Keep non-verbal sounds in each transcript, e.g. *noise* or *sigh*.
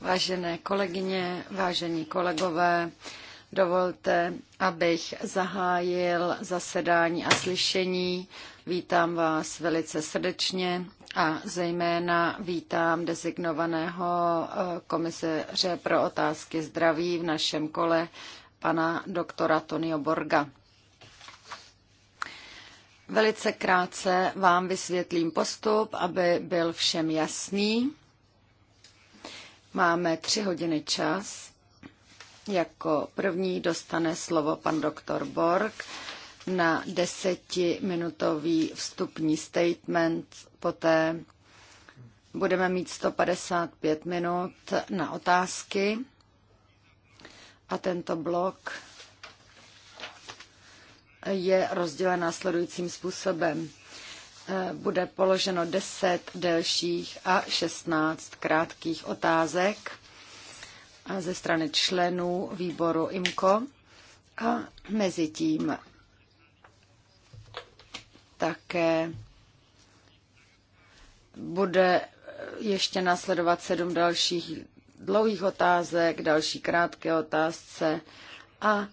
Vážené kolegyně, vážení kolegové, dovolte, abych zahájil zasedání a slyšení. Vítám vás velice srdečně a zejména vítám designovaného eh, komisaře pro otázky zdraví v našem kole pana doktora Tonio Borga. Velice krátce vám vysvětlím postup, aby byl všem jasný. Máme tři hodiny čas. Jako první dostane slovo pan doktor Borg na desetiminutový vstupní statement. Poté budeme mít 155 minut na otázky. A tento blok je rozdělen následujícím způsobem. Eh, bude položeno 10 delších a 16 krátkých otázek eh, ze strany členů výboru IMCO a mezi tím také bude ještě následovat sedm dalších dlouhých otázek, další krátké otázce a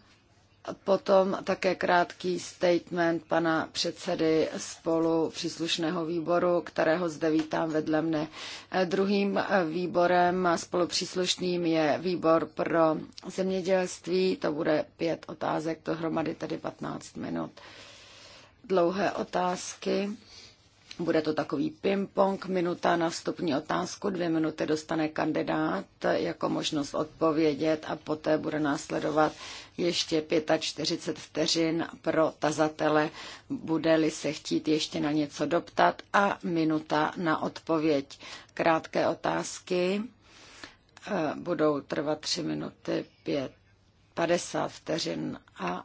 Potom také krátký statement pana předsedy spolu příslušného výboru, kterého zde vítám vedle mne. Druhým výborem spolu příslušným je výbor pro zemědělství. To bude pět otázek, dohromady tedy 15 minut. Dlouhé otázky bude to takový ping-pong, minuta na vstupní otázku, dvě minuty dostane kandidát jako možnost odpovědět a poté bude následovat ještě 45 vteřin pro tazatele, bude-li se chtít ještě na něco doptat a minuta na odpověď. Krátké otázky eh, budou trvat 3 minuty 5, 50 vteřin a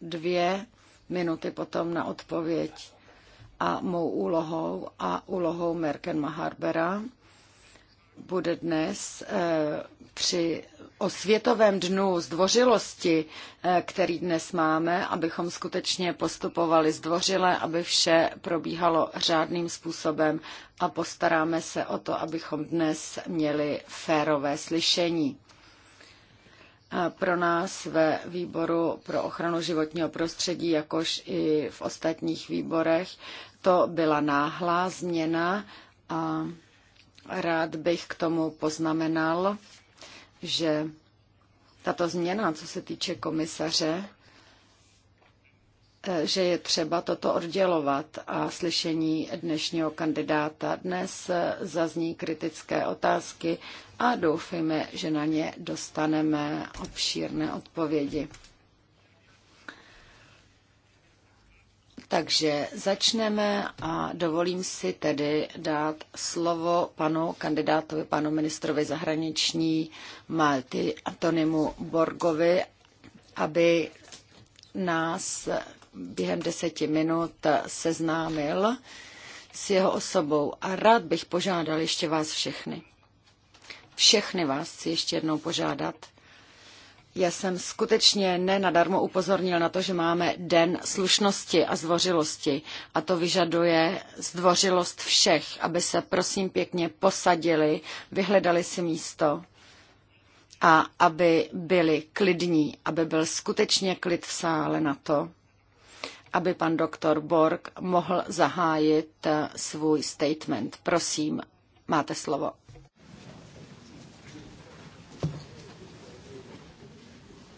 dvě minuty potom na odpověď a mou úlohou a úlohou Merken Maharbera bude dnes eh, při o světovém dnu zdvořilosti, eh, který dnes máme, abychom skutečně postupovali zdvořile, aby vše probíhalo řádným způsobem a postaráme se o to, abychom dnes měli férové slyšení. Pro nás ve výboru pro ochranu životního prostředí, jakož i v ostatních výborech, to byla náhlá změna a rád bych k tomu poznamenal, že tato změna, co se týče komisaře, eh, že je třeba toto oddělovat a slyšení dnešního kandidáta. Dnes eh, zazní kritické otázky a doufejme, že na ně dostaneme obšírné odpovědi. Takže začneme a dovolím si tedy dát slovo panu kandidátovi, panu ministrovi zahraniční Malty Antonimu Borgovi, aby nás během deseti minut seznámil s jeho osobou. A rád bych požádal ještě vás všechny. Všechny vás chci ještě jednou požádat, já jsem skutečně nenadarmo upozornil na to, že máme den slušnosti a zdvořilosti a to vyžaduje zdvořilost všech, aby se prosím pěkně posadili, vyhledali si místo a aby byli klidní, aby byl skutečně klid v sále na to, aby pan doktor Borg mohl zahájit eh, svůj statement. Prosím, máte slovo.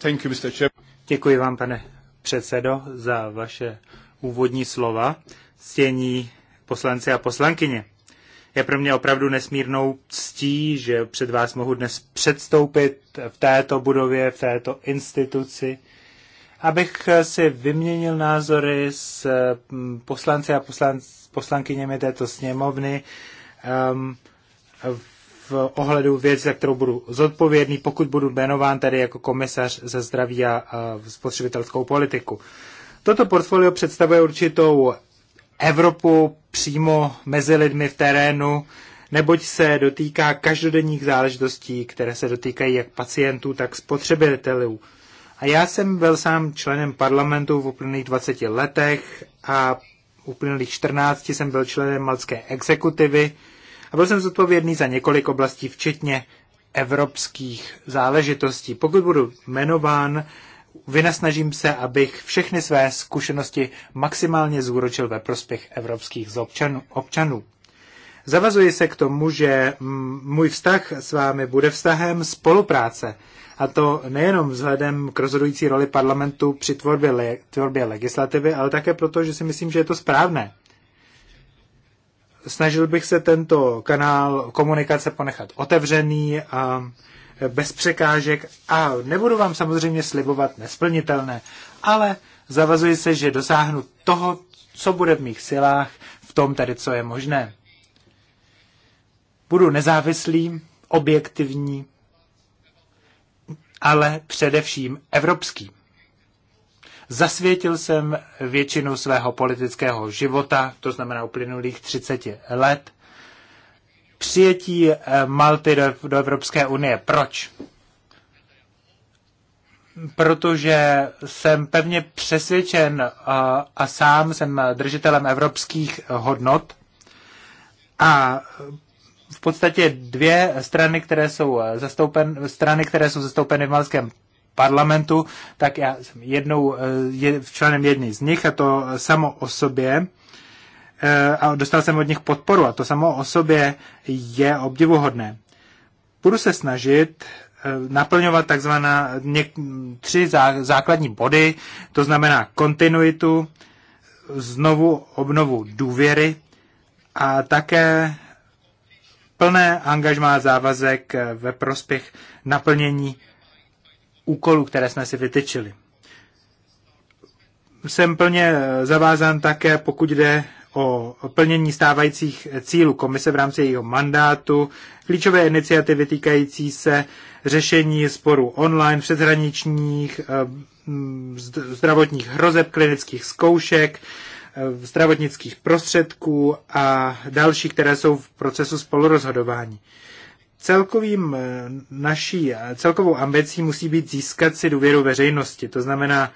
Thank you, Mr. Chair. Děkuji vám, pane předsedo, za vaše úvodní slova. Stění poslanci a poslankyně. Je pro mě opravdu nesmírnou ctí, že před vás mohu dnes předstoupit v této budově, v této instituci, abych si vyměnil názory s mm, poslanci a poslanc, poslankyněmi této sněmovny um, v ohledu věc, za kterou budu zodpovědný, pokud budu jmenován tedy jako komisař za zdraví a, a spotřebitelskou politiku. Toto portfolio představuje určitou Evropu přímo mezi lidmi v terénu, neboť se dotýká každodenních záležitostí, které se dotýkají jak pacientů, tak spotřebitelů. A já jsem byl sám členem parlamentu v uplynulých 20 letech a uplynulých 14 jsem byl členem malské exekutivy, a byl jsem zodpovědný za několik oblastí, včetně evropských záležitostí. Pokud budu jmenován, vynasnažím se, abych všechny své zkušenosti maximálně zúročil ve prospěch evropských občanů. Zavazuji se k tomu, že můj vztah s vámi bude vztahem spolupráce, a to nejenom vzhledem k rozhodující roli parlamentu při tvorbě, le- tvorbě legislativy, ale také proto, že si myslím, že je to správné snažil bych se tento kanál komunikace ponechat otevřený a bez překážek a nebudu vám samozřejmě slibovat nesplnitelné, ale zavazuji se, že dosáhnu toho, co bude v mých silách, v tom tedy, co je možné. Budu nezávislý, objektivní, ale především evropský. Zasvětil jsem většinu svého politického života, to znamená uplynulých 30 let, přijetí eh, Malty do, do Evropské unie. Proč? Protože jsem pevně přesvědčen eh, a sám jsem držitelem evropských hodnot a v podstatě dvě strany, které jsou eh, zastoupen, strany, které jsou zastoupeny v malském parlamentu, tak já jsem jednou eh, je, členem jedné z nich a to samo o sobě eh, a dostal jsem od nich podporu a to samo o sobě je obdivuhodné. Budu se snažit eh, naplňovat takzvaná tři zá, základní body, to znamená kontinuitu, znovu obnovu důvěry a také plné angažmá závazek ve prospěch naplnění úkolů, které jsme si vytyčili. Jsem plně zavázán také, pokud jde o plnění stávajících cílů komise v rámci jejího mandátu, klíčové iniciativy týkající se řešení sporů online, přeshraničních eh, zdravotních hrozeb, klinických zkoušek, eh, zdravotnických prostředků a další, které jsou v procesu spolurozhodování celkovým eh, naší, eh, celkovou ambicí musí být získat si důvěru veřejnosti. To znamená,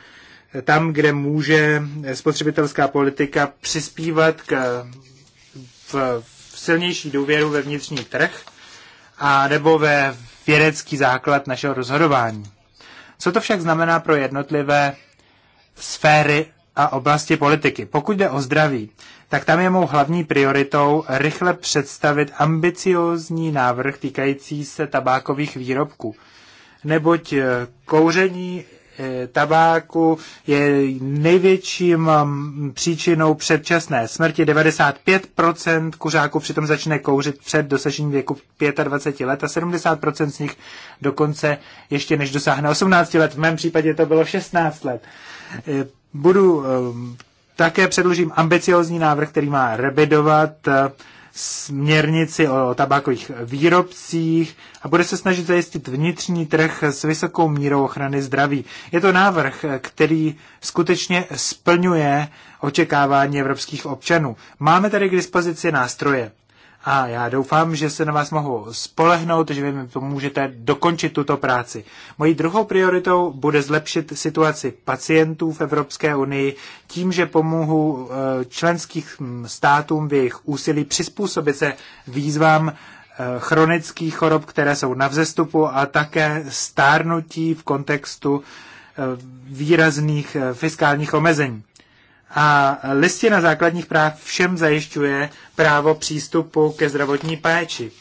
eh, tam, kde může spotřebitelská politika přispívat k v, v silnější důvěru ve vnitřní trh a nebo ve vědecký základ našeho rozhodování. Co to však znamená pro jednotlivé sféry a oblasti politiky? Pokud jde o zdraví, tak tam je mou hlavní prioritou rychle představit ambiciózní návrh týkající se tabákových výrobků. Neboť eh, kouření eh, tabáku je největším mm, příčinou předčasné smrti. 95% kuřáků přitom začne kouřit před dosažením věku 25 let a 70% z nich dokonce ještě než dosáhne 18 let. V mém případě to bylo 16 let. Eh, budu také předložím ambiciozní návrh, který má revidovat eh, směrnici o tabákových výrobcích a bude se snažit zajistit vnitřní trh s vysokou mírou ochrany zdraví. Je to návrh, eh, který skutečně splňuje očekávání evropských občanů. Máme tady k dispozici nástroje a já doufám, že se na vás mohu spolehnout, že vy mi pomůžete dokončit tuto práci. Mojí druhou prioritou bude zlepšit situaci pacientů v Evropské unii tím, že pomohu eh, členských hm, státům v jejich úsilí přizpůsobit se výzvám eh, chronických chorob, které jsou na vzestupu a také stárnutí v kontextu eh, výrazných fiskálních omezení. A listina základních práv všem zajišťuje právo přístupu ke zdravotní péči.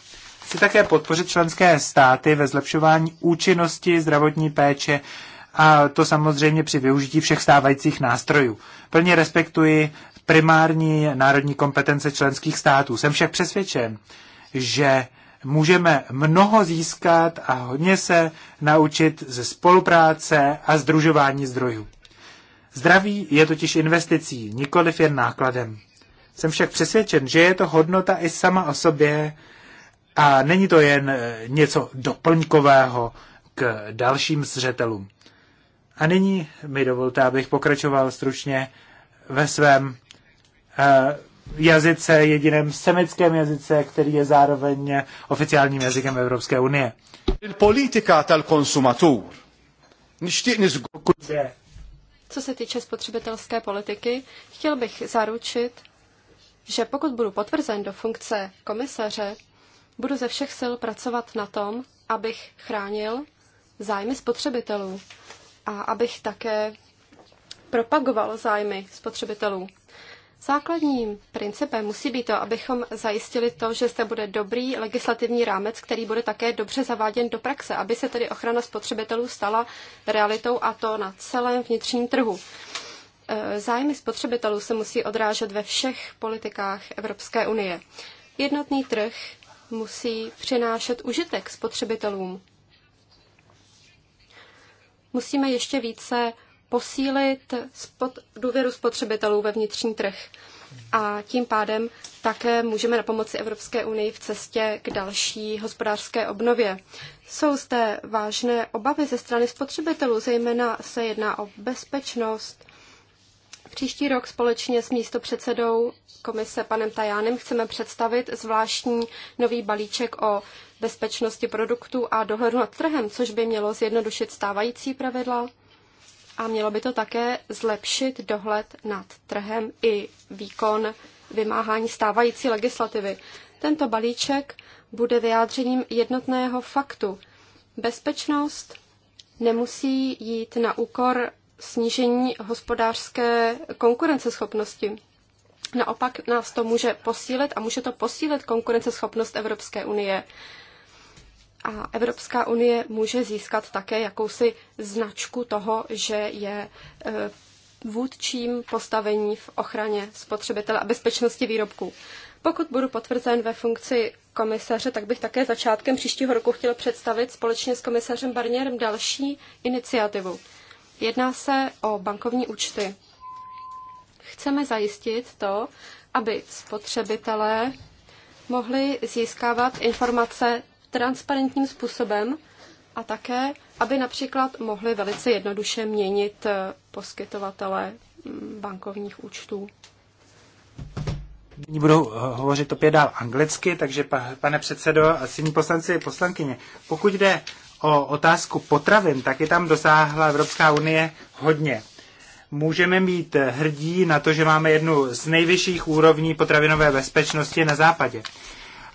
Chci také podpořit členské státy ve zlepšování účinnosti zdravotní péče a to samozřejmě při využití všech stávajících nástrojů. Plně respektuji primární národní kompetence členských států. Jsem však přesvědčen, že můžeme mnoho získat a hodně se naučit ze spolupráce a združování zdrojů. Zdraví je totiž investicí, nikoliv jen nákladem. Jsem však přesvědčen, že je to hodnota i sama o sobě a není to jen e, něco doplňkového k dalším zřetelům. A nyní mi dovolte, abych pokračoval stručně ve svém e, jazyce, jediném semickém jazyce, který je zároveň oficiálním jazykem Evropské unie. Politika tal konsumatur. Pokud je co se týče spotřebitelské politiky, chtěl bych zaručit, že pokud budu potvrzen do funkce komisaře, budu ze všech sil pracovat na tom, abych chránil zájmy spotřebitelů a abych také propagoval zájmy spotřebitelů. Základním principem musí být to, abychom zajistili to, že zde bude dobrý legislativní rámec, který bude také dobře zaváděn do praxe, aby se tedy ochrana spotřebitelů stala realitou a to na celém vnitřním trhu. E, zájmy spotřebitelů se musí odrážet ve všech politikách Evropské unie. Jednotný trh musí přinášet užitek spotřebitelům. Musíme ještě více posílit spod, důvěru spotřebitelů ve vnitřní trh. A tím pádem také můžeme na pomoci Evropské unii v cestě k další hospodářské obnově. Jsou zde vážné obavy ze strany spotřebitelů, zejména se jedná o bezpečnost. Příští rok společně s místopředsedou komise panem Tajánem chceme představit zvláštní nový balíček o bezpečnosti produktů a dohledu nad trhem, což by mělo zjednodušit stávající pravidla a mělo by to také zlepšit dohled nad trhem i výkon vymáhání stávající legislativy. Tento balíček bude vyjádřením jednotného faktu. Bezpečnost nemusí jít na úkor snížení hospodářské konkurenceschopnosti. Naopak nás to může posílit a může to posílit konkurenceschopnost Evropské unie a Evropská unie může získat také jakousi značku toho, že je eh, vůdčím postavení v ochraně spotřebitele a bezpečnosti výrobků. Pokud budu potvrzen ve funkci komisaře, tak bych také začátkem příštího roku chtěl představit společně s komisařem Barnierem další iniciativu. Jedná se o bankovní účty. Chceme zajistit to, aby spotřebitelé mohli získávat informace transparentním způsobem a také, aby například mohli velice jednoduše měnit eh, poskytovatele mm, bankovních účtů. Nyní budu eh, hovořit opět dál anglicky, takže pane předsedo a silní poslanci poslankyně, pokud jde o otázku potravin, tak je tam dosáhla Evropská unie hodně. Můžeme být hrdí na to, že máme jednu z nejvyšších úrovní potravinové bezpečnosti na západě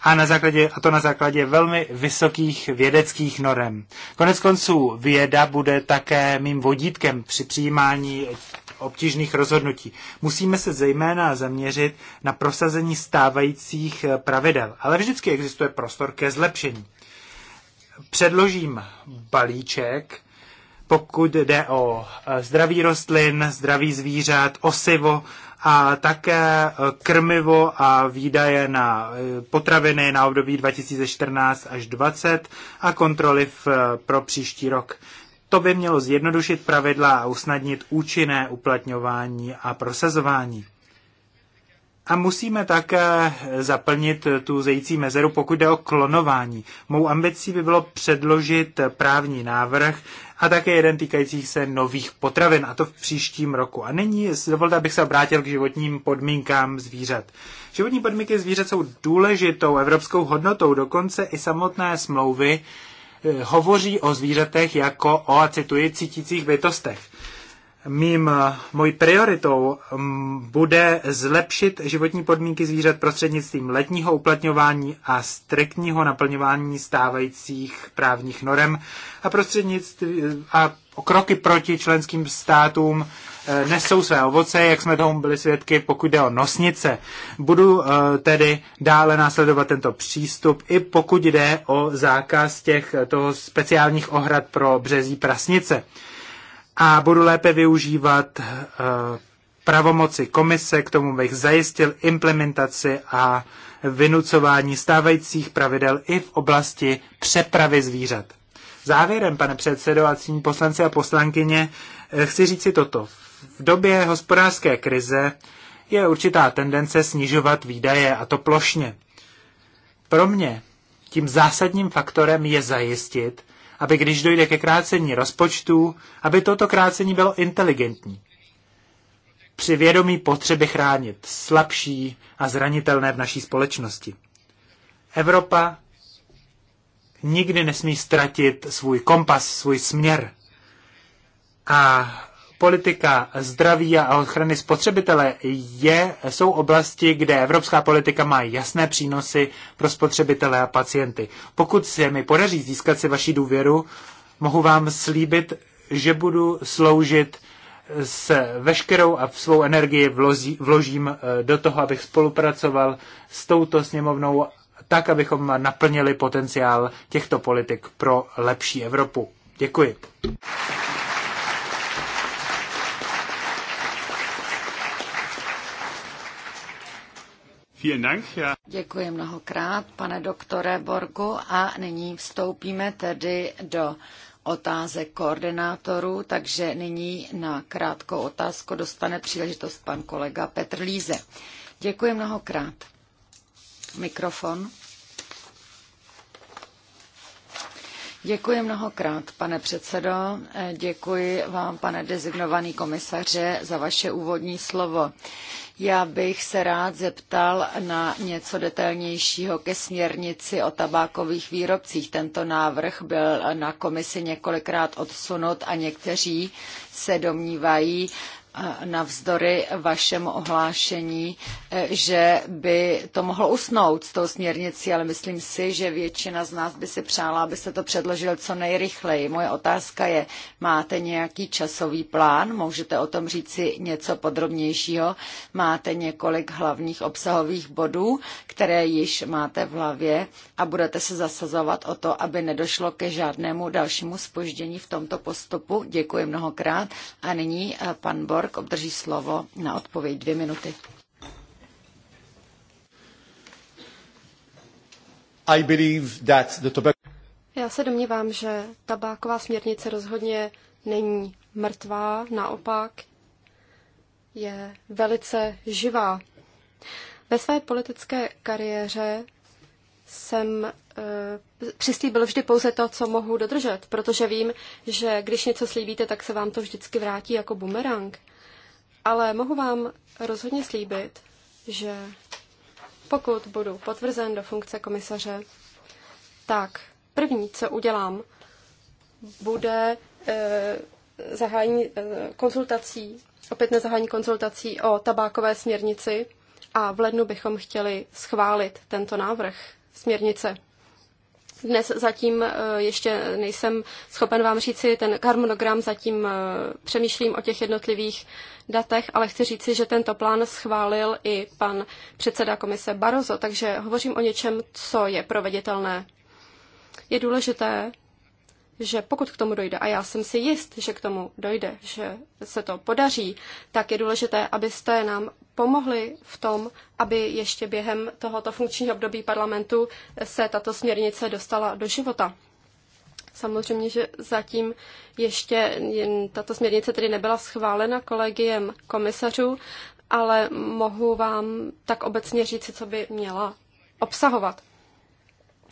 a, na základě, a to na základě velmi vysokých vědeckých norem. Konec konců věda bude také mým vodítkem při přijímání obtížných rozhodnutí. Musíme se zejména zaměřit na prosazení stávajících eh, pravidel, ale vždycky existuje prostor ke zlepšení. Předložím balíček, pokud jde o eh, zdraví rostlin, zdraví zvířat, osivo a také eh, krmivo a výdaje na eh, potraviny na období 2014 až 2020 a kontroly v, eh, pro příští rok. To by mělo zjednodušit pravidla a usnadnit účinné uplatňování a prosazování. A musíme také zaplnit tu zející mezeru, pokud jde o klonování. Mou ambicí by bylo předložit právní návrh a také jeden týkající se nových potravin, a to v příštím roku. A nyní dovolte, abych se obrátil k životním podmínkám zvířat. Životní podmínky zvířat jsou důležitou evropskou hodnotou, dokonce i samotné smlouvy eh, hovoří o zvířatech jako o, a cituji, cítících bytostech mým, mojí prioritou mm, bude zlepšit životní podmínky zvířat prostřednictvím letního uplatňování a striktního naplňování stávajících právních norem a prostřednictvím a kroky proti členským státům eh, nesou své ovoce, jak jsme tomu byli svědky, pokud jde o nosnice. Budu eh, tedy dále následovat tento přístup, i pokud jde o zákaz těch eh, toho speciálních ohrad pro březí prasnice a budu lépe využívat eh, pravomoci komise, k tomu bych zajistil implementaci a vynucování stávajících pravidel i v oblasti přepravy zvířat. Závěrem, pane předsedo a cíní poslanci a poslankyně, eh, chci říci toto. V době hospodářské krize je určitá tendence snižovat výdaje, a to plošně. Pro mě tím zásadním faktorem je zajistit, aby když dojde ke krácení rozpočtů, aby toto krácení bylo inteligentní. Při vědomí potřeby chránit slabší a zranitelné v naší společnosti. Evropa nikdy nesmí ztratit svůj kompas, svůj směr. A politika zdraví a ochrany spotřebitele je, jsou oblasti, kde evropská politika má jasné přínosy pro spotřebitele a pacienty. Pokud se mi podaří získat si vaši důvěru, mohu vám slíbit, že budu sloužit s veškerou a v svou energii vloží, vložím eh, do toho, abych spolupracoval s touto sněmovnou tak, abychom naplnili potenciál těchto politik pro lepší Evropu. Děkuji. Děkuji mnohokrát, pane doktore Borgu, a nyní vstoupíme tedy do otázek koordinátorů, takže nyní na krátkou otázku dostane příležitost pan kolega Petr Líze. Děkuji mnohokrát. Mikrofon. Děkuji mnohokrát, pane předsedo. Děkuji vám, pane designovaný komisaře, za vaše úvodní slovo. Já bych se rád zeptal na něco detailnějšího ke směrnici o tabákových výrobcích. Tento návrh byl na komisi několikrát odsunut a někteří se domnívají, navzdory vašemu ohlášení, eh, že by to mohlo usnout s tou směrnicí, ale myslím si, že většina z nás by si přála, aby se to předložilo co nejrychleji. Moje otázka je, máte nějaký časový plán? Můžete o tom říci něco podrobnějšího? Máte několik hlavních obsahových bodů, které již máte v hlavě a budete se zasazovat o to, aby nedošlo ke žádnému dalšímu spoždění v tomto postupu? Děkuji mnohokrát. A nyní eh, pan Bor Borg obdrží slovo na odpověď dvě minuty. I believe that the tobacco... Já se domnívám, že tabáková směrnice rozhodně není mrtvá, naopak je velice živá. Ve své politické kariéře jsem e, přislíbil vždy pouze to, co mohu dodržet, protože vím, že když něco slíbíte, tak se vám to vždycky vrátí jako bumerang ale mohu vám rozhodně slíbit, že pokud budu potvrzen do funkce komisaře, tak první, co udělám, bude e, zahájení e, konzultací, opět na zahájení konzultací o tabákové směrnici a v lednu bychom chtěli schválit tento návrh směrnice. Dnes zatím eh, ještě nejsem schopen vám říci, ten harmonogram zatím eh, přemýšlím o těch jednotlivých datech, ale chci říci, že tento plán schválil i pan předseda komise Barozo, takže hovořím o něčem, co je proveditelné. Je důležité, že pokud k tomu dojde, a já jsem si jist, že k tomu dojde, že se to podaří, tak je důležité, abyste nám pomohli v tom, aby ještě během tohoto funkčního období parlamentu se tato směrnice dostala do života. Samozřejmě, že zatím ještě tato směrnice tedy nebyla schválena kolegiem komisařů, ale mohu vám tak obecně říci, co by měla obsahovat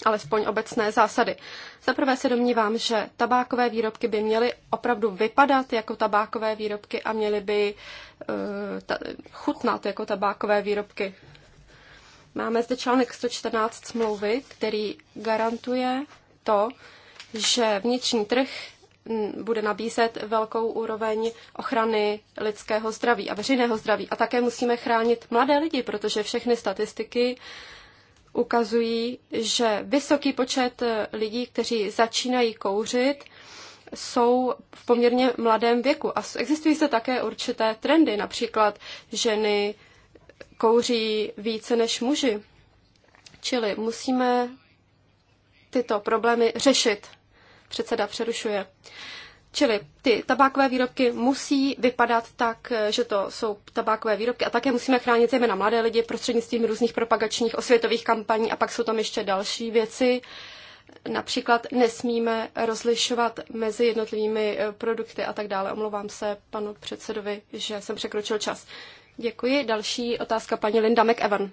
alespoň obecné zásady. Za prvé se domnívám, že tabákové výrobky by měly opravdu vypadat jako tabákové výrobky a měly by uh, chutnat jako tabákové výrobky. Máme zde článek 114 smlouvy, který garantuje to, že vnitřní trh bude nabízet velkou úroveň ochrany lidského zdraví a veřejného zdraví. A také musíme chránit mladé lidi, protože všechny statistiky uh, ukazují, že vysoký počet eh, lidí, kteří začínají kouřit, jsou v poměrně mladém věku. A existují se také určité trendy, například ženy kouří více než muži. Čili musíme tyto problémy řešit. Předseda přerušuje. Čili ty tabákové výrobky musí vypadat tak, že to jsou tabákové výrobky a také musíme chránit zejména mladé lidi prostřednictvím různých propagačních osvětových kampaní a pak jsou tam ještě další věci. Například nesmíme rozlišovat mezi jednotlivými eh, produkty a tak dále. Omlouvám se panu předsedovi, že jsem překročil čas. Děkuji. Další otázka paní Linda McEvan.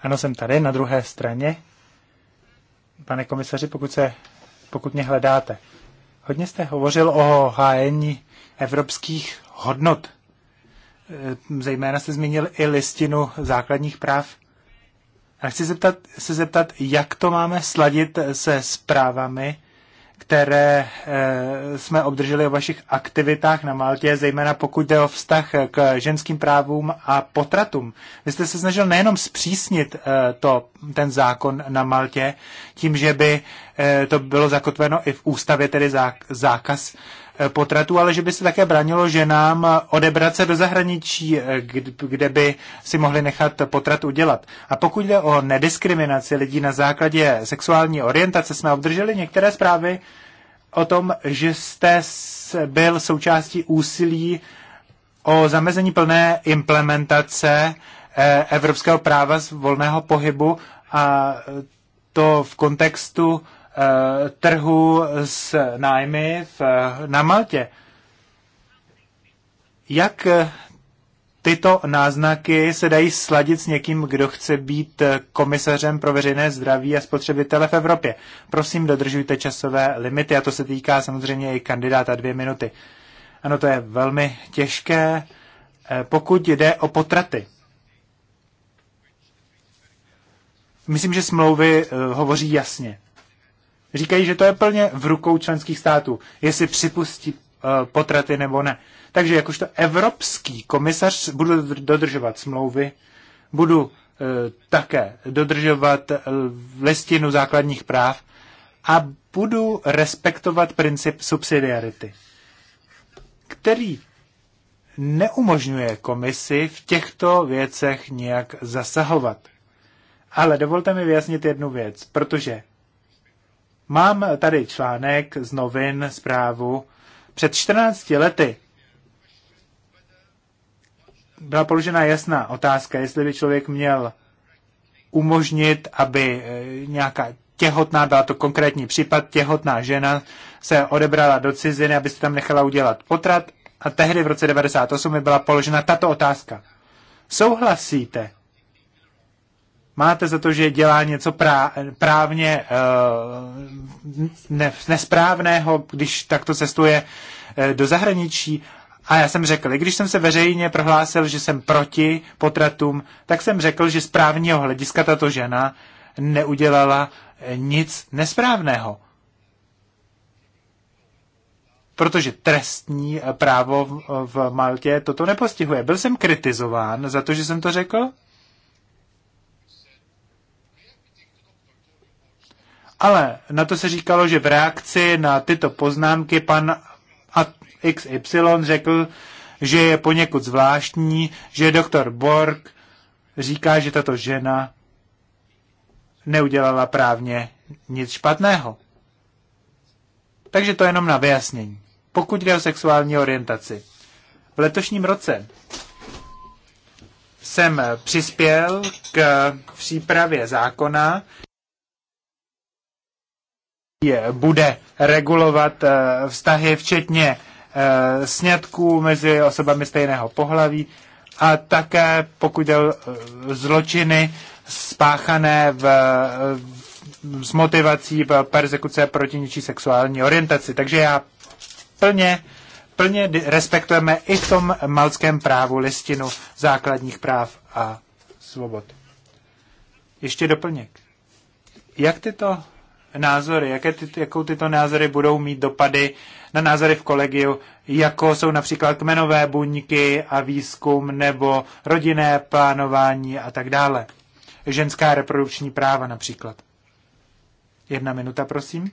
Ano, jsem tady na druhé straně. Pane komisaři, pokud, se, pokud mě hledáte. Hodně jste hovořil o hájení evropských hodnot. E, zejména jste zmínil i listinu základních práv. A chci zeptat, se zeptat, jak to máme sladit se zprávami které eh, jsme obdrželi o vašich aktivitách na Maltě, zejména pokud jde o vztah k ženským právům a potratům. Vy jste se snažil nejenom zpřísnit eh, to, ten zákon na Maltě, tím, že by eh, to bylo zakotveno i v ústavě, tedy zákaz Eh, potratů, ale že by se také bránilo ženám eh, odebrat se do zahraničí, eh, kde by si mohli nechat potrat udělat. A pokud jde o nediskriminaci lidí na základě sexuální orientace, jsme obdrželi některé zprávy o tom, že jste byl součástí úsilí o zamezení plné implementace evropského práva z volného pohybu a to v kontextu Eh, trhu s nájmy v, na Maltě. Jak eh, tyto náznaky se dají sladit s někým, kdo chce být eh, komisařem pro veřejné zdraví a spotřebitele v Evropě? Prosím, dodržujte časové limity a to se týká samozřejmě i kandidáta dvě minuty. Ano, to je velmi těžké, pokud jde o potraty. Myslím, že smlouvy hovoří jasně říkají, že to je plně v rukou členských států, jestli připustí eh, potraty nebo ne. Takže jakožto evropský komisař budu dodržovat smlouvy, budu eh, také dodržovat eh, listinu základních práv a budu respektovat princip subsidiarity, který neumožňuje komisi v těchto věcech nějak zasahovat. Ale dovolte mi vyjasnit jednu věc, protože Mám tady článek z novin, zprávu. Před 14 lety byla položena jasná otázka, jestli by člověk měl umožnit, aby eh, nějaká těhotná, byla to konkrétní případ, těhotná žena se odebrala do ciziny, aby se tam nechala udělat potrat. A tehdy v roce 1998 byla položena tato otázka. Souhlasíte máte za to, že dělá něco prá, právně eh, ne, nesprávného, když takto cestuje eh, do zahraničí. A já jsem řekl, i když jsem se veřejně prohlásil, že jsem proti potratům, tak jsem řekl, že z právního hlediska tato žena neudělala eh, nic nesprávného. Protože trestní právo v Maltě toto nepostihuje. Byl jsem kritizován za to, že jsem to řekl, Ale na to se říkalo, že v reakci na tyto poznámky pan XY řekl, že je poněkud zvláštní, že doktor Borg říká, že tato žena neudělala právně nic špatného. Takže to jenom na vyjasnění. Pokud jde o sexuální orientaci. V letošním roce jsem přispěl k přípravě zákona, bude regulovat eh, vztahy, včetně eh, snědků mezi osobami stejného pohlaví a také pokud jde eh, zločiny spáchané v, s motivací v persekuce proti ničí sexuální orientaci. Takže já plně, plně respektujeme i v tom malském právu listinu základních práv a svobod. Ještě doplněk. Jak tyto názory, jaké ty, jakou tyto názory budou mít dopady na názory v kolegiu, jako jsou například kmenové buňky a výzkum nebo rodinné plánování a tak dále. Ženská reprodukční práva například. Jedna minuta, prosím.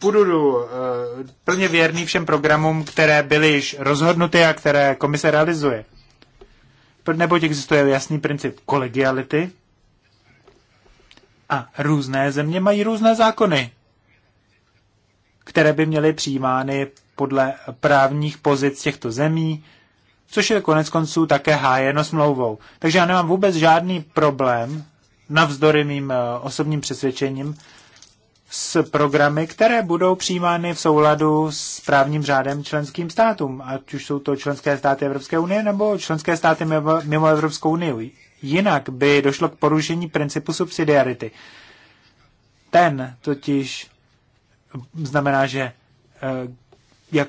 Budu eh, plně věrný všem programům, které byly již rozhodnuty a které komise realizuje neboť existuje jasný princip kolegiality a různé země mají různé zákony, které by měly přijímány podle právních pozic těchto zemí, což je konec konců také hájeno smlouvou. Takže já nemám vůbec žádný problém, navzdory mým eh, osobním přesvědčením, s programy, které budou přijímány v souladu s právním řádem členským státům, ať už jsou to členské státy Evropské unie nebo členské státy mimo, mimo Evropskou unii. Jinak by došlo k porušení principu subsidiarity. Ten totiž znamená, že eh, jak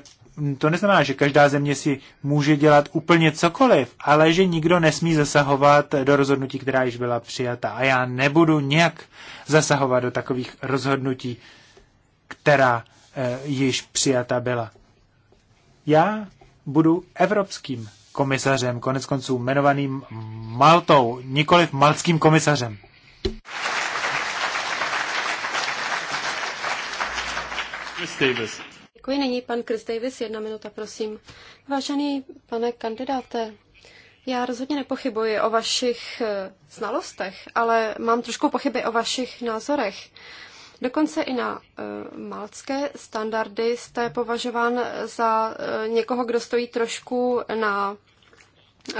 to neznamená, že každá země si může dělat úplně cokoliv, ale že nikdo nesmí zasahovat do rozhodnutí, která již byla přijata. A já nebudu nějak zasahovat do takových rozhodnutí, která e, již přijata byla. Já budu evropským komisařem, konec konců jmenovaným Maltou, nikoliv maltským komisařem. Miss Davis. Děkuji. Nyní pan Chris Davis, jedna minuta, prosím. Vážený pane kandidáte, já rozhodně nepochybuji o vašich eh, znalostech, ale mám trošku pochyby o vašich názorech. Dokonce i na uh, eh, malcké standardy jste považován za uh, někoho, kdo stojí trošku na Eh,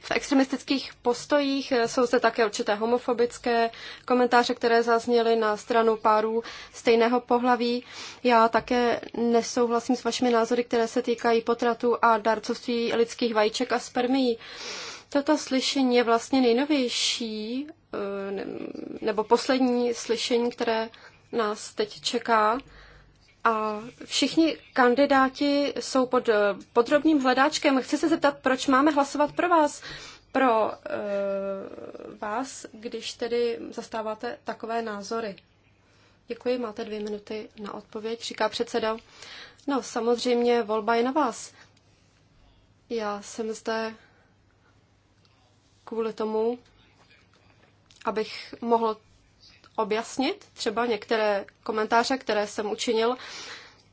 v extremistických postojích eh, jsou zde také určité homofobické komentáře, které zazněly na stranu párů stejného pohlaví. Já také nesouhlasím s vašimi názory, které se týkají potratu a darcovství lidských vajíček a spermií. Toto slyšení je vlastně nejnovější eh, nebo poslední slyšení, které nás teď čeká. A všichni kandidáti jsou pod eh, podrobným hledáčkem. Chci se zeptat, proč máme hlasovat pro vás, pro uh, vás, když tedy zastáváte takové názory. Děkuji, máte dvě minuty na odpověď, říká předseda. No, samozřejmě, volba je na vás. Já jsem zde kvůli tomu, abych mohl objasnit, třeba některé komentáře, které jsem učinil.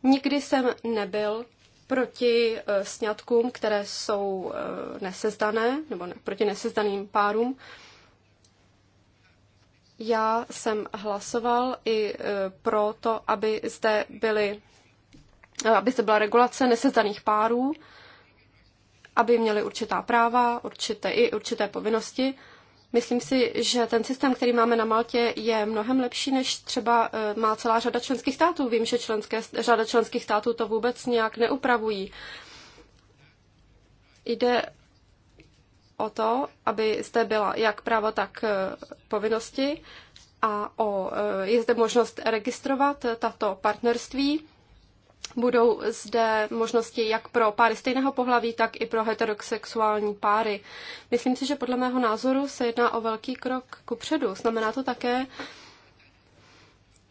Nikdy jsem nebyl proti eh, sňatkům, které jsou eh, nesezdané, nebo ne, proti nesezdaným párům. Já jsem hlasoval i eh, pro to, aby zde byly, aby zde byla regulace nesezdaných párů, aby měli určitá práva, určité i určité povinnosti. Myslím si, že ten systém, který máme na Maltě, je mnohem lepší, než třeba eh, má celá řada členských států. Vím, že členské, řada členských států to vůbec nějak neupravují. Jde o to, aby zde byla jak právo, tak eh, povinnosti a o, eh, je zde možnost registrovat tato partnerství Budou zde možnosti jak pro páry stejného pohlaví, tak i pro heterosexuální páry. Myslím si, že podle mého názoru se jedná o velký krok předu. Znamená to také,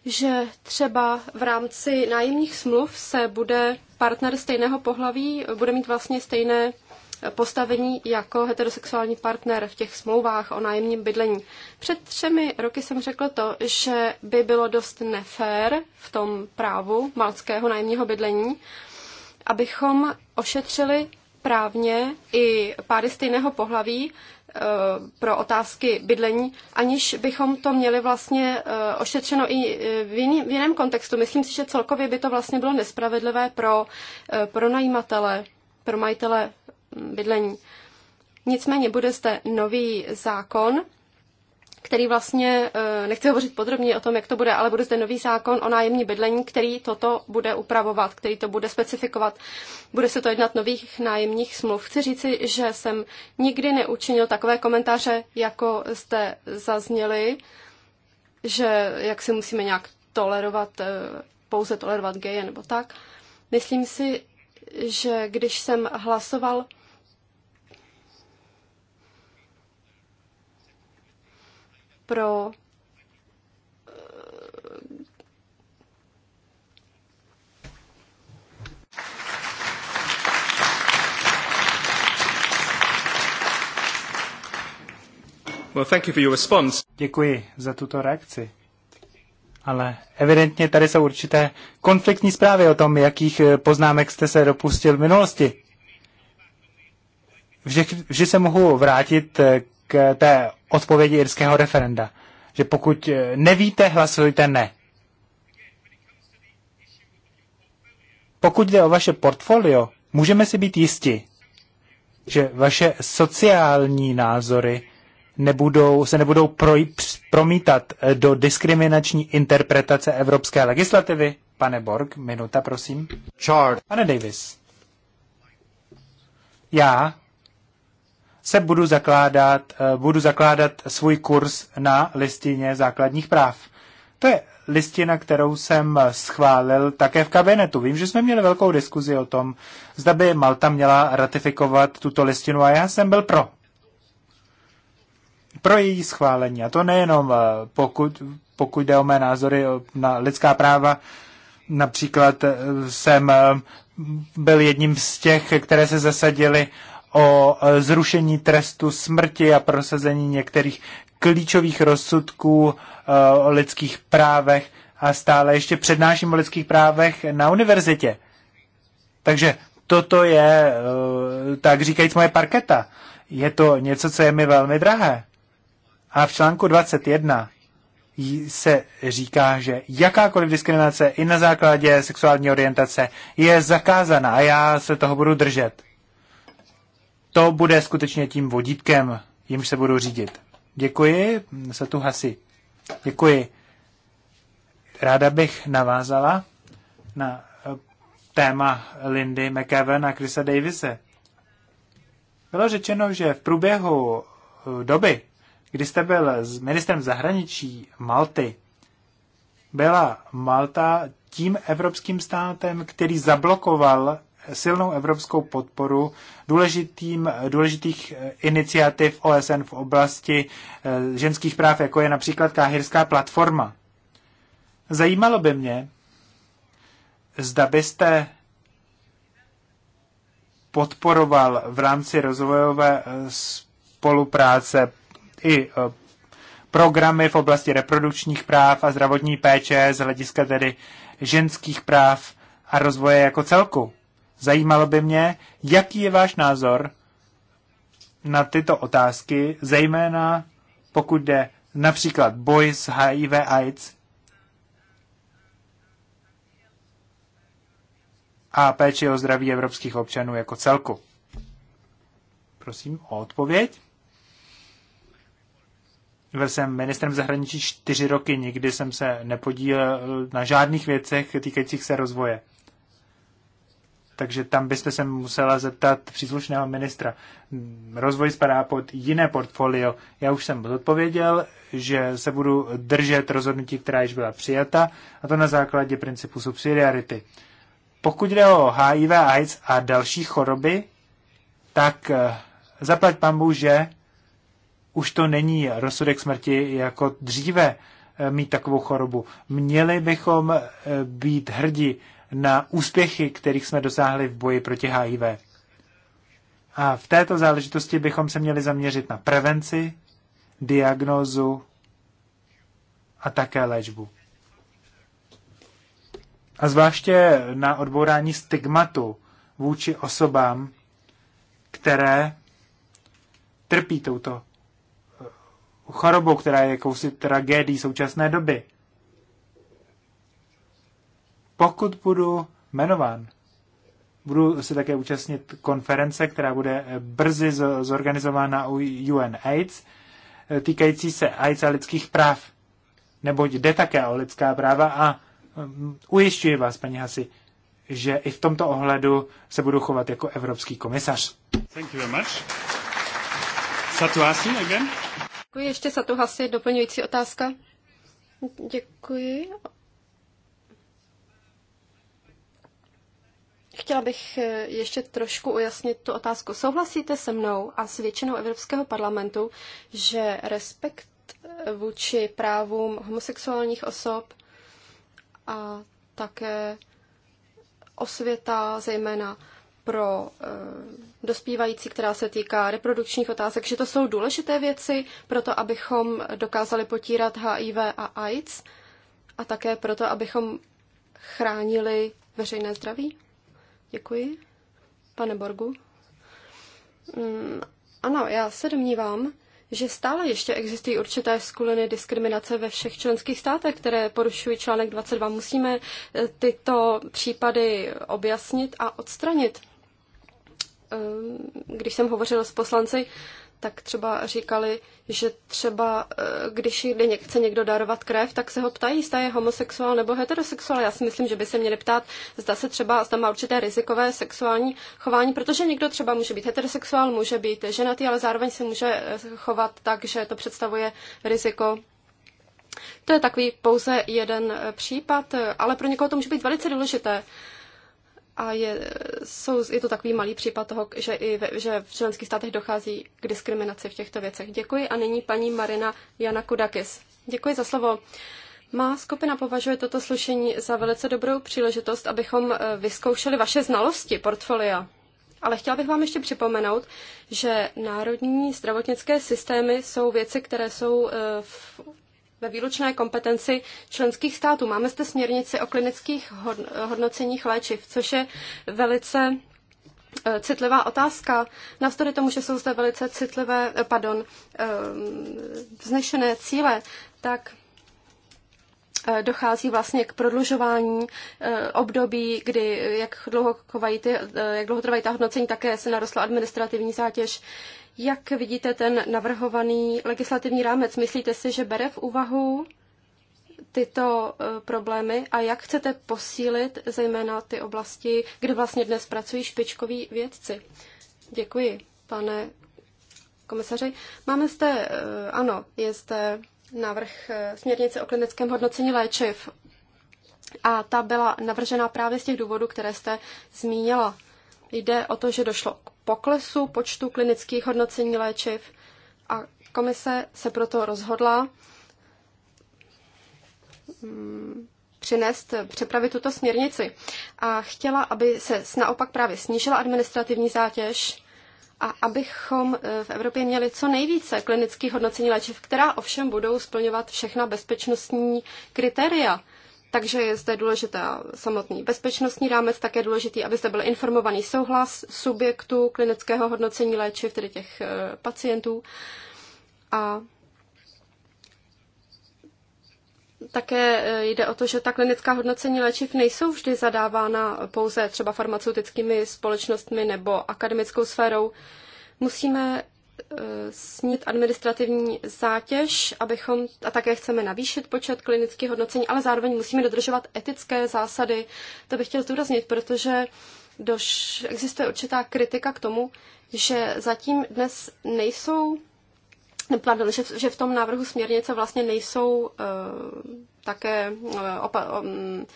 že třeba v rámci nájemních smluv se bude partner stejného pohlaví, bude mít vlastně stejné postavení jako heterosexuální partner v těch smlouvách o nájemním bydlení. Před třemi roky jsem řekl to, že by bylo dost nefér v tom právu malckého nájemního bydlení, abychom ošetřili právně i páry stejného pohlaví eh, pro otázky bydlení, aniž bychom to měli vlastně eh, ošetřeno i eh, v, jiný, v jiném kontextu. Myslím si, že celkově by to vlastně bylo nespravedlivé pro pro najímatele, pro majitele bydlení. Nicméně bude zde nový zákon, který vlastně, eh, nechci hovořit podrobně o tom, jak to bude, ale bude zde nový zákon o nájemní bydlení, který toto bude upravovat, který to bude specifikovat. Bude se to jednat nových nájemních smluv. Chci říci, že jsem nikdy neučinil takové komentáře, jako jste zazněli, že jak si musíme nějak tolerovat, eh, pouze tolerovat geje nebo tak. Myslím si, že když jsem hlasoval pro Well, thank you for your response. Děkuji za tuto reakci. Ale evidentně tady jsou určité konfliktní zprávy o tom, jakých eh, poznámek jste se dopustil v minulosti. Vždy, vždy se mohu vrátit eh, k té odpovědi irského referenda. Že pokud eh, nevíte, hlasujte ne. Pokud jde o vaše portfolio, můžeme si být jisti, že vaše sociální názory nebudou, se nebudou proj, promítat eh, do diskriminační interpretace evropské legislativy? Pane Borg, minuta, prosím. Pane Davis, já se budu zakládat, eh, budu zakládat svůj kurz na listině základních práv. To je listina, kterou jsem eh, schválil také v kabinetu. Vím, že jsme měli velkou diskuzi o tom, zda by Malta měla ratifikovat tuto listinu a já jsem byl pro. Pro její schválení. A to nejenom eh, pokud, pokud jde o mé názory na lidská práva, například jsem byl jedním z těch, které se zasadili o e, zrušení trestu smrti a prosazení některých klíčových rozsudků e, o lidských právech a stále ještě přednáším o lidských právech na univerzitě. Takže toto je, e, tak říkajíc, moje parketa. Je to něco, co je mi velmi drahé. A v článku 21 se říká, že jakákoliv diskriminace i na základě sexuální orientace je zakázaná a já se toho budu držet to bude skutečně tím vodítkem, jimž se budou řídit. Děkuji, se tu hasi. Děkuji. Ráda bych navázala na eh, téma Lindy McEwen a Chrisa Davise. Bylo řečeno, že v průběhu eh, doby, kdy jste byl s ministrem zahraničí Malty, byla Malta tím evropským státem, který zablokoval silnou evropskou podporu důležitým, důležitých eh, iniciativ OSN v oblasti eh, ženských práv, jako je například Káhirská platforma. Zajímalo by mě, zda byste podporoval v rámci rozvojové eh, spolupráce i programy v oblasti reprodukčních práv a zdravotní péče z hlediska tedy ženských práv a rozvoje jako celku. Zajímalo by mě, jaký je váš názor na tyto otázky, zejména pokud jde například boj s HIV AIDS a péči o zdraví evropských občanů jako celku. Prosím o odpověď. Byl jsem ministrem zahraničí čtyři roky, nikdy jsem se nepodílel na žádných věcech týkajících se rozvoje takže tam byste se musela zeptat příslušného ministra. Rozvoj spadá pod jiné portfolio. Já už jsem odpověděl, že se budu držet rozhodnutí, která již byla přijata, a to na základě principu subsidiarity. Pokud jde o HIV, AIDS a další choroby, tak eh, zaplať pambu, že už to není rozsudek smrti jako dříve eh, mít takovou chorobu. Měli bychom eh, být hrdí na úspěchy, kterých jsme dosáhli v boji proti HIV. A v této záležitosti bychom se měli zaměřit na prevenci, diagnózu a také léčbu. A zvláště na odbourání stigmatu vůči osobám, které trpí touto eh, chorobou, která je jakousi tragédií současné doby pokud budu jmenován, budu se také účastnit konference, která bude brzy zorganizována u UNAIDS, týkající se AIDS a lidských práv. Neboť jde také o lidská práva a mm, ujišťuji vás, paní Hasi, že i v tomto ohledu se budu chovat jako evropský komisař. Thank you very much. Hasi again. Děkuji. Ještě Hasi, doplňující otázka. Děkuji. Chtěla bych eh, ještě trošku ujasnit tu otázku. Souhlasíte se mnou a s většinou Evropského parlamentu, že respekt eh, vůči právům homosexuálních osob a také osvěta, zejména pro e, dospívající, která se týká reprodukčních otázek, že to jsou důležité věci pro to, abychom dokázali potírat HIV a AIDS a také proto, abychom chránili veřejné zdraví? Děkuji. Pane Borgu. Mm, ano, já se domnívám, že stále ještě existují určité skuliny diskriminace ve všech členských státech, které porušují článek 22. Musíme eh, tyto případy objasnit a odstranit. Eh, když jsem hovořila s poslanci, tak třeba říkali, že třeba eh, když chce někdo darovat krev, tak se ho ptají, zda je homosexuál nebo heterosexuál. Já si myslím, že by se měli ptát, zda se třeba, zda má určité rizikové sexuální chování, protože někdo třeba může být heterosexuál, může být ženatý, ale zároveň se může eh, chovat tak, že to představuje riziko to je takový pouze jeden eh, případ, ale pro někoho to může být velice důležité a je, jsou, je to takový malý případ toho, že, i ve, že v členských státech dochází k diskriminaci v těchto věcech. Děkuji a nyní paní Marina Jana Kudakis. Děkuji za slovo. Má skupina považuje toto slušení za velice dobrou příležitost, abychom eh, vyzkoušeli vaše znalosti portfolia. Ale chtěla bych vám ještě připomenout, že národní zdravotnické systémy jsou věci, které jsou eh, v ve výlučné kompetenci členských států. Máme zde směrnici o klinických hodnoceních léčiv, což je velice eh, citlivá otázka. Navzdory tomu, že jsou zde velice citlivé, eh, pardon, eh, vznešené cíle, tak dochází vlastně k prodlužování období, kdy jak dlouho, ty, jak dlouho trvají ta hodnocení, také se narostla administrativní zátěž. Jak vidíte ten navrhovaný legislativní rámec? Myslíte si, že bere v úvahu tyto e, problémy a jak chcete posílit zejména ty oblasti, kde vlastně dnes pracují špičkoví vědci? Děkuji, pane komisaři. Máme zde, e, ano, je zde návrh e, směrnice o klinickém hodnocení léčiv a ta byla navržena právě z těch důvodů, které jste zmínila. Jde o to, že došlo k poklesu počtu klinických hodnocení léčiv a komise se proto rozhodla mm, přinést, přepravit tuto směrnici. A chtěla, aby se naopak právě snížila administrativní zátěž a abychom e, v Evropě měli co nejvíce klinických hodnocení léčiv, která ovšem budou splňovat všechna bezpečnostní kritéria takže je zde důležitá samotný bezpečnostní rámec, také důležitý, aby zde byl informovaný souhlas subjektu klinického hodnocení léčiv, tedy těch eh, pacientů. A také eh, jde o to, že ta klinická hodnocení léčiv nejsou vždy zadávána pouze třeba farmaceutickými společnostmi nebo akademickou sférou. Musíme snít administrativní zátěž, abychom, a také chceme navýšit počet klinických hodnocení, ale zároveň musíme dodržovat etické zásady. To bych chtěl zdůraznit, protože doš, existuje určitá kritika k tomu, že zatím dnes nejsou, pardon, že, že v tom návrhu směrnice vlastně nejsou uh, také uh, opa, um,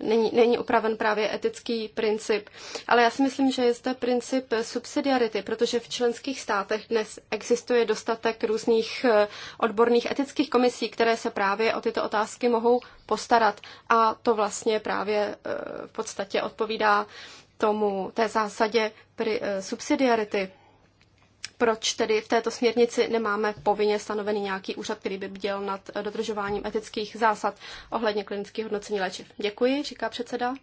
není, není upraven právě etický princip. Ale já si myslím, že je zde princip subsidiarity, protože v členských státech dnes existuje dostatek různých eh, odborných etických komisí, které se právě o tyto otázky mohou postarat. A to vlastně právě eh, v podstatě odpovídá tomu té zásadě eh, subsidiarity proč tedy v této směrnici nemáme povinně stanovený nějaký úřad, který by bděl nad eh, dodržováním etických zásad ohledně klinických hodnocení léčiv. Děkuji, říká předseda.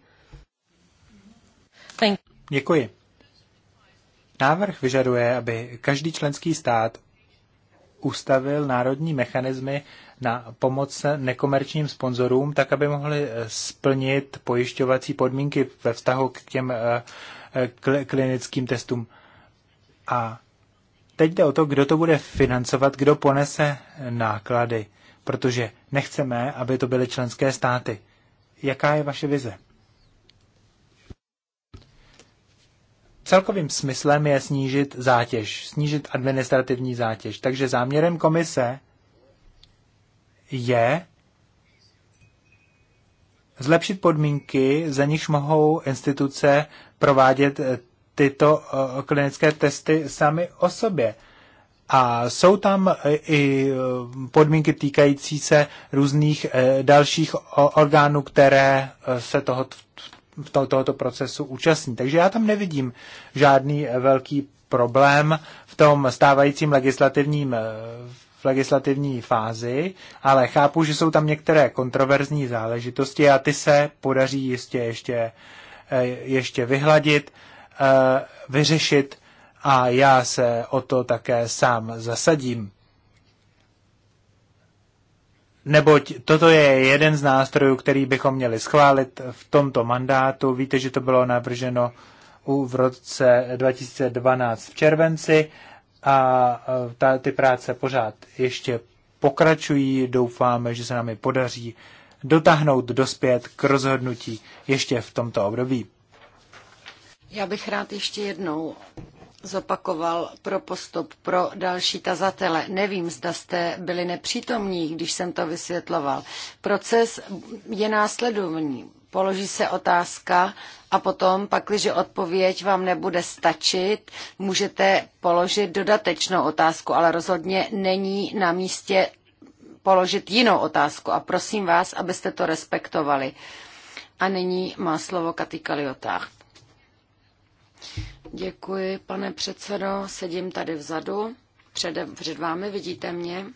Děkuji. Návrh vyžaduje, aby každý členský stát ustavil národní mechanismy na pomoc nekomerčním sponzorům, tak aby mohli eh, splnit pojišťovací podmínky ve vztahu k těm eh, klinickým testům. A Teď jde o to, kdo to bude financovat, kdo ponese náklady, protože nechceme, aby to byly členské státy. Jaká je vaše vize? Celkovým smyslem je snížit zátěž, snížit administrativní zátěž. Takže záměrem komise je zlepšit podmínky, za nichž mohou instituce provádět eh, tyto eh, klinické testy sami o sobě. A jsou tam eh, i eh, podmínky týkající se různých dalších orgánů, které se toho, tohoto procesu účastní. Takže já tam nevidím žádný velký problém v tom stávajícím legislativním v legislativní fázi, ale chápu, že jsou tam některé kontroverzní záležitosti a ty se podaří jistě ještě, ještě vyhladit Eh, vyřešit a já se o to také sám zasadím. Neboť toto je jeden z nástrojů, který bychom měli schválit v tomto mandátu. Víte, že to bylo navrženo v roce 2012 v červenci a eh, ta, ty práce pořád ještě pokračují. Doufáme, že se nám je podaří dotáhnout dospět k rozhodnutí ještě v tomto období. Já bych rád ještě jednou zopakoval pro postup pro další tazatele. Nevím, zda jste byli nepřítomní, když jsem to vysvětloval. Proces je následovný. Položí se otázka a potom, pakliže odpověď vám nebude stačit, můžete položit dodatečnou otázku, ale rozhodně není na místě položit jinou otázku. A prosím vás, abyste to respektovali. A nyní má slovo Katy Kaliotách. Děkuji, pane předsedo. Sedím tady vzadu. Před, před vámi vidíte mě.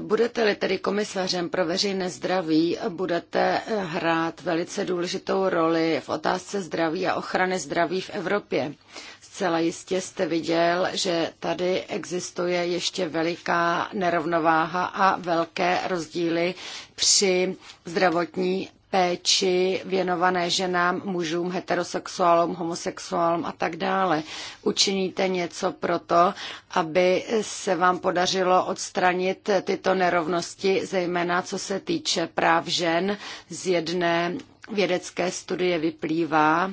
Budete-li tedy komisařem pro veřejné zdraví, budete hrát velice důležitou roli v otázce zdraví a ochrany zdraví v Evropě. Zcela jistě jste viděl, že tady existuje ještě veliká nerovnováha a velké rozdíly při zdravotní péči věnované ženám, mužům, heterosexuálům, homosexuálům a tak dále. Učiníte něco pro to, aby se vám podařilo odstranit tyto nerovnosti, zejména co se týče práv žen. Z jedné vědecké studie vyplývá,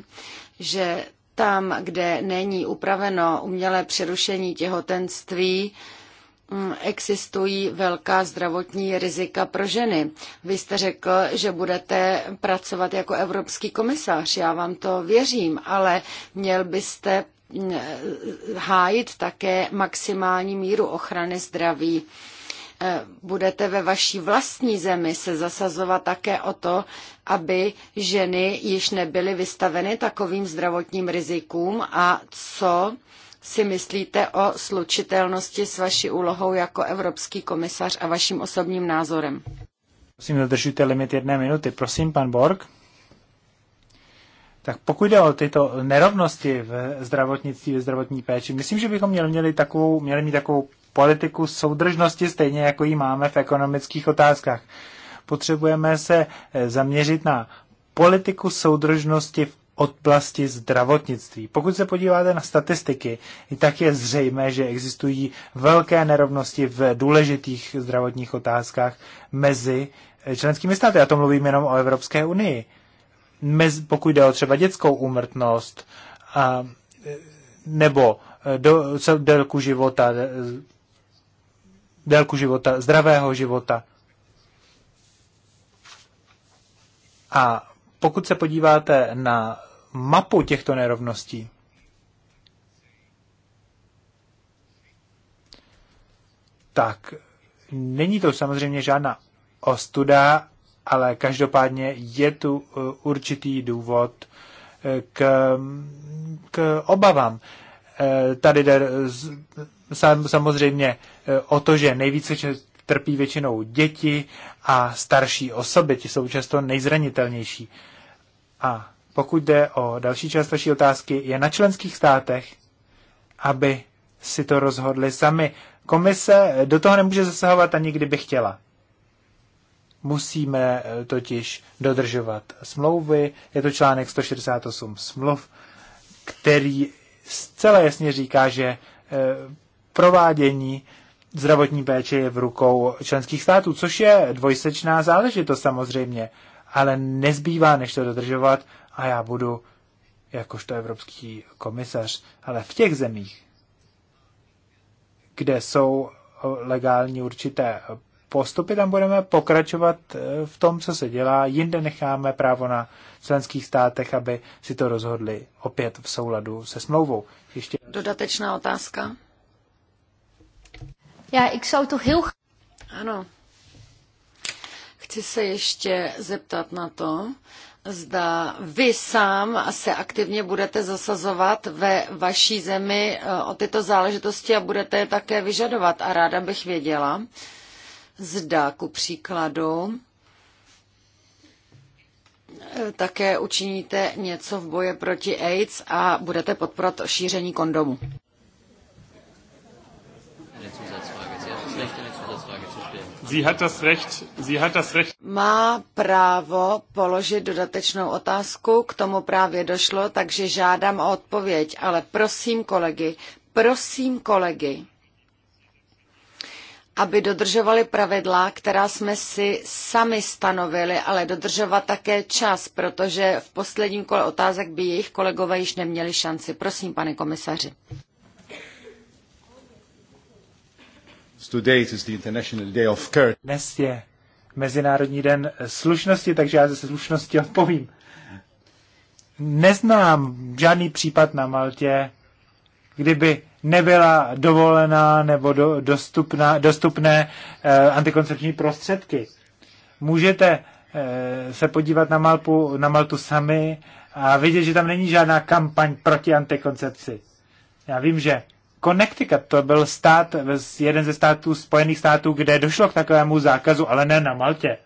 že tam, kde není upraveno umělé přerušení těhotenství, Mm, existují velká zdravotní rizika pro ženy. Vy jste řekl, že budete pracovat jako evropský komisař. Já vám to věřím, ale měl byste mm, hájit také maximální míru ochrany zdraví. Eh, budete ve vaší vlastní zemi se zasazovat také o to, aby ženy již nebyly vystaveny takovým zdravotním rizikům a co si myslíte o slučitelnosti s vaší úlohou jako evropský komisař a vaším osobním názorem? Prosím, dodržujte limit jedné minuty. Prosím, pan Borg. Tak pokud jde o tyto nerovnosti v zdravotnictví, ve zdravotní péči, myslím, že bychom měli, měli, takovou, měli mít takovou politiku soudržnosti, stejně jako ji máme v ekonomických otázkách. Potřebujeme se eh, zaměřit na politiku soudržnosti v oblasti zdravotnictví. Pokud se podíváte na statistiky, tak je zřejmé, že existují velké nerovnosti v důležitých zdravotních otázkách mezi členskými státy. Já to mluvím jenom o Evropské unii. Mez, pokud jde o třeba dětskou úmrtnost a, nebo eh, do, cel, délku života, eh, délku života, zdravého života. A pokud se podíváte na mapu těchto nerovností, tak není to samozřejmě žádná ostuda, ale každopádně je tu e, určitý důvod e, k, k obavám. E, tady jde samozřejmě o to, že nejvíce trpí většinou děti a starší osoby, ti jsou často nejzranitelnější. A pokud jde o další část vaší otázky, je na členských státech, aby si to rozhodli sami. Komise do toho nemůže zasahovat ani kdyby chtěla. Musíme eh, totiž dodržovat smlouvy, je to článek 168 smluv, který zcela jasně říká, že eh, provádění zdravotní péče je v rukou členských států, což je dvojsečná záležitost samozřejmě ale nezbývá, než to dodržovat a já budu jakožto evropský komisař. Ale v těch zemích, kde jsou legální určité postupy, tam budeme pokračovat eh, v tom, co se dělá. Jinde necháme právo na členských státech, aby si to rozhodli opět v souladu se smlouvou. Ještě... Dodatečná otázka. Já, ik zou to heel... Ano, Chci se ještě zeptat na to, zda vy sám se aktivně budete zasazovat ve vaší zemi eh, o tyto záležitosti a budete je také vyžadovat. A ráda bych věděla, zda ku příkladu eh, také učiníte něco v boji proti AIDS a budete podporovat šíření kondomů. Má právo položit dodatečnou otázku, k tomu právě došlo, takže žádám o odpověď, ale prosím kolegy, prosím kolegy, aby dodržovali pravidla, která jsme si sami stanovili, ale dodržovat také čas, protože v posledním kole otázek by jejich kolegové již neměli šanci. Prosím, pane komisaři. Dnes je Mezinárodní den slušnosti, takže já ze slušnosti odpovím. Neznám žádný případ na Maltě, kdyby nebyla dovolená nebo do, dostupná, dostupné eh, antikoncepční prostředky. Můžete eh, se podívat na, Malpu, na Maltu sami a vidět, že tam není žádná kampaň proti antikoncepci. Já vím, že Connecticut, to byl stát, jeden ze států Spojených států, kde došlo k takovému zákazu, ale ne na Maltě.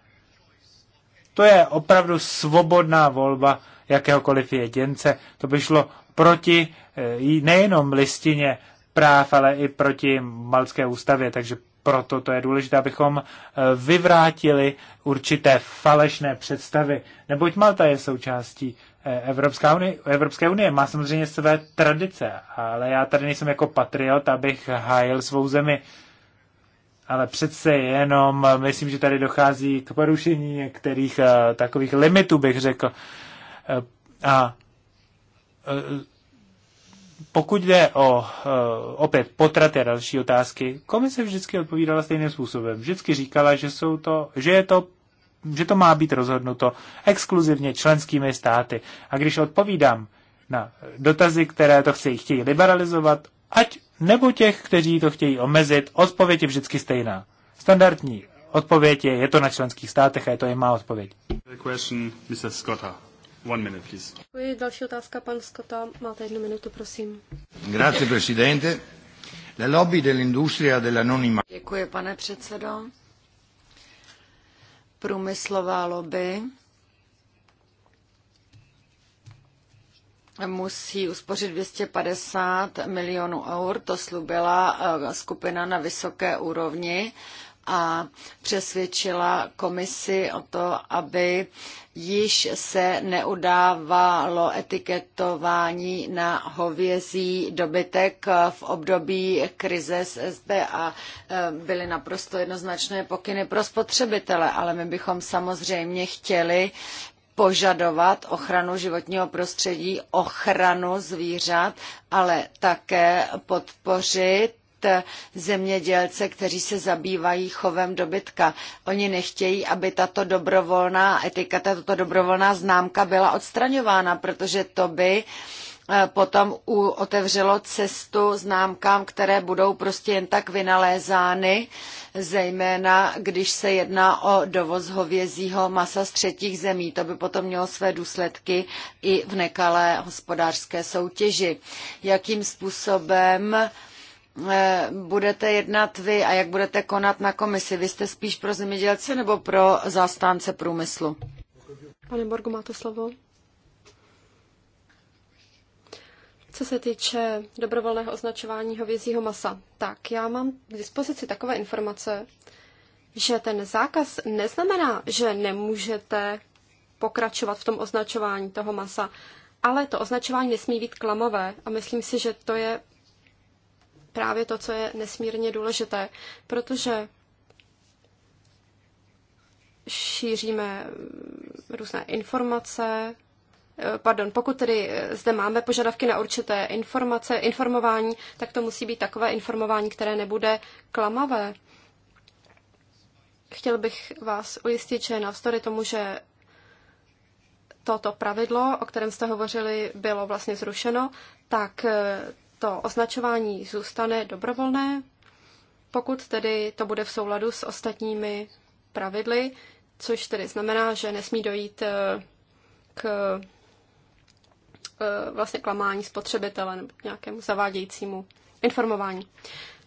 To je opravdu svobodná volba jakéhokoliv jedince. To by šlo proti eh, nejenom listině práv, ale i proti Malské ústavě, takže proto to je důležité, abychom eh, vyvrátili určité falešné představy, neboť Malta je součástí Eh, Evropská unie, Evropské unie má samozřejmě své tradice, ale já tady nejsem jako patriot, abych hájil svou zemi. Ale přece jenom eh, myslím, že tady dochází k porušení některých eh, takových limitů, bych řekl. A pokud jde o opět potraty a další otázky, komise vždycky odpovídala stejným způsobem. Vždycky říkala, že, jsou to, že je to že to má být rozhodnuto exkluzivně členskými státy. A když odpovídám na dotazy, které to chtějí, chtějí liberalizovat, ať nebo těch, kteří to chtějí omezit, odpověď je vždycky stejná. Standardní odpověď je, je to na členských státech a je to i má odpověď. Question, Mr. Scotta. One minute, please. Další otázka, pan Scotta. Máte jednu minutu, prosím. Grazie, presidente. La lobby dell'industria dell'anonima. Děkuji, pane předsedo průmyslová lobby musí uspořit 250 milionů eur, to slubila eh, skupina na vysoké úrovni a přesvědčila komisi o to, aby již se neudávalo etiketování na hovězí dobytek v období krize s SB a eh, byly naprosto jednoznačné pokyny pro spotřebitele, ale my bychom samozřejmě chtěli požadovat ochranu životního prostředí, ochranu zvířat, ale také podpořit Eh, zemědělce, kteří se zabývají chovem dobytka. Oni nechtějí, aby tato dobrovolná etika, tato dobrovolná známka byla odstraňována, protože to by eh, potom otevřelo cestu známkám, které budou prostě jen tak vynalézány, zejména když se jedná o dovoz hovězího masa z třetích zemí. To by potom mělo své důsledky i v nekalé hospodářské soutěži. Jakým způsobem Eh, budete jednat vy a jak budete konat na komisi? Vy jste spíš pro zemědělce nebo pro zastánce průmyslu? Pane Borgu, máte slovo. Co se týče dobrovolného označování hovězího masa, tak já mám k dispozici takové informace, že ten zákaz neznamená, že nemůžete pokračovat v tom označování toho masa, ale to označování nesmí být klamové a myslím si, že to je právě to, co je nesmírně důležité, protože šíříme různé informace, eh, pardon, pokud tedy eh, zde máme požadavky na určité informace, informování, tak to musí být takové informování, které nebude klamavé. Chtěl bych vás ujistit, že navzdory tomu, že toto pravidlo, o kterém jste hovořili, bylo vlastně zrušeno, tak eh, to označování zůstane dobrovolné, pokud tedy to bude v souladu s ostatními pravidly, což tedy znamená, že nesmí dojít eh, k eh, vlastně klamání spotřebitele nebo nějakému zavádějícímu informování.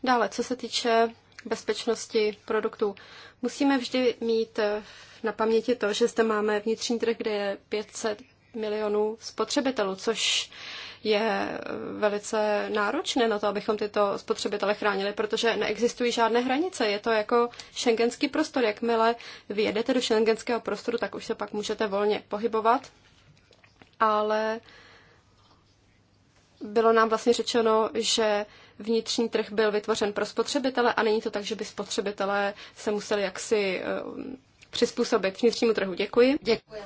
Dále, co se týče bezpečnosti produktů, musíme vždy mít eh, na paměti to, že zde máme vnitřní trh, kde je 500 milionů spotřebitelů, což je velice náročné na to, abychom tyto spotřebitele chránili, protože neexistují žádné hranice. Je to jako šengenský prostor. Jakmile vyjedete do šengenského prostoru, tak už se pak můžete volně pohybovat. Ale bylo nám vlastně řečeno, že vnitřní trh byl vytvořen pro spotřebitele a není to tak, že by spotřebitelé se museli jaksi eh, přizpůsobit vnitřnímu trhu. Děkuji. Děkuji,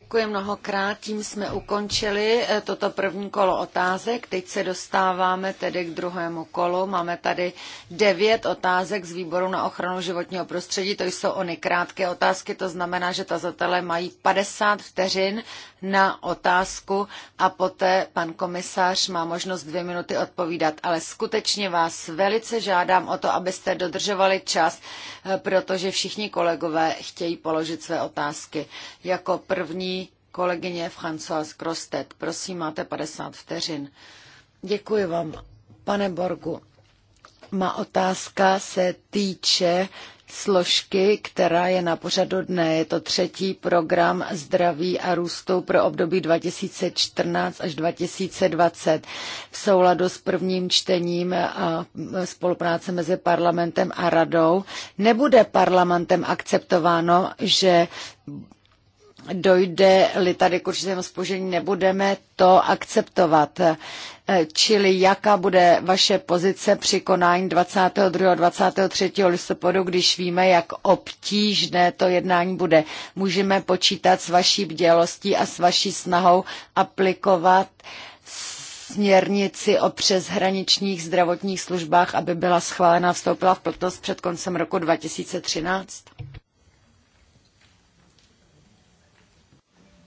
děkuji mnohokrát. Tím jsme ukončili eh, toto první kolo otázek. Teď se dostáváme tedy k druhému kolu. Máme tady devět otázek z výboru na ochranu životního prostředí. To jsou ony krátké otázky, to znamená, že tazatelé mají 50 vteřin na otázku a poté pan komisář má možnost dvě minuty odpovídat. Ale skutečně vás velice žádám o to, abyste dodržovali čas, eh, protože všichni kolegové chtějí položit své otázky. Jako první kolegyně Françoise Krostet. Prosím, máte 50 vteřin. Děkuji vám, pane Borgu. Má otázka se týče složky, která je na pořadu dne. Je to třetí program zdraví a růstu pro období 2014 až 2020. V souladu s prvním čtením a spolupráce mezi parlamentem a radou nebude parlamentem akceptováno, že dojde-li tady k určitému spožení, nebudeme to akceptovat. Eh, čili jaká bude vaše pozice při konání 22. a 23. listopadu, když víme, jak obtížné to jednání bude. Můžeme počítat s vaší bdělostí a s vaší snahou aplikovat směrnici o přeshraničních zdravotních službách, aby byla schválena a vstoupila v platnost před koncem roku 2013?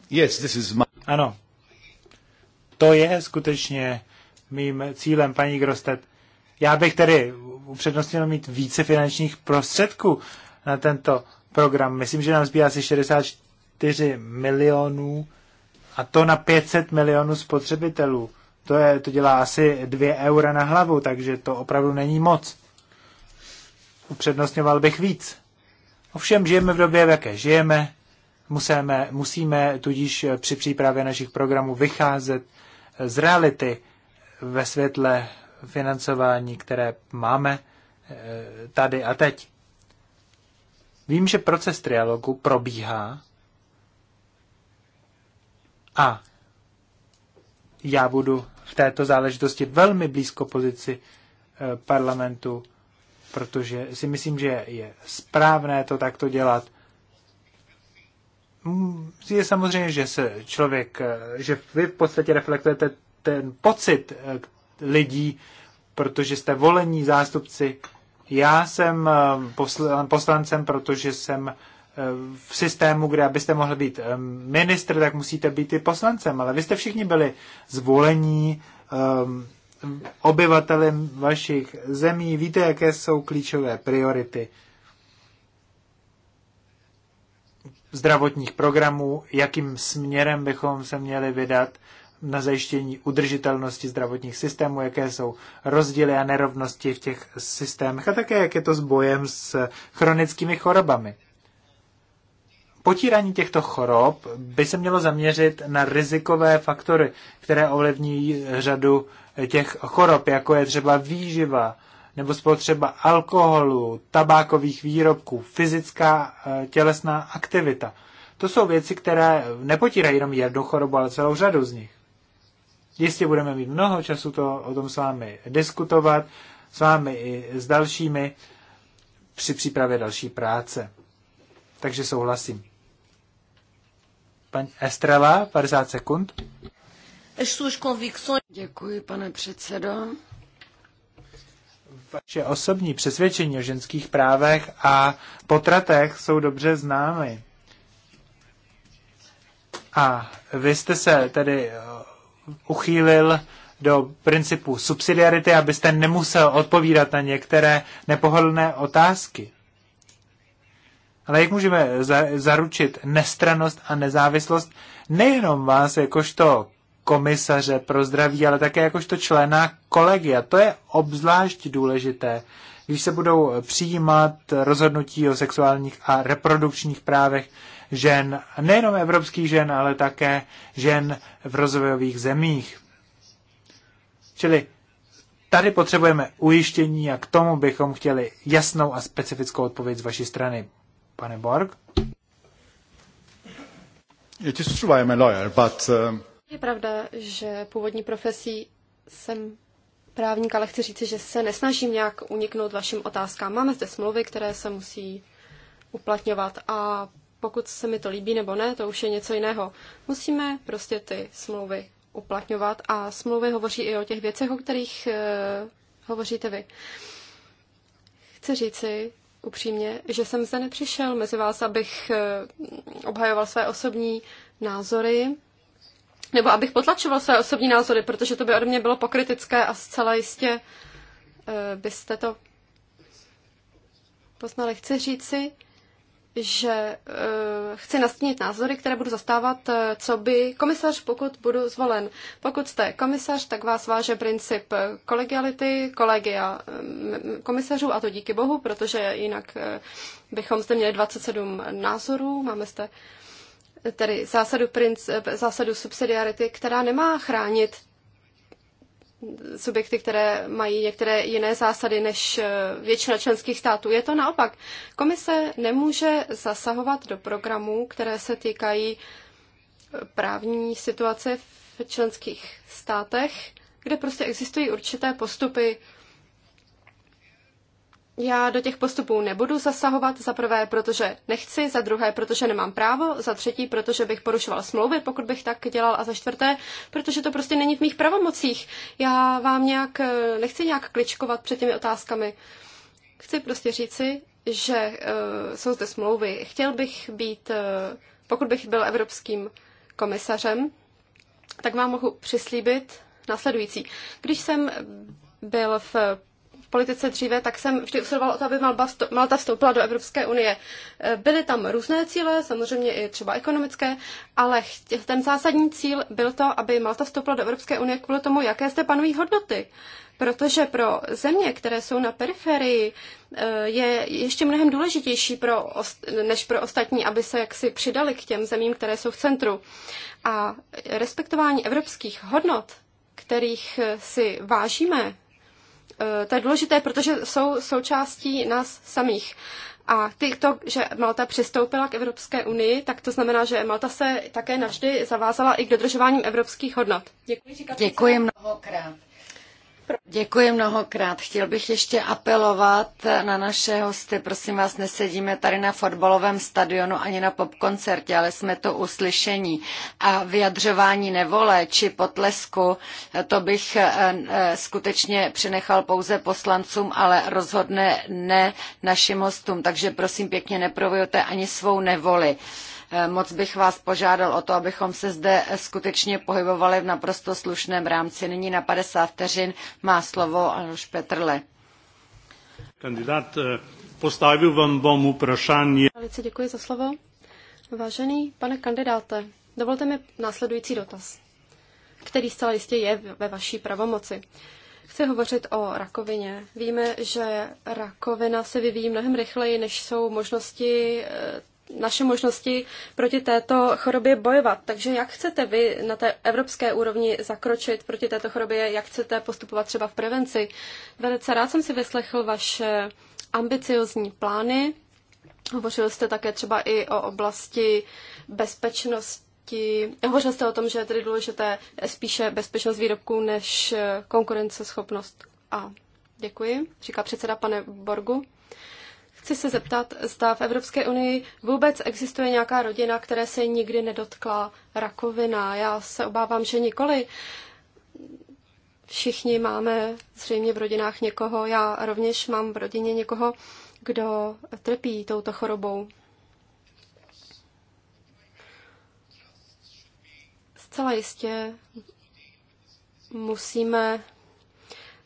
Yes, this is my... Ano, to je skutečně mým cílem, paní Grostet. Já bych tedy upřednostnil mít více finančních prostředků na tento program. Myslím, že nám zbývá asi 64 milionů a to na 500 milionů spotřebitelů. To, je, to dělá asi 2 eura na hlavu, takže to opravdu není moc. Upřednostňoval bych víc. Ovšem žijeme v době, v jaké žijeme, musíme, musíme tudíž při přípravě našich programů vycházet z reality ve světle financování, které máme eh, tady a teď. Vím, že proces trialogu probíhá a já budu v této záležitosti velmi blízko pozici eh, parlamentu, protože si myslím, že je správné to takto dělat Mm, je samozřejmě, že se člověk, eh, že vy v podstatě reflektujete ten pocit eh, lidí, protože jste volení zástupci. Já jsem eh, poslancem, protože jsem v systému, kde abyste mohli být ministr, tak musíte být i poslancem, ale vy jste všichni byli zvolení obyvatelem vašich zemí, víte, jaké jsou klíčové priority. zdravotních programů, jakým směrem bychom se měli vydat na zajištění udržitelnosti zdravotních systémů, jaké jsou rozdíly a nerovnosti v těch systémech a také jak je to s bojem s chronickými chorobami. Potírání těchto chorob by se mělo zaměřit na rizikové faktory, které ovlivní řadu těch chorob, jako je třeba výživa, nebo spotřeba alkoholu, tabákových výrobků, fyzická eh, tělesná aktivita. To jsou věci, které nepotírají jenom jednu chorobu, ale celou řadu z nich. Jistě budeme mít mnoho času to, o tom s vámi diskutovat, s vámi i s dalšími při přípravě další práce. Takže souhlasím. Pan Estrela, 50 sekund. Děkuji, pane předsedo. Vaše osobní přesvědčení o ženských právech a potratech jsou dobře známy. A vy jste se tedy eh, uchýlil do principu subsidiarity, abyste nemusel odpovídat na některé nepohodlné otázky. Ale jak můžeme zaručit nestranost a nezávislost nejenom vás jakožto komisaře pro zdraví, ale také jakožto člena kolegia. To je obzvlášť důležité, když se budou přijímat rozhodnutí o sexuálních a reprodukčních právech žen, nejenom evropských žen, ale také žen v rozvojových zemích. Čili tady potřebujeme ujištění a k tomu bychom chtěli jasnou a specifickou odpověď z vaší strany, pane Borg. It is true I am a lawyer, but uh... Je pravda, že původní profesí jsem právník, ale chci říct, že se nesnažím nějak uniknout vašim otázkám. Máme zde smlouvy, které se musí uplatňovat a pokud se mi to líbí nebo ne, to už je něco jiného. Musíme prostě ty smlouvy uplatňovat a smlouvy hovoří i o těch věcech, o kterých uh, hovoříte vy. Chci říci upřímně, že jsem zde nepřišel mezi vás, abych uh, obhajoval své osobní názory nebo abych potlačoval své osobní názory, protože to by ode mě bylo pokritické a zcela jistě eh, byste to poznali. Chci říci, že uh, chci nastínit názory, které budu zastávat, eh, co by komisař, pokud budu zvolen. Pokud jste komisař, tak vás váže princip kolegiality, kolegia komisařů, a to díky bohu, protože jinak bychom zde měli 27 názorů, máme zde uh, tedy zásadu, princ, zásadu subsidiarity, která nemá chránit subjekty, které mají některé jiné zásady než eh, většina členských států. Je to naopak. Komise nemůže zasahovat do programů, které se týkají eh, právní situace v členských státech, kde prostě existují určité postupy, já do těch postupů nebudu zasahovat, za prvé, protože nechci, za druhé, protože nemám právo, za třetí, protože bych porušoval smlouvy, pokud bych tak dělal, a za čtvrté, protože to prostě není v mých pravomocích. Já vám nějak, eh, nechci nějak kličkovat před těmi otázkami. Chci prostě říci, že uh, jsou zde smlouvy. Chtěl bych být, uh, pokud bych byl evropským komisařem, tak vám mohu přislíbit následující. Když jsem byl v politice dříve, tak jsem vždy usiloval o to, aby Malta vstoupila do Evropské unie. Eh, byly tam různé cíle, samozřejmě i třeba ekonomické, ale ten zásadní cíl byl to, aby Malta vstoupila do Evropské unie kvůli tomu, jaké zde panují hodnoty. Protože pro země, které jsou na periferii, eh, je ještě mnohem důležitější pro, než pro ostatní, aby se jaksi přidali k těm zemím, které jsou v centru. A eh, respektování evropských hodnot, kterých si vážíme Eh, to je důležité, protože jsou součástí nás samých. A ty to, že Malta přistoupila k Evropské unii, tak to znamená, že Malta se také navždy zavázala i k dodržováním evropských hodnot. Děkuji, Děkuji mnohokrát. Děkuji mnohokrát. Chtěl bych ještě apelovat na naše hosty. Prosím vás, nesedíme tady na fotbalovém stadionu ani na popkoncertě, ale jsme to uslyšení. A vyjadřování nevole či potlesku, to bych eh, eh, skutečně přenechal pouze poslancům, ale rozhodne ne našim hostům. Takže prosím pěkně, neprovojujte ani svou nevoli. Eh, moc bych vás požádal o to, abychom se zde skutečně pohybovali v naprosto slušném rámci. Nyní na 50 vteřin má slovo Aleš Petrle. Kandidát, eh, postavil vám bom vprašání. Velice děkuji za slovo. Vážený pane kandidáte, dovolte mi následující dotaz, který zcela jistě je ve vaší pravomoci. Chci hovořit o rakovině. Víme, že rakovina se vyvíjí mnohem rychleji, než jsou možnosti eh, naše možnosti proti této chorobě bojovat. Takže jak chcete vy na té evropské úrovni zakročit proti této chorobě, jak chcete postupovat třeba v prevenci? Velice rád jsem si vyslechl vaše ambiciozní plány. Hovořil jste také třeba i o oblasti bezpečnosti. Hovořil jste o tom, že je tedy důležité spíše bezpečnost výrobků než konkurenceschopnost. A děkuji, říká předseda pane Borgu. Chci se zeptat, zda v Evropské unii vůbec existuje nějaká rodina, které se nikdy nedotkla rakovina. Já se obávám, že nikoli. Všichni máme zřejmě v rodinách někoho, já rovněž mám v rodině někoho, kdo trpí touto chorobou. Zcela jistě musíme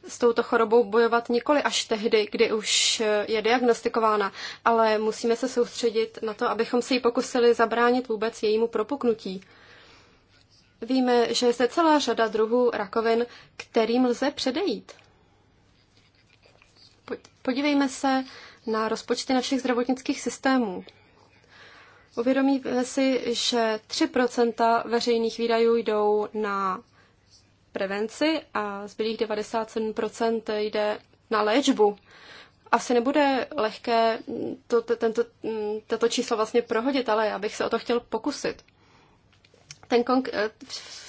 s touto chorobou bojovat nikoli až tehdy, kdy už je diagnostikována, ale musíme se soustředit na to, abychom se jí pokusili zabránit vůbec jejímu propuknutí. Víme, že je zde celá řada druhů rakovin, kterým lze předejít. Podívejme se na rozpočty našich zdravotnických systémů. Uvědomíme si, že 3 veřejných výdajů jdou na prevenci a zbylých 97% jde na léčbu. Asi nebude lehké to, tento, mm, tato číslo vlastně prohodit, ale já bych se o to chtěl pokusit. Ten konk- eh,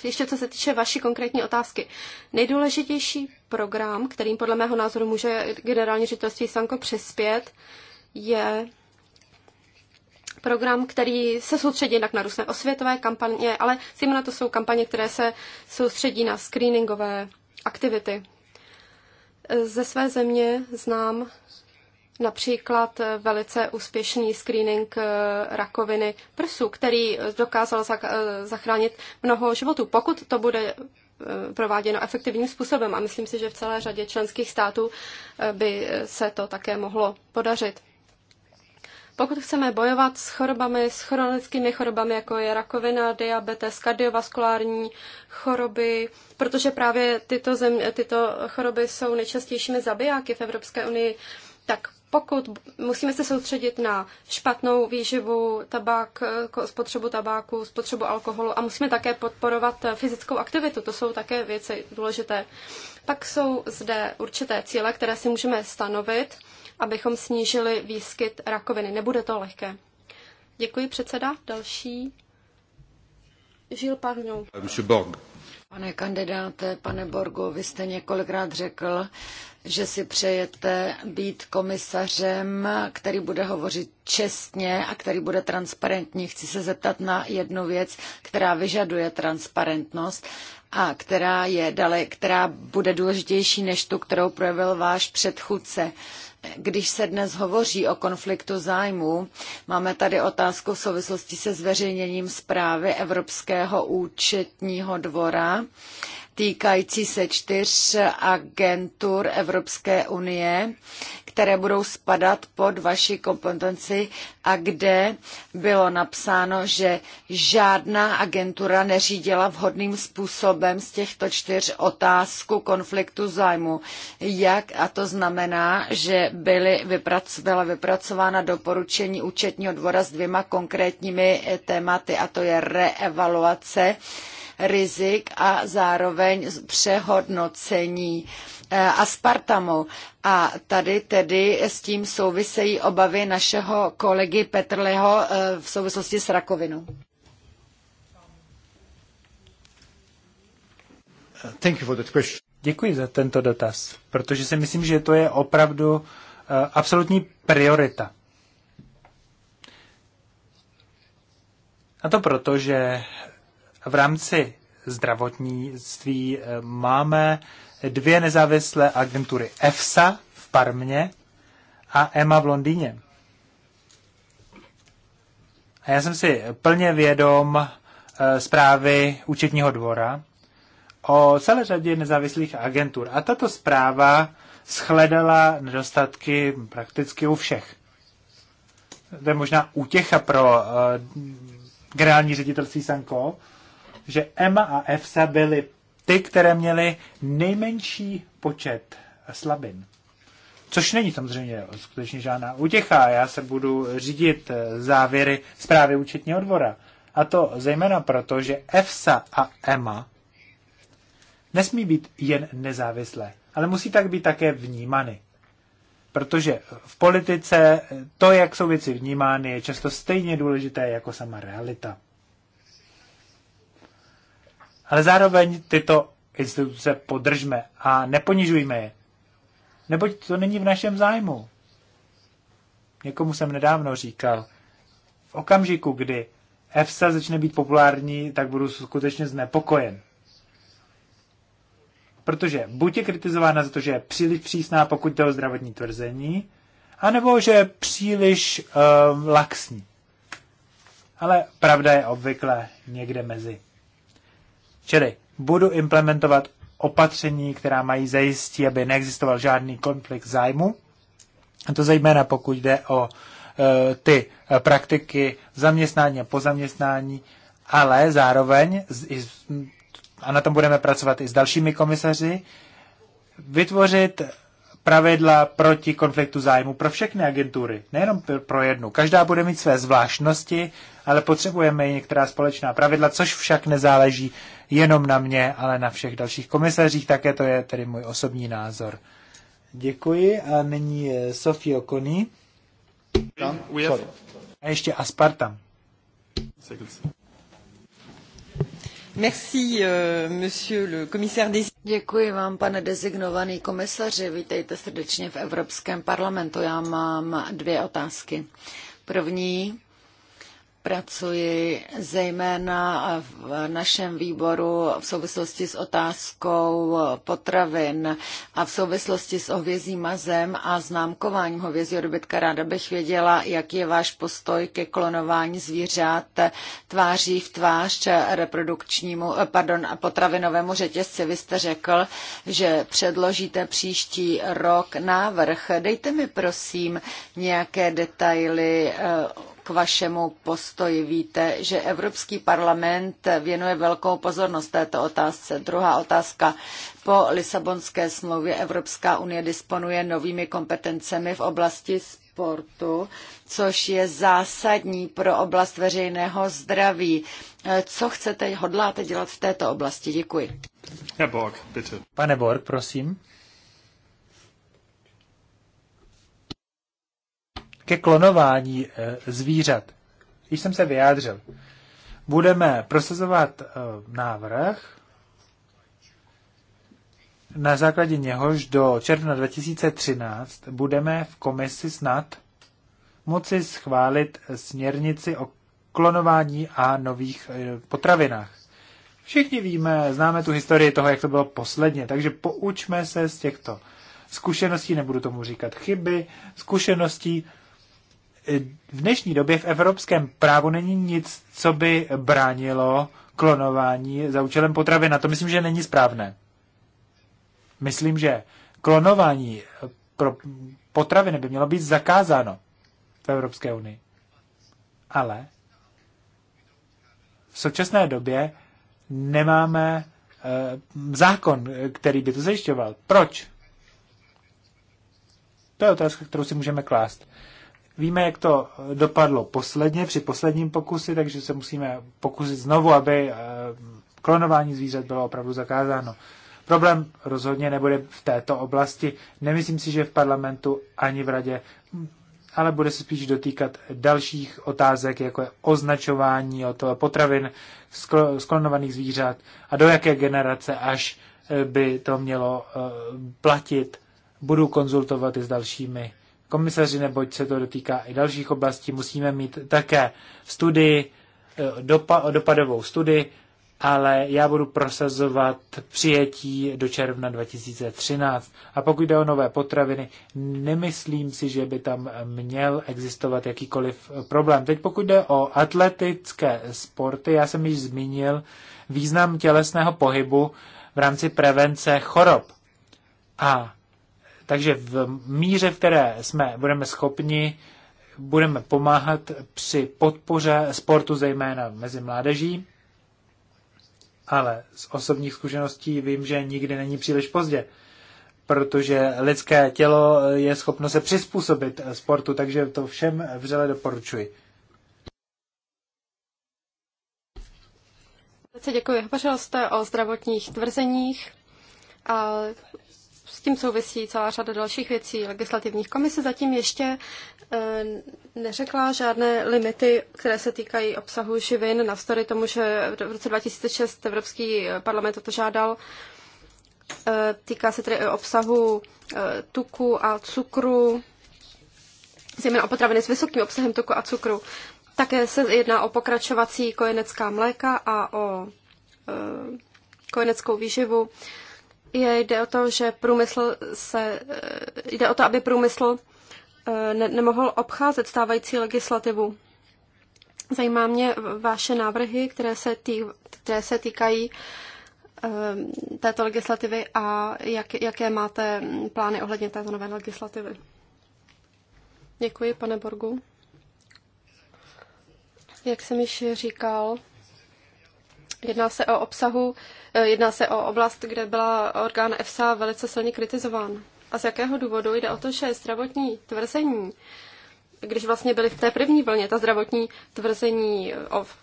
ještě co se týče vaší konkrétní otázky. Nejdůležitější program, kterým podle mého názoru může generální ředitelství Sanko přispět, je program, který se soustředí jednak na různé osvětové kampaně, ale zejména to jsou kampaně, které se soustředí na screeningové aktivity. Ze své země znám například velice úspěšný screening eh, rakoviny prsu, který dokázal eh, zachránit mnoho životů, pokud to bude eh, prováděno efektivním způsobem. A myslím si, že v celé řadě členských států by se to také mohlo podařit. Pokud chceme bojovat s chorobami, s chronickými chorobami, jako je rakovina, diabetes, kardiovaskulární choroby, protože právě tyto, země, tyto choroby jsou nejčastějšími zabijáky v Evropské unii, tak pokud musíme se soustředit na špatnou výživu, tabák, spotřebu tabáku, spotřebu alkoholu a musíme také podporovat fyzickou aktivitu, to jsou také věci důležité. Pak jsou zde určité cíle, které si můžeme stanovit abychom snížili výskyt rakoviny. Nebude to lehké. Děkuji předseda. Další. Žil Parňou. Pane kandidáte, pane Borgo, vy jste několikrát řekl, že si přejete být komisařem, který bude hovořit čestně a který bude transparentní. Chci se zeptat na jednu věc, která vyžaduje transparentnost a která, je dale, která bude důležitější než tu, kterou projevil váš předchůdce. Když se dnes hovoří o konfliktu zájmů, máme tady otázku v souvislosti se zveřejněním zprávy Evropského účetního dvora týkající se čtyř agentur Evropské unie, které budou spadat pod vaši kompetenci a kde bylo napsáno, že žádná agentura neřídila vhodným způsobem z těchto čtyř otázku konfliktu zájmu. Jak a to znamená, že byly byla vypracována doporučení účetního dvora s dvěma konkrétními tématy a to je reevaluace rizik a zároveň přehodnocení eh, aspartamu. A tady tedy s tím souvisejí obavy našeho kolegy Petrleho eh, v souvislosti s rakovinou. Thank you for that question. Děkuji za tento dotaz, protože si myslím, že to je opravdu uh, absolutní priorita. A to proto, že v rámci zdravotnictví eh, máme dvě nezávislé agentury EFSA v Parmě a EMA v Londýně. A já jsem si plně vědom eh, zprávy účetního dvora o celé řadě nezávislých agentur. A tato zpráva shledala nedostatky prakticky u všech. To je možná útěcha pro uh, generální ředitelství Sanko, že Emma a EFSA byly ty, které měly nejmenší počet slabin. Což není samozřejmě skutečně žádná útěcha. Já se budu řídit eh, závěry zprávy účetního dvora. A to zejména proto, že EFSA a EMA e nesmí být jen nezávislé, ale musí tak být také vnímany. Protože v politice eh, to, jak jsou věci vnímány, je často stejně důležité jako sama realita ale zároveň tyto instituce podržme a neponižujme je. Neboť to není v našem zájmu. Někomu jsem nedávno říkal, v okamžiku, kdy EFSA začne být populární, tak budu skutečně znepokojen. Protože buď je kritizována za to, že je příliš přísná, pokud jde o zdravotní tvrzení, anebo že je příliš uh, laxní. Ale pravda je obvykle někde mezi. Čili budu implementovat opatření, která mají zajistit, aby neexistoval žádný konflikt zájmu. A to zejména pokud jde o e, ty praktiky zaměstnání a pozaměstnání, ale zároveň, i, a na tom budeme pracovat i s dalšími komisaři, vytvořit pravidla proti konfliktu zájmu pro všechny agentury, nejenom pro jednu. Každá bude mít své zvláštnosti, ale potřebujeme i některá společná pravidla, což však nezáleží jenom na mě, ale na všech dalších komisařích. Také to je tedy můj osobní názor. Děkuji a nyní Sofie Okony. A ještě Aspartam. Seconds. Euh, Děkuji vám, pane designovaný komisaři. Vítejte srdečně v Evropském parlamentu. Já mám dvě otázky. První pracuji zejména v našem výboru v souvislosti s otázkou potravin a v souvislosti s hovězím mazem a známkováním hovězího dobytka. Ráda bych věděla, jaký je váš postoj ke klonování zvířat tváří v tvář reprodukčnímu, eh, pardon, potravinovému řetězci. Vy jste řekl, že předložíte příští rok návrh. Dejte mi prosím nějaké detaily eh, k vašemu postoji. Víte, že Evropský parlament věnuje velkou pozornost této otázce. Druhá otázka. Po Lisabonské smlouvě Evropská unie disponuje novými kompetencemi v oblasti sportu, což je zásadní pro oblast veřejného zdraví. Co chcete, hodláte dělat v této oblasti? Děkuji. Herr Borg, bitte. Pane Borg, prosím. ke klonování eh, zvířat. Když jsem se vyjádřil. Budeme prosazovat eh, návrh, na základě něhož do června 2013 budeme v komisi snad moci schválit směrnici o klonování a nových eh, potravinách. Všichni víme, známe tu historii toho, jak to bylo posledně, takže poučme se z těchto zkušeností, nebudu tomu říkat chyby, zkušeností v dnešní době v evropském právu není nic, co by bránilo klonování za účelem potravy. Na to myslím, že není správné. Myslím, že klonování pro potraviny by mělo být zakázáno v Evropské unii. Ale v současné době nemáme eh, zákon, který by to zajišťoval. Proč? To je otázka, kterou si můžeme klást. Víme, jak to dopadlo posledně, při posledním pokusu, takže se musíme pokusit znovu, aby eh, klonování zvířat bylo opravdu zakázáno. Problém rozhodně nebude v této oblasti. Nemyslím si, že v parlamentu ani v radě, ale bude se spíš dotýkat dalších otázek, jako je označování od potravin sklonovaných zvířat a do jaké generace až eh, by to mělo eh, platit. Budu konzultovat i s dalšími komisaři, neboť se to dotýká i dalších oblastí, musíme mít také studii, eh, dopa, dopadovou studii, ale já budu prosazovat přijetí do června 2013. A pokud jde o nové potraviny, nemyslím si, že by tam měl existovat jakýkoliv eh, problém. Teď pokud jde o atletické sporty, já jsem již zmínil význam tělesného pohybu v rámci prevence chorob. A takže v míře, v které jsme, budeme schopni, budeme pomáhat při podpoře sportu, zejména mezi mládeží, ale z osobních zkušeností vím, že nikdy není příliš pozdě, protože lidské tělo je schopno se přizpůsobit sportu, takže to všem vřele doporučuji. děkuji. Hovořil jste o zdravotních tvrzeních a tím souvisí celá řada dalších věcí legislativních. Komise zatím ještě eh, neřekla žádné limity, které se týkají obsahu živin, navzdory tomu, že v roce 2006 Evropský parlament toto to žádal. Eh, týká se tedy obsahu eh, tuku a cukru, zejména o potraviny s vysokým obsahem tuku a cukru. Také se jedná o pokračovací kojenecká mléka a o kojeneckou výživu je, jde o to, že průmysl se, eh, jde o to, aby průmysl eh, ne, nemohl obcházet stávající legislativu. Zajímá mě vaše návrhy, které se, tý, které se týkají eh, této legislativy a jak, jaké máte plány ohledně této nové legislativy. Děkuji, pane Borgu. Jak jsem již říkal, jedná se o obsahu Eh, jedná se o oblast, kde byla orgán EFSA velice silně kritizován. A z jakého důvodu jde o to, že zdravotní tvrzení, když vlastně byly v té první vlně ta zdravotní tvrzení eh,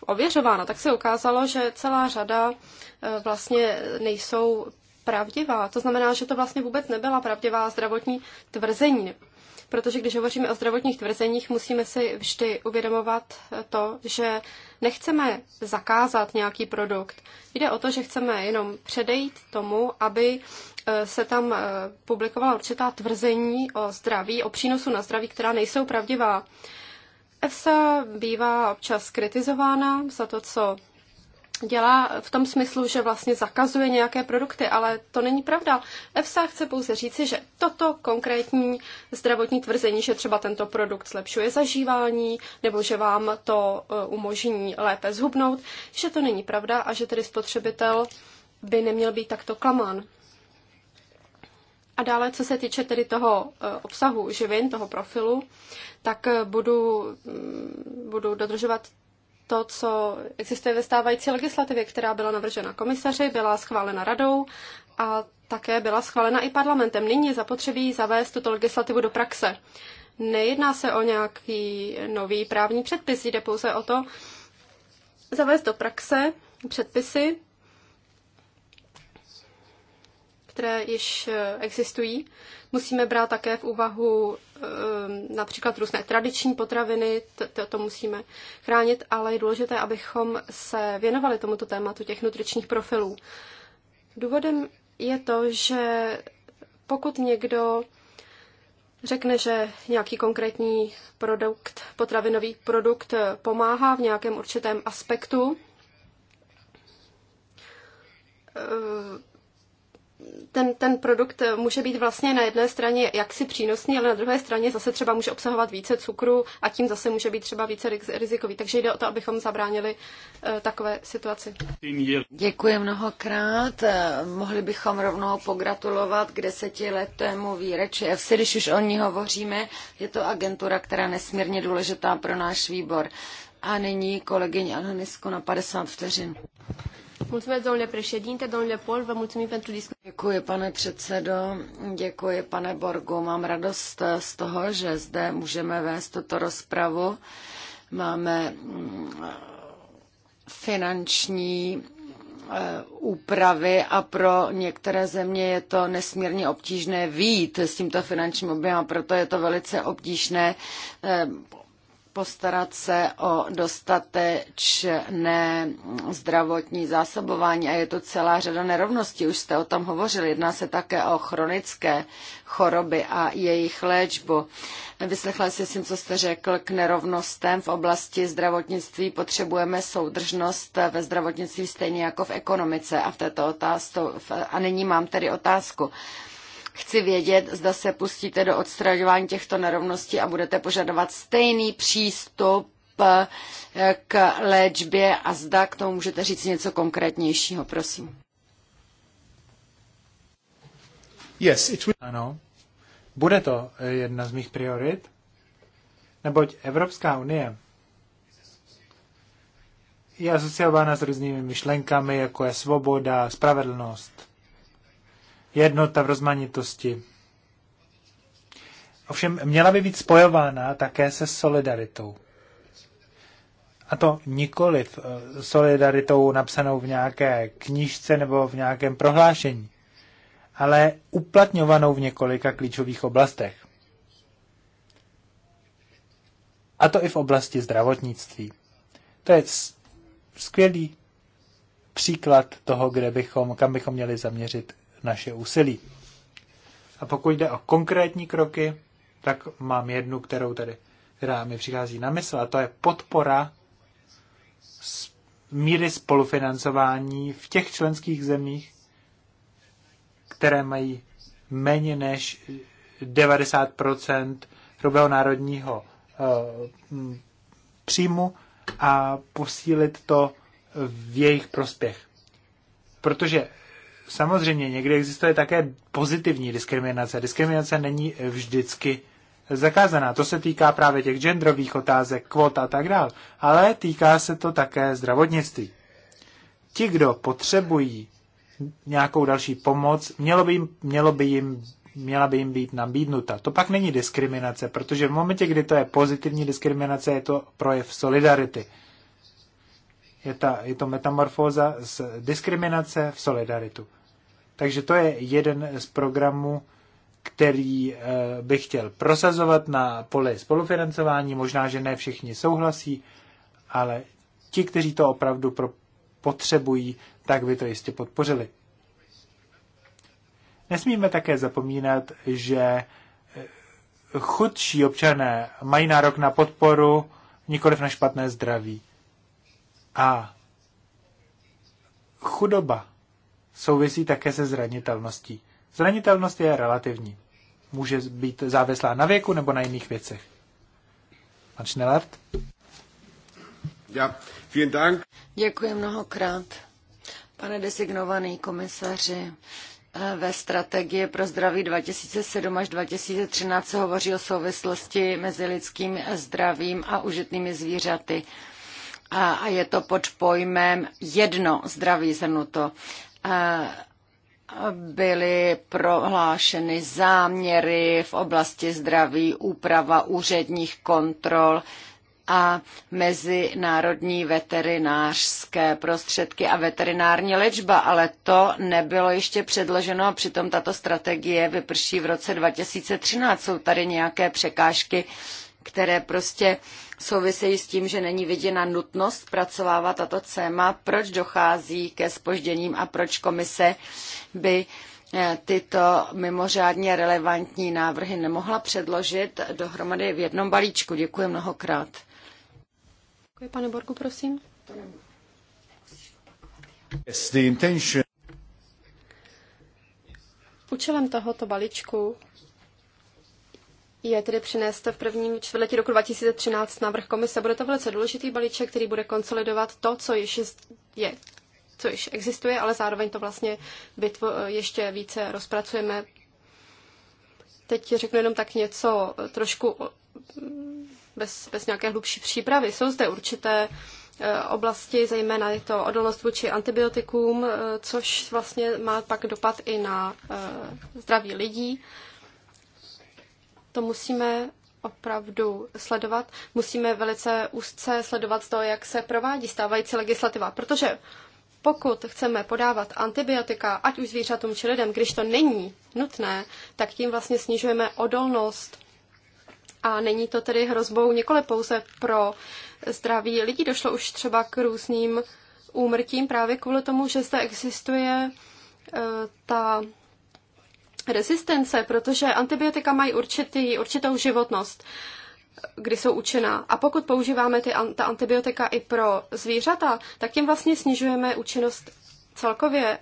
ověřována, tak se ukázalo, že celá řada eh, vlastně nejsou pravdivá. To znamená, že to vlastně vůbec nebyla pravdivá zdravotní tvrzení protože když hovoříme o zdravotních tvrzeních, musíme si vždy uvědomovat to, že nechceme zakázat nějaký produkt. Jde o to, že chceme jenom předejít tomu, aby e, se tam e, publikovala určitá tvrzení o zdraví, o přínosu na zdraví, která nejsou pravdivá. EFSA bývá občas kritizována za to, co dělá v tom smyslu, že vlastně zakazuje nějaké produkty, ale to není pravda. EFSA chce pouze říci, že toto konkrétní zdravotní tvrzení, že třeba tento produkt zlepšuje zažívání nebo že vám to eh, umožní lépe zhubnout, že to není pravda a že tedy spotřebitel by neměl být takto klamán. A dále, co se týče tedy toho eh, obsahu živin, toho profilu, tak eh, budu, mm, budu dodržovat to, co existuje ve stávající legislativě, která byla navržena komisaři, byla schválena radou a také byla schválena i parlamentem. Nyní je zapotřebí zavést tuto legislativu do praxe. Nejedná se o nějaký nový právní předpis, jde pouze o to zavést do praxe předpisy, které již eh, existují. Musíme brát také v úvahu eh, například různé tradiční potraviny, to, to musíme chránit, ale je důležité, abychom se věnovali tomuto tématu těch nutričních profilů. Důvodem je to, že pokud někdo řekne, že nějaký konkrétní produkt, potravinový produkt pomáhá v nějakém určitém aspektu, eh, ten, ten produkt může být vlastně na jedné straně jaksi přínosný, ale na druhé straně zase třeba může obsahovat více cukru a tím zase může být třeba více rizikový. Takže jde o to, abychom zabránili eh, takové situaci. Děkuji mnohokrát. Eh, mohli bychom rovnou pogratulovat k desetiletému výreči EFSI, když už o ní hovoříme. Je to agentura, která je nesmírně důležitá pro náš výbor. A nyní kolegyně Anonisko na 50 vteřin. Mulțumesc, domnule președinte, domnule Pol, vă mulțumim pentru discuții. Děkuji, pane předsedo, děkuji, pane Borgu. Mám radost z toho, že zde můžeme vést tuto rozpravu. Máme mm, finanční eh, úpravy a pro některé země je to nesmírně obtížné výjít s tímto finančním objemem proto je to velice obtížné eh, postarat se o dostatečné zdravotní zásobování a je to celá řada nerovností, už jste o tom hovořili. Jedná se také o chronické choroby a jejich léčbu. Vyslechla jsem, si, co jste řekl k nerovnostem v oblasti zdravotnictví. Potřebujeme soudržnost ve zdravotnictví stejně jako v ekonomice a v této otázce. A nyní mám tedy otázku. Chci vědět, zda se pustíte do odstraňování těchto nerovností a budete požadovat stejný přístup eh, k léčbě a zda k tomu můžete říct něco konkrétnějšího, prosím. Yes, it will... Ano, bude to eh, jedna z mých priorit, neboť Evropská unie je asociována s různými myšlenkami, jako je svoboda, spravedlnost, jednota v rozmanitosti. Ovšem měla by být spojována také se solidaritou. A to nikoliv eh, solidaritou napsanou v nějaké knížce nebo v nějakém prohlášení, ale uplatňovanou v několika klíčových oblastech. A to i v oblasti zdravotnictví. To je skvělý příklad toho, kde bychom, kam bychom měli zaměřit naše úsilí. A pokud jde o konkrétní kroky, tak mám jednu, kterou tady, která mi přichází na mysl, a to je podpora míry spolufinancování v těch členských zemích, které mají méně než 90 hrubého národního eh, příjmu a posílit to v jejich prospěch. Protože samozřejmě někdy existuje také pozitivní diskriminace. Diskriminace není vždycky zakázaná. To se týká právě těch genderových otázek, kvot a tak dále. Ale týká se to také zdravotnictví. Ti, kdo potřebují nějakou další pomoc, mělo by jim, mělo by jim, měla by jim být nabídnuta. To pak není diskriminace, protože v momentě, kdy to je pozitivní diskriminace, je to projev solidarity je, ta, je to metamorfóza z diskriminace v solidaritu. Takže to je jeden z programů, který eh, bych chtěl prosazovat na poli spolufinancování. Možná, že ne všichni souhlasí, ale ti, kteří to opravdu pro potřebují, tak by to jistě podpořili. Nesmíme také zapomínat, že eh, chudší občané mají nárok na podporu, nikoliv na špatné zdraví. A chudoba souvisí také se zranitelností. Zranitelnost je relativní. Může být závislá na věku nebo na jiných věcech. Pan Schnellert? Ja, vielen Dank. Děkuji mnohokrát. Pane designovaný komisaři, ve strategii pro zdraví 2007 až 2013 se hovoří o souvislosti mezi lidským zdravím a užitnými zvířaty a je to pod pojmem jedno zdraví to Byly prohlášeny záměry v oblasti zdraví, úprava úředních kontrol a mezinárodní veterinářské prostředky a veterinární léčba, ale to nebylo ještě předloženo a přitom tato strategie vyprší v roce 2013. Jsou tady nějaké překážky, které prostě uh, souvisejí s tím, že není viděna nutnost zpracovávat tato téma, proč dochází ke spožděním a proč komise by eh, tyto mimořádně relevantní návrhy nemohla předložit dohromady v jednom balíčku. Děkuji mnohokrát. Děkuji, pane Borku, prosím. Yes, the intention... Účelem tohoto balíčku je tedy přinést v prvním čtvrtletí roku 2013 návrh komise. Bude to velice důležitý balíček, který bude konsolidovat to, co již je co již existuje, ale zároveň to vlastně ještě více rozpracujeme. Teď řeknu jenom tak něco trošku bez, bez nějaké hlubší přípravy. Jsou zde určité e, oblasti, zejména je to odolnost vůči antibiotikům, e, což vlastně má pak dopad i na e, zdraví lidí to musíme opravdu sledovat. Musíme velice úzce sledovat to, jak se provádí stávající legislativa, protože pokud chceme podávat antibiotika, ať už zvířatům či lidem, když to není nutné, tak tím vlastně snižujeme odolnost. A není to tedy hrozbou nikoli pouze pro zdraví lidí. Došlo už třeba k různým úmrtím právě kvůli tomu, že zde existuje eh, ta rezistence, protože antibiotika mají určitý, určitou životnost, kdy jsou účinná. A pokud používáme ty, ta antibiotika i pro zvířata, tak tím vlastně snižujeme účinnost celkově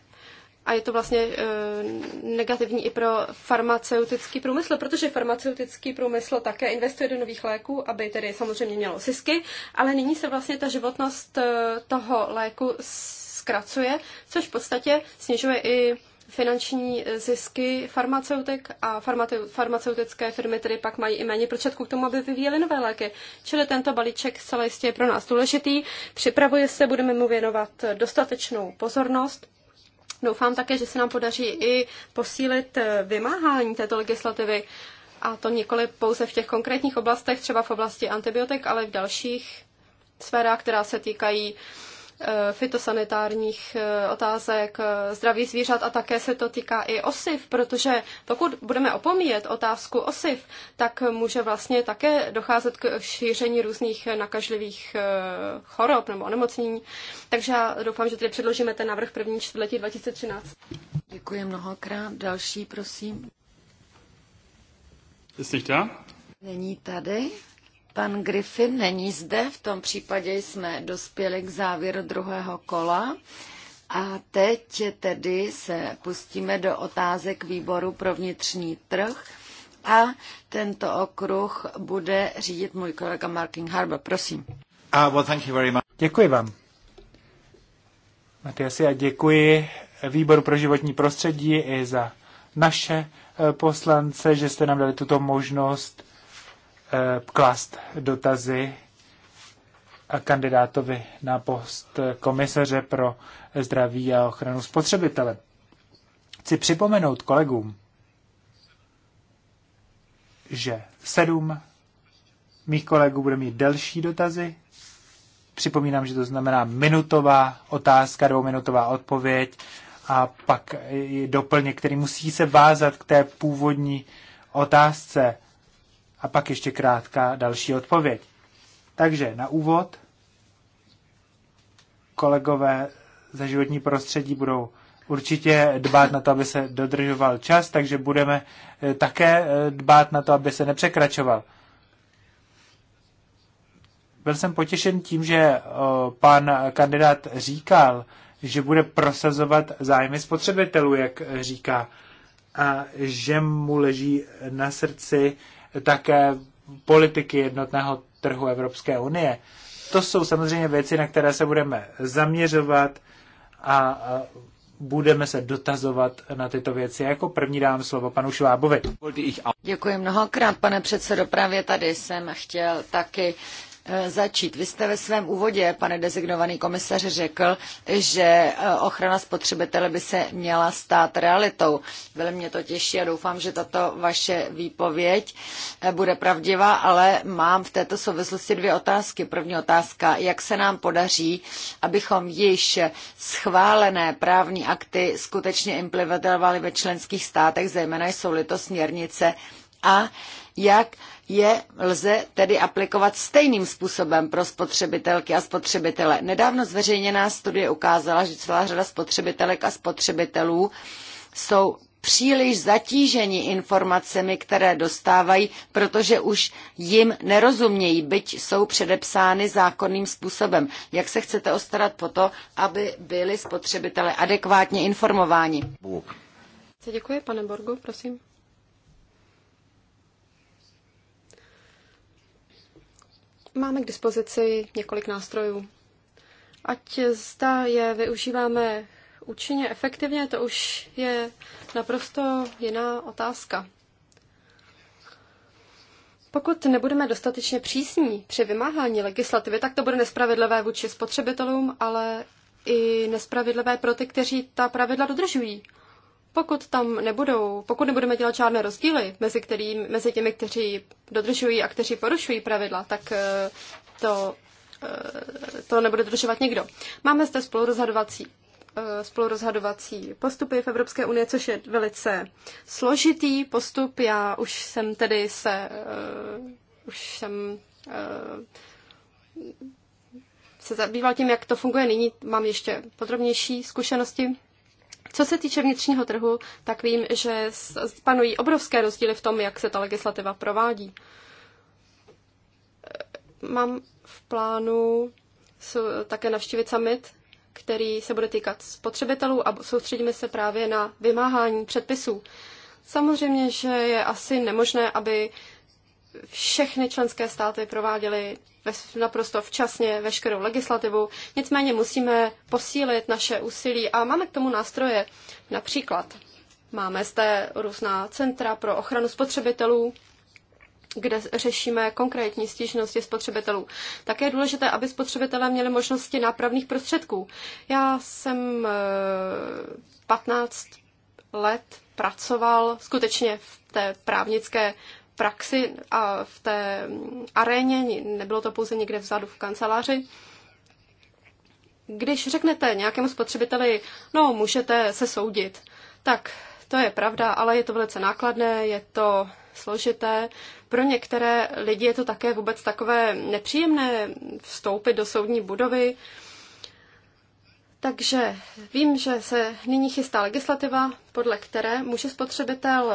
a je to vlastně e, negativní i pro farmaceutický průmysl, protože farmaceutický průmysl také investuje do nových léků, aby tedy samozřejmě mělo zisky, ale nyní se vlastně ta životnost e, toho léku zkracuje, což v podstatě snižuje i finanční zisky farmaceutek a farmaceutické firmy tedy pak mají i méně prostředků k tomu, aby vyvíjeli nové léky. Čili tento balíček zcela jistě je pro nás důležitý. Připravuje se, budeme mu věnovat dostatečnou pozornost. Doufám také, že se nám podaří i posílit eh, vymáhání této legislativy, a to nikoli pouze v těch konkrétních oblastech, třeba v oblasti antibiotik, ale i v dalších sférách, která se týkají Eh, fitosanitárních eh, otázek, eh, zdraví zvířat a také se to týká i osiv, protože pokud budeme opomíjet otázku osiv, tak může vlastně také docházet k šíření různých nakažlivých chorob nebo onemocnění. Takže já doufám, že tady předložíme ten návrh první čtvrtletí 2013. Děkuji mnohokrát. Další, prosím. Jsi tady? Není tady. Pan Griffin není zde, v tom případě jsme dospěli k závěru druhého kola. A teď tedy se pustíme do otázek výboru pro vnitřní trh a tento okruh bude řídit můj kolega Marking Harbour. Prosím. Uh, well, thank you very much. Děkuji vám. Matias, já děkuji Výboru pro životní prostředí i za naše eh, poslance, že jste nám dali tuto možnost Eh, klást dotazy kandidátovi na post komisaře pro zdraví a ochranu spotřebitele. Chci připomenout kolegům, že sedm mých kolegů bude mít delší dotazy. Připomínám, že to znamená minutová otázka, dvouminutová odpověď a pak doplněk, který musí se vázat k té původní otázce a pak ještě krátká další odpověď. Takže na úvod kolegové ze životní prostředí budou určitě dbát na to, aby se dodržoval čas, takže budeme eh, také eh, dbát na to, aby se nepřekračoval. Byl jsem potěšen tím, že eh, pan kandidát říkal, že bude prosazovat zájmy spotřebitelů, jak říká, a že mu leží na srdci také politiky jednotného trhu Evropské unie. To jsou samozřejmě věci, na které se budeme zaměřovat a budeme se dotazovat na tyto věci. Jako první dám slovo panu Švábovi. Děkuji mnohokrát, pane předsedo. Právě tady jsem chtěl taky Eh, začít. Vy jste ve svém úvodě, pane designovaný komisaři, řekl, že eh, ochrana spotřebitele by se měla stát realitou. Velmi mě to těší a doufám, že tato vaše výpověď eh, bude pravdivá, ale mám v této souvislosti dvě otázky. První otázka, jak se nám podaří, abychom již schválené právní akty skutečně implementovali ve členských státech, zejména jsou-li to směrnice a jak je lze tedy aplikovat stejným způsobem pro spotřebitelky a spotřebitele. Nedávno zveřejněná studie ukázala, že celá řada spotřebitelek a spotřebitelů jsou příliš zatíženi informacemi, které dostávají, protože už jim nerozumějí, byť jsou předepsány zákonným způsobem. Jak se chcete ostarat po to, aby byli spotřebitelé adekvátně informováni? Děkuji, pane Borgu, prosím. Máme k dispozici několik nástrojů. Ať zda je využíváme účinně, efektivně, to už je naprosto jiná otázka. Pokud nebudeme dostatečně přísní při vymáhání legislativy, tak to bude nespravedlivé vůči spotřebitelům, ale i nespravedlivé pro ty, kteří ta pravidla dodržují. Pokud tam nebudou, pokud nebudeme dělat žádné rozdíly mezi, kterým, mezi těmi, kteří dodržují a kteří porušují pravidla, tak eh, to, eh, to nebude dodržovat nikdo. Máme zde spolurozhodovací eh, spolurozhodovací postupy v Evropské unii, což je velice složitý postup. Já už jsem tedy se, uh, už jsem uh, se zabýval tím, jak to funguje nyní. Mám ještě podrobnější zkušenosti co se týče vnitřního trhu, tak vím, že panují obrovské rozdíly v tom, jak se ta legislativa provádí. E, mám v plánu také navštívit summit, který se bude týkat spotřebitelů a soustředíme se právě na vymáhání předpisů. Samozřejmě, že je asi nemožné, aby všechny členské státy prováděly naprosto včasně veškerou legislativu. Nicméně musíme posílit naše úsilí a máme k tomu nástroje. Například máme zde různá centra pro ochranu spotřebitelů, kde řešíme konkrétní stížnosti spotřebitelů. Také je důležité, aby spotřebitelé měli možnosti nápravných prostředků. Já jsem 15 eh, let pracoval skutečně v té právnické praxi a v té aréně, nebylo to pouze někde vzadu v kanceláři. Když řeknete nějakému spotřebiteli, no, můžete se soudit, tak to je pravda, ale je to velice nákladné, je to složité. Pro některé lidi je to také vůbec takové nepříjemné vstoupit do soudní budovy. Takže vím, že se nyní chystá legislativa, podle které může spotřebitel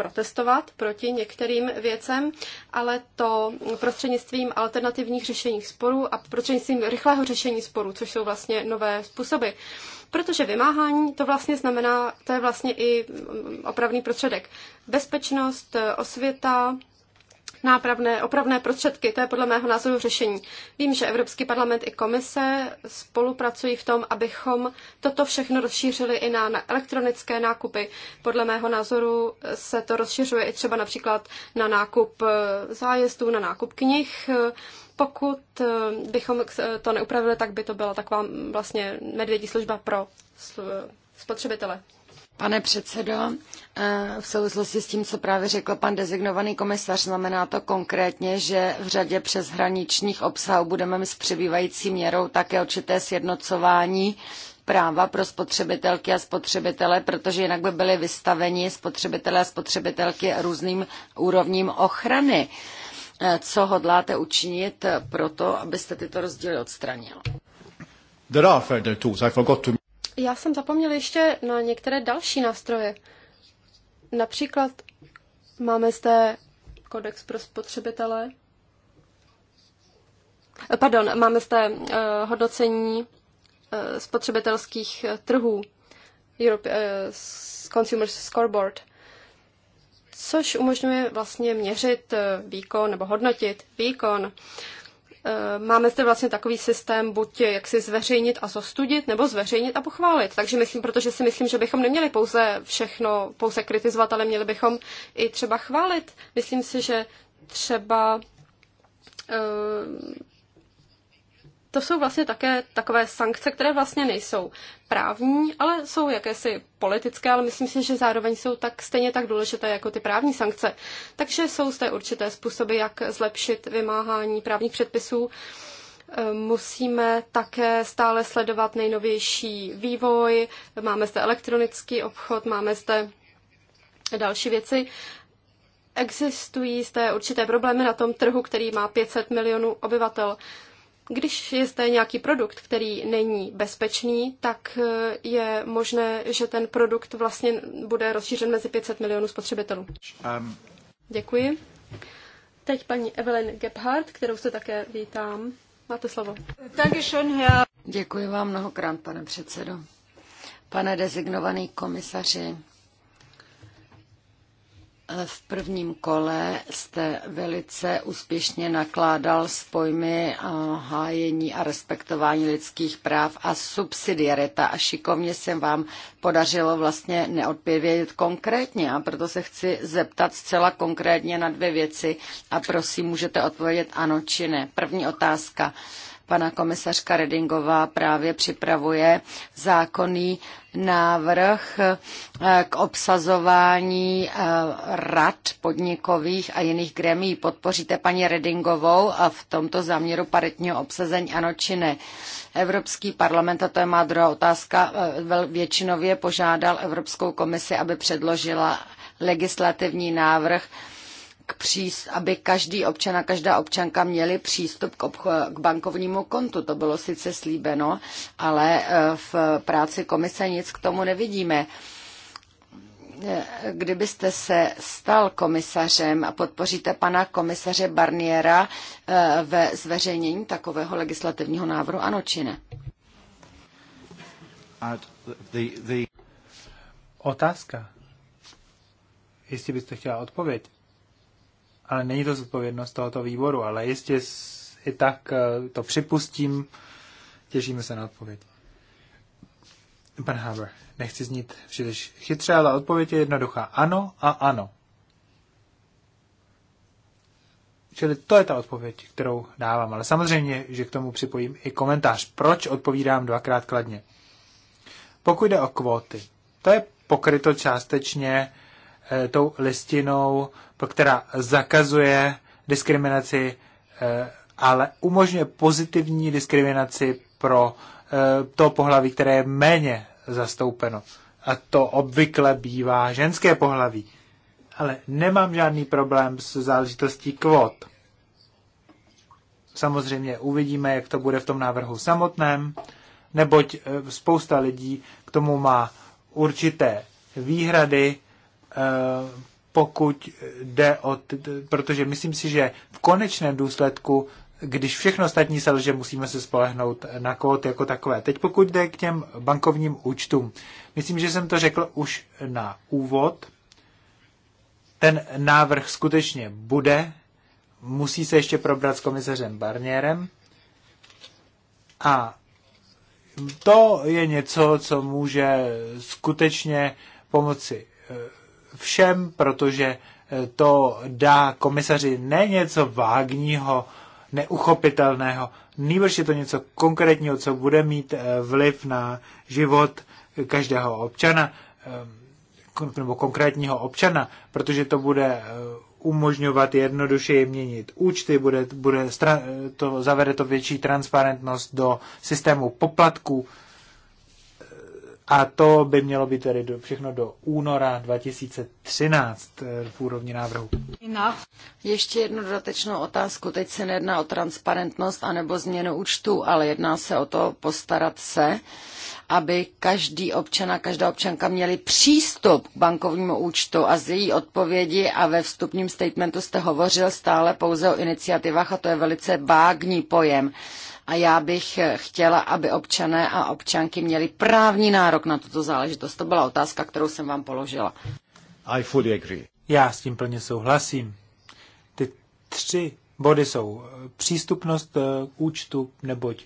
protestovat proti některým věcem, ale to prostřednictvím alternativních řešení sporů a prostřednictvím rychlého řešení sporů, což jsou vlastně nové způsoby. Protože vymáhání to vlastně znamená, to je vlastně i mm, opravný prostředek. Bezpečnost, osvěta, nápravné, opravné prostředky. To je podle mého názoru řešení. Vím, že Evropský parlament i komise spolupracují v tom, abychom toto všechno rozšířili i na, na elektronické nákupy. Podle mého názoru se to rozšiřuje i třeba například na nákup eh, zájezdů, na nákup knih. Pokud eh, bychom eh, to neupravili, tak by to byla taková mm, vlastně medvědí služba pro spotřebitele. Pane předsedo, eh, v souvislosti s tím, co právě řekl pan designovaný komisař, znamená to konkrétně, že v řadě přeshraničních obsahů budeme mít s přibývající měrou také určité sjednocování práva pro spotřebitelky a spotřebitele, protože jinak by byly vystaveni spotřebitelé a spotřebitelky různým úrovním ochrany. Eh, co hodláte učinit pro to, abyste tyto rozdíly odstranil? There are further tools. I forgot to já jsem zapomněla ještě na některé další nástroje. Například máme zde kodex pro spotřebitele. Eh, pardon, máme zde uh, hodnocení uh, spotřebitelských trhů, Europe, uh, Consumer Scoreboard, což umožňuje vlastně měřit uh, výkon nebo hodnotit výkon uh, Eh, máme zde vlastně takový systém, buď jak si zveřejnit a zostudit, nebo zveřejnit a pochválit. Takže myslím, protože si myslím, že bychom neměli pouze všechno, pouze kritizovat, ale měli bychom i třeba chválit. Myslím si, že třeba eh, to jsou vlastně také takové sankce, které vlastně nejsou právní, ale jsou jakési politické, ale myslím si, že zároveň jsou tak stejně tak důležité jako ty právní sankce. Takže jsou zde určité způsoby, jak zlepšit vymáhání právních předpisů. Ehm, musíme také stále sledovat nejnovější vývoj. Máme zde elektronický obchod, máme zde další věci. Existují zde určité problémy na tom trhu, který má 500 milionů obyvatel. Když je zde nějaký produkt, který není bezpečný, tak eh, je možné, že ten produkt vlastně bude rozšířen mezi 500 milionů spotřebitelů. Um. Děkuji. Teď paní Evelyn Gebhardt, kterou se také vítám. Máte slovo. Děkuji vám mnohokrát, pane předsedo. Pane designovaný komisaři, v prvním kole jste velice úspěšně nakládal s pojmy hájení a respektování lidských práv a subsidiarita a šikovně se vám podařilo vlastně neodpovědět konkrétně a proto se chci zeptat zcela konkrétně na dvě věci a prosím, můžete odpovědět ano či ne. První otázka pana komisařka Redingová právě připravuje zákonný návrh eh, k obsazování eh, rad podnikových a jiných gremí. Podpoříte paní Redingovou a v tomto záměru paritního obsazení ano či ne. Evropský parlament, a to je má druhá otázka, eh, většinově požádal Evropskou komisi, aby předložila legislativní návrh příst, aby každý občan a každá občanka měli přístup k, obcho- k bankovnímu kontu. To bylo sice slíbeno, ale eh, v práci komise nic k tomu nevidíme eh, kdybyste se stal komisařem a podpoříte pana komisaře Barniera eh, ve zveřejnění takového legislativního návrhu, ano či ne? Otázka. Jestli byste chtěla odpověď ale není to zodpovědnost tohoto výboru, ale jistě i tak eh, to připustím, těšíme se na odpověď. Pan Haber, nechci znít příliš chytře, ale odpověď je jednoduchá. Ano a ano. Čili to je ta odpověď, kterou dávám, ale samozřejmě, že k tomu připojím i komentář, proč odpovídám dvakrát kladně. Pokud jde o kvóty, to je pokryto částečně Eh, tou listinou, která zakazuje diskriminaci, eh, ale umožňuje pozitivní diskriminaci pro eh, to pohlaví, které je méně zastoupeno. A to obvykle bývá ženské pohlaví. Ale nemám žádný problém s záležitostí kvot. Samozřejmě uvidíme, jak to bude v tom návrhu samotném, neboť spousta lidí k tomu má určité výhrady, Eh, pokud jde o... Protože myslím si, že v konečném důsledku, když všechno ostatní lže, musíme se spolehnout na kód jako takové. Teď pokud jde k těm bankovním účtům. Myslím, že jsem to řekl už na úvod. Ten návrh skutečně bude. Musí se ještě probrat s komisařem Barnierem. A to je něco, co může skutečně pomoci všem, protože eh, to dá komisaři ne něco vágního, neuchopitelného, nejbrž je to něco konkrétního, co bude mít eh, vliv na život každého občana, eh, nebo konkrétního občana, protože to bude umožňovat jednodušeji měnit účty, bude, bude to, zavede to větší transparentnost do systému poplatků, a to by mělo být tedy do, všechno do února 2013 eh, v úrovni návrhu. Ještě jednu dodatečnou otázku. Teď se nejedná o transparentnost anebo změnu účtu, ale jedná se o to postarat se, aby každý občan a každá občanka měli přístup k bankovnímu účtu a z její odpovědi a ve vstupním statementu jste hovořil stále pouze o iniciativách a to je velice vágní pojem a já bych chtěla, aby občané a občanky měli právní nárok na tuto záležitost. To byla otázka, kterou jsem vám položila. I fully agree. Já s tím plně souhlasím. Ty tři body jsou eh, přístupnost k eh, účtu, neboť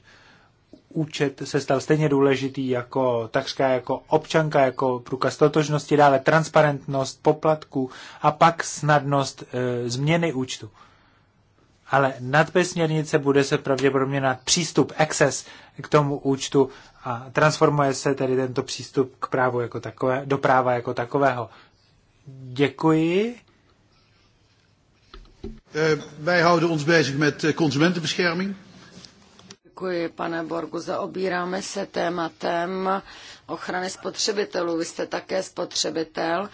účet se stal stejně důležitý jako takřka jako občanka, jako průkaz totožnosti, dále transparentnost poplatku a pak snadnost e, změny účtu ale nadpis směrnice bude se pravděpodobně na přístup, access k tomu účtu a transformuje se tedy tento přístup k právu jako takové, do práva jako takového. Děkuji. Eh, wij houden ons bezig met eh, consumentenbescherming. Děkuji, pane Borgu. Zaobíráme se tématem ochrany spotřebitelů. Vy jste také spotřebitel. Uh,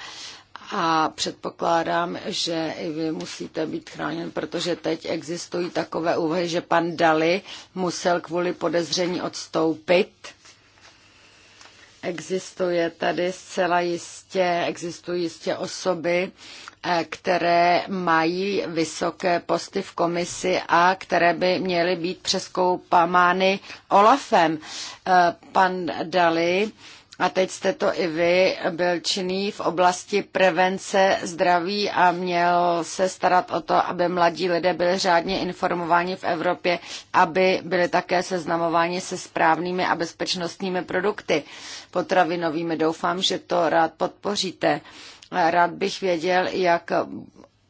a předpokládám, že i vy musíte být chráněn, protože teď existují takové úvahy, že pan Dali musel kvůli podezření odstoupit. Existuje tady zcela jistě, existují jistě osoby, eh, které mají vysoké posty v komisi a které by měly být přeskoupamány Olafem. Eh, pan Dali a teď jste to i vy byl činný v oblasti prevence zdraví a měl se starat o to, aby mladí lidé byli řádně informováni v Evropě, aby byli také seznamováni se správnými a bezpečnostními produkty potravinovými. Doufám, že to rád podpoříte. Rád bych věděl, jak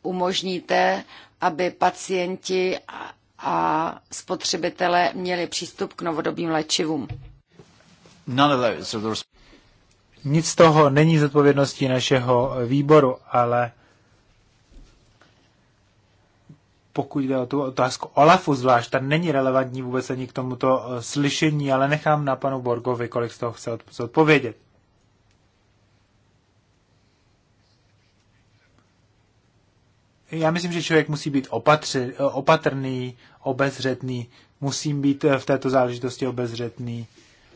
umožníte, aby pacienti a spotřebitelé měli přístup k novodobým léčivům. None of those nic z toho není zodpovědností našeho výboru, ale pokud jde o tu otázku Olafu zvlášť, ta není relevantní vůbec ani k tomuto eh, slyšení, ale nechám na panu Borgovi, kolik z toho chce odpovědět. Já myslím, že člověk musí být opatři, opatrný, obezřetný, musím být eh, v této záležitosti obezřetný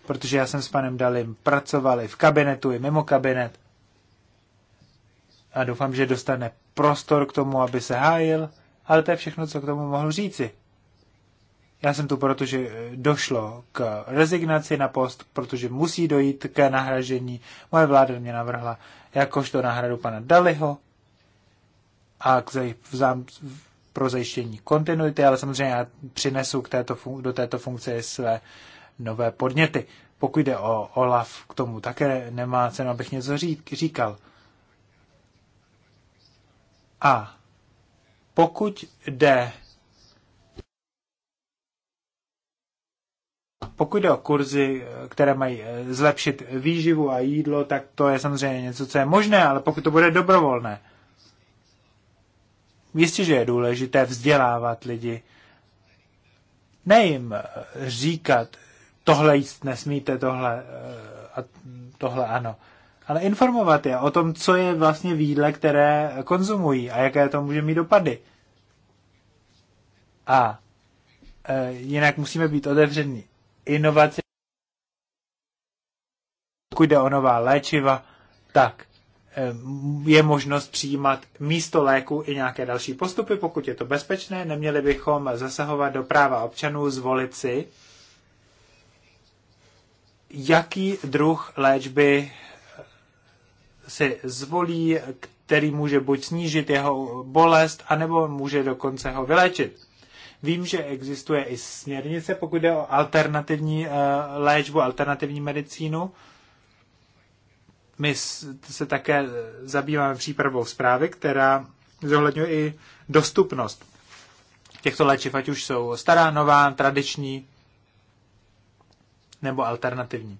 protože já jsem s panem Dalim pracoval i v kabinetu, i mimo kabinet. A doufám, že dostane prostor k tomu, aby se hájil, ale to je všechno, co k tomu mohl říci. Já jsem tu, protože eh, došlo k rezignaci na post, protože musí dojít k nahražení. Moje vláda mě navrhla jakožto náhradu pana Daliho a k zám- pro zajištění kontinuity, ale samozřejmě já přinesu k této, do této funkce své nové podněty. Pokud jde o Olaf, k tomu také nemá cenu, abych něco říkal. A pokud jde Pokud jde o kurzy, které mají eh, zlepšit výživu a jídlo, tak to je samozřejmě něco, co je možné, ale pokud to bude dobrovolné, jistě, že je důležité vzdělávat lidi, ne jim eh, říkat, tohle jíst nesmíte, tohle, eh, a tohle ano. Ale informovat je o tom, co je vlastně v jídle, které konzumují a jaké to může mít dopady. A e, jinak musíme být otevření inovace. Pokud jde o nová léčiva, tak eh, je možnost přijímat místo léku i nějaké další postupy, pokud je to bezpečné. Neměli bychom zasahovat do práva občanů zvolit si, jaký druh léčby si zvolí, který může buď snížit jeho bolest, anebo může dokonce ho vyléčit. Vím, že existuje i směrnice, pokud jde o alternativní eh, léčbu, alternativní medicínu. My se také zabýváme přípravou zprávy, která zohledňuje i dostupnost těchto léčiv, ať už jsou stará, nová, tradiční, nebo alternativní.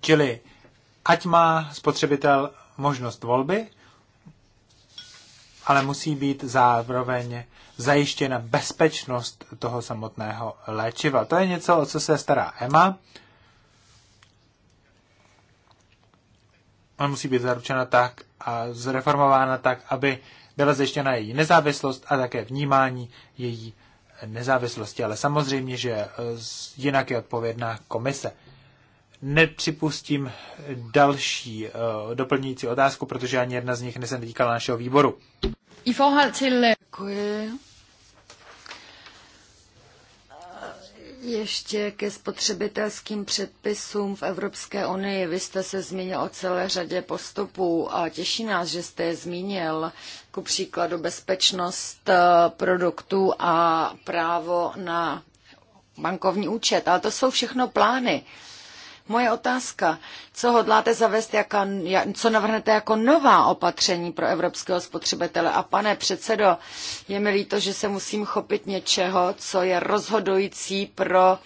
Čili ať má spotřebitel možnost volby, ale musí být zároveň zajištěna bezpečnost toho samotného léčiva. To je něco, o co se stará EMA. A musí být zaručena tak a zreformována tak, aby byla zajištěna její nezávislost a také vnímání její nezávislosti, ale samozřejmě, že e, jinak je odpovědná komise. Nepřipustím další e, doplňující otázku, protože ani jedna z nich nesem týkala našeho výboru. I forhold til... Øh, Ještě ke spotřebitelským předpisům v Evropské unii. Vy jste se zmínil o celé řadě postupů a těší nás, že jste je zmínil, ku příkladu bezpečnost eh, produktů a právo na bankovní účet. Ale to jsou všechno plány. Moje otázka, co hodláte zavést, jaká, co navrhnete jako nová opatření pro evropského spotřebitele? A pane předsedo, je mi líto, že se musím chopit něčeho, co je rozhodující pro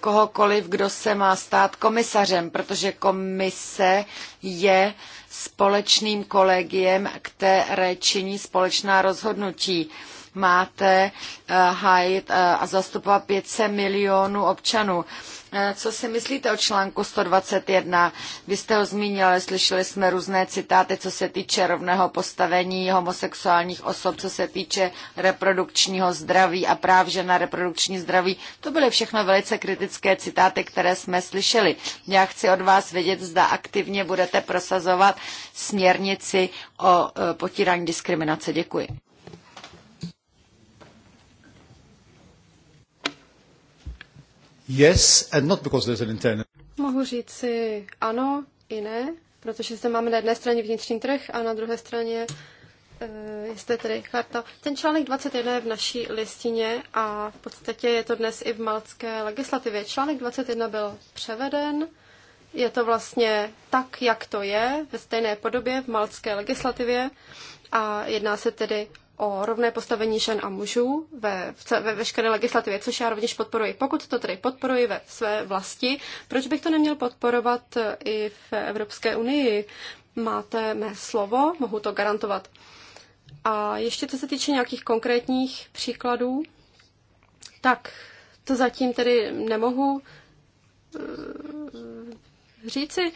kohokoliv, kdo se má stát komisařem, protože komise je společným kolegiem, které činí společná rozhodnutí. Uh, máte eh, hájit eh, a zastupovat 500 milionů občanů. Eh, co si myslíte o článku 121? Vy jste ho zmínil, ale slyšeli jsme různé citáty, co se týče rovného postavení homosexuálních osob, co se týče reprodukčního zdraví a práv žena reprodukční zdraví. To byly všechno velice kritické citáty, které jsme slyšeli. Já chci od vás vědět, zda aktivně budete prosazovat směrnici o potírání diskriminace. Děkuji. yes and not because there's an internal. Mohu říct si ano i ne, protože zde máme na jedné straně vnitřní trh a na druhé straně uh, eh, jste tedy charta. Ten článek 21 je v naší listině a v podstatě je to dnes i v malcké legislativě. Článek 21 byl převeden, je to vlastně tak, jak to je, ve stejné podobě v malcké legislativě a jedná se tedy o rovné postavení žen a mužů ve, ve, ve veškeré legislativě, což já rovněž podporuji. Pokud to tedy podporuji ve své vlasti, proč bych to neměl podporovat eh, i v Evropské unii? Máte mé slovo, mohu to garantovat. A ještě co se týče nějakých konkrétních příkladů, tak to zatím tedy nemohu eh, říci.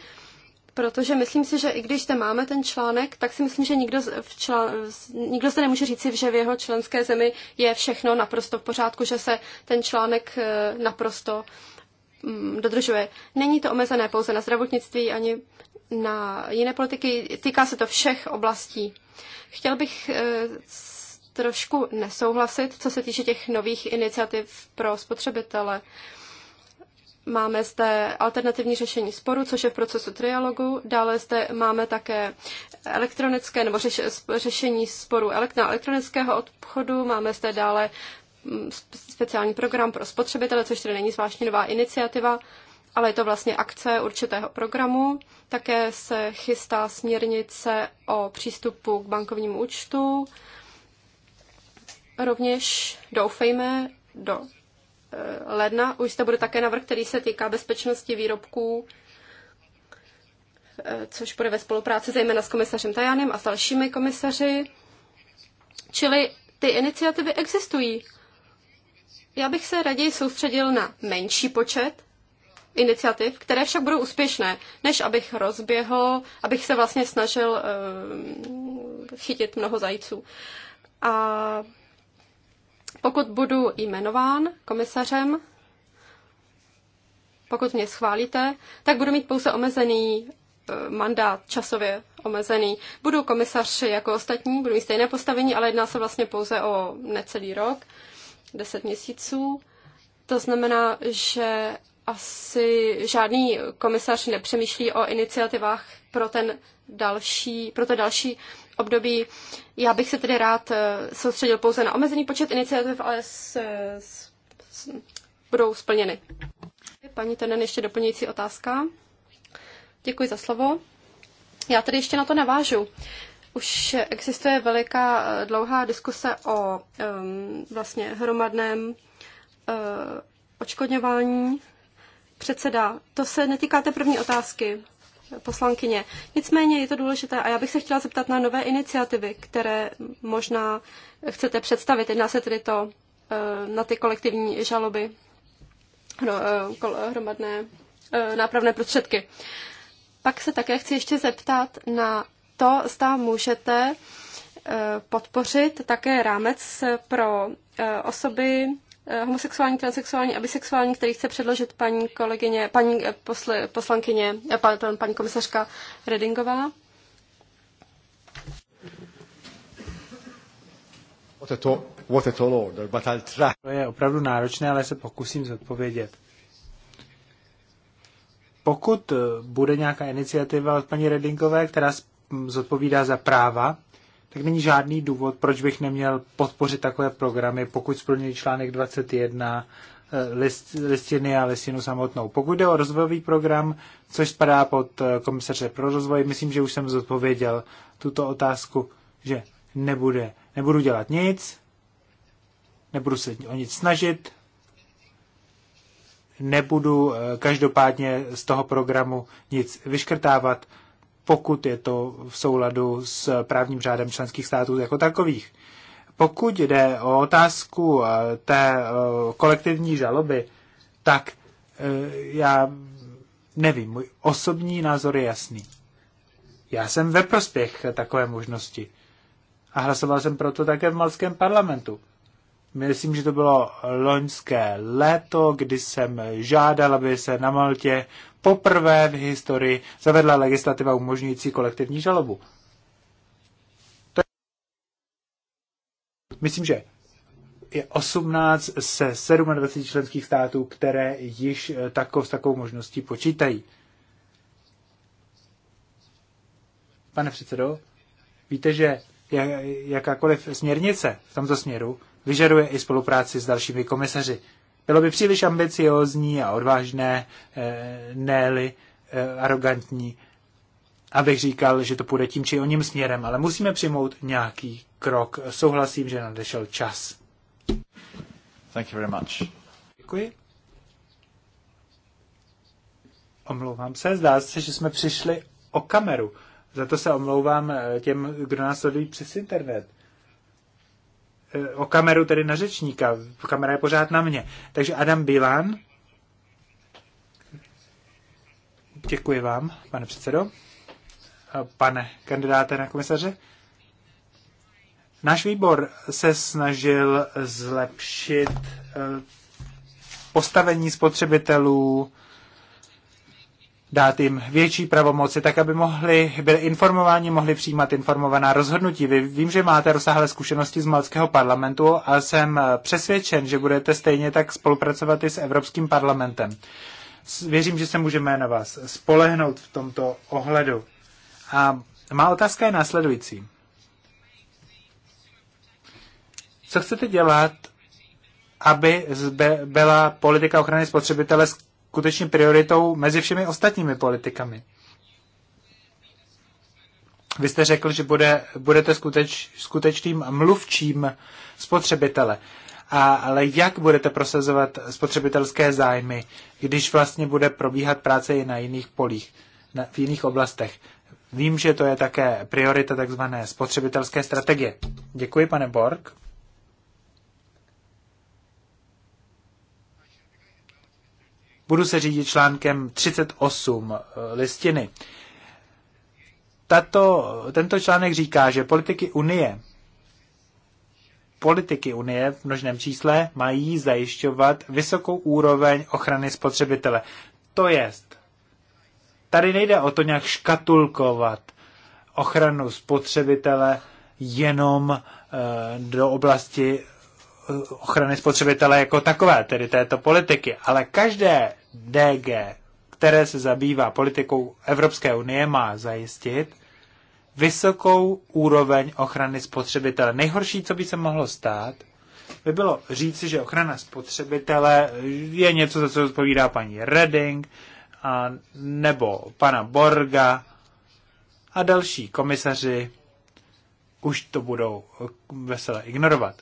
Protože myslím si, že i když zde máme ten článek, tak si myslím, že nikdo, v člán, nikdo se nemůže říci, že v jeho členské zemi je všechno naprosto v pořádku, že se ten článek eh, naprosto mm, dodržuje. Není to omezené pouze na zdravotnictví ani na jiné politiky, týká se to všech oblastí. Chtěl bych eh, trošku nesouhlasit, co se týče těch nových iniciativ pro spotřebitele. Máme zde alternativní řešení sporu, což je v procesu trialogu. Dále zde máme také elektronické nebo řešení sporu na elektronického obchodu. Máme zde dále mm, speciální program pro spotřebitele, což tedy není zvláštní nová iniciativa, ale je to vlastně akce určitého programu. Také se chystá směrnice o přístupu k bankovnímu účtu. Rovněž doufejme do ledna už to bude také návrh, který se týká bezpečnosti výrobků, eh, což bude ve spolupráci zejména s komisařem Tajanem a s dalšími komisaři. Čili ty iniciativy existují. Já bych se raději soustředil na menší počet iniciativ, které však budou úspěšné, než abych rozběhl, abych se vlastně snažil um, chytit mnoho zajíců. A pokud budu jmenován komisařem, pokud mě schválíte, tak budu mít pouze omezený eh, mandát, časově omezený. Budu komisař jako ostatní, budu mít stejné postavení, ale jedná se vlastně pouze o necelý rok, deset měsíců. To znamená, že asi žádný komisař nepřemýšlí o iniciativách pro ten další, pro to další období. Já bych se tedy rád eh, soustředil pouze na omezený počet iniciativ, ale s, s, s, budou splněny. Paní Tenen, ještě doplňující otázka. Děkuji za slovo. Já tedy ještě na to navážu. Už existuje veliká eh, dlouhá diskuse o um, vlastně hromadném uh, eh, očkodňování předseda. To se netýká té první otázky poslankyně. Nicméně je to důležité a já bych se chtěla zeptat na nové iniciativy, které možná chcete představit. Jedná se tedy to eh, na ty kolektivní žaloby, eh, hromadné eh, nápravné prostředky. Pak se také chci ještě zeptat na to, zda můžete podpořit také rámec pro osoby Eh, homosexuální, transexuální a bisexuální, který chce předložit paní kolegyně, paní eh, posle, poslankyně, eh, pan, paní komisařka Redingová. To je opravdu náročné, ale se pokusím zodpovědět. Pokud bude nějaká iniciativa od paní Redingové, která zodpovídá za práva tak není žádný důvod, proč bych neměl podpořit takové programy, pokud splňují článek 21 eh, list, listiny a listinu samotnou. Pokud jde o rozvojový program, což spadá pod eh, komisaře pro rozvoj, myslím, že už jsem zodpověděl tuto otázku, že nebude, nebudu dělat nic, nebudu se o nic snažit, nebudu eh, každopádně z toho programu nic vyškrtávat pokud je to v souladu s právním řádem členských států jako takových. Pokud jde o otázku eh, té eh, kolektivní žaloby, tak eh, já nevím, můj osobní názor je jasný. Já jsem ve prospěch takové možnosti. A hlasoval jsem proto také v malském parlamentu myslím, že to bylo loňské léto, kdy jsem žádal, aby se na Maltě poprvé v historii zavedla legislativa umožňující kolektivní žalobu. To je... Myslím, že je 18 se 27 členských států, které již eh, takov, s takovou možností počítají. Pane předsedo, víte, že jakákoliv směrnice v tomto směru vyžaduje i spolupráci s dalšími komisaři. Bylo by příliš ambiciózní a odvážné, eh, ne-li eh, arrogantní, abych říkal, že to půjde tím či oním směrem, ale musíme přijmout nějaký krok. Souhlasím, že nadešel čas. Thank you very much. Děkuji. Omlouvám se, zdá se, že jsme přišli o kameru. Za to se omlouvám eh, těm, kdo nás sledují přes internet o kameru tedy na řečníka. Kamera je pořád na mě. Takže Adam Bilan. Děkuji vám, pane předsedo. Pane kandidáte na komisaře. Náš výbor se snažil zlepšit eh, postavení spotřebitelů, dát jim větší pravomoci, tak aby mohli, byli informováni, mohli přijímat informovaná rozhodnutí. Vy, vím, že máte rozsáhlé zkušenosti z Malského parlamentu a jsem eh, přesvědčen, že budete stejně tak spolupracovat i s Evropským parlamentem. Věřím, že se můžeme na vás spolehnout v tomto ohledu. A má otázka je následující. Co chcete dělat, aby byla politika ochrany spotřebitele skutečně prioritou mezi všemi ostatními politikami. Vy jste řekl, že bude, budete skuteč, skutečným mluvčím spotřebitele. A, ale jak budete prosazovat spotřebitelské zájmy, když vlastně bude probíhat práce i na jiných polích, na, v jiných oblastech? Vím, že to je také priorita takzvané spotřebitelské strategie. Děkuji, pane Borg. Budu se řídit článkem 38 eh, listiny. Tato, tento článek říká, že politiky Unie politiky Unie v množném čísle mají zajišťovat vysokou úroveň ochrany spotřebitele. To jest, tady nejde o to nějak škatulkovat ochranu spotřebitele jenom eh, do oblasti eh, ochrany spotřebitele jako takové, tedy této politiky, ale každé DG, které se zabývá politikou Evropské unie, má zajistit vysokou úroveň ochrany spotřebitele. Nejhorší, co by se mohlo stát, by bylo říci, že ochrana spotřebitele je něco, za co odpovídá paní Redding a, nebo pana Borga a další komisaři už to budou veselé ignorovat.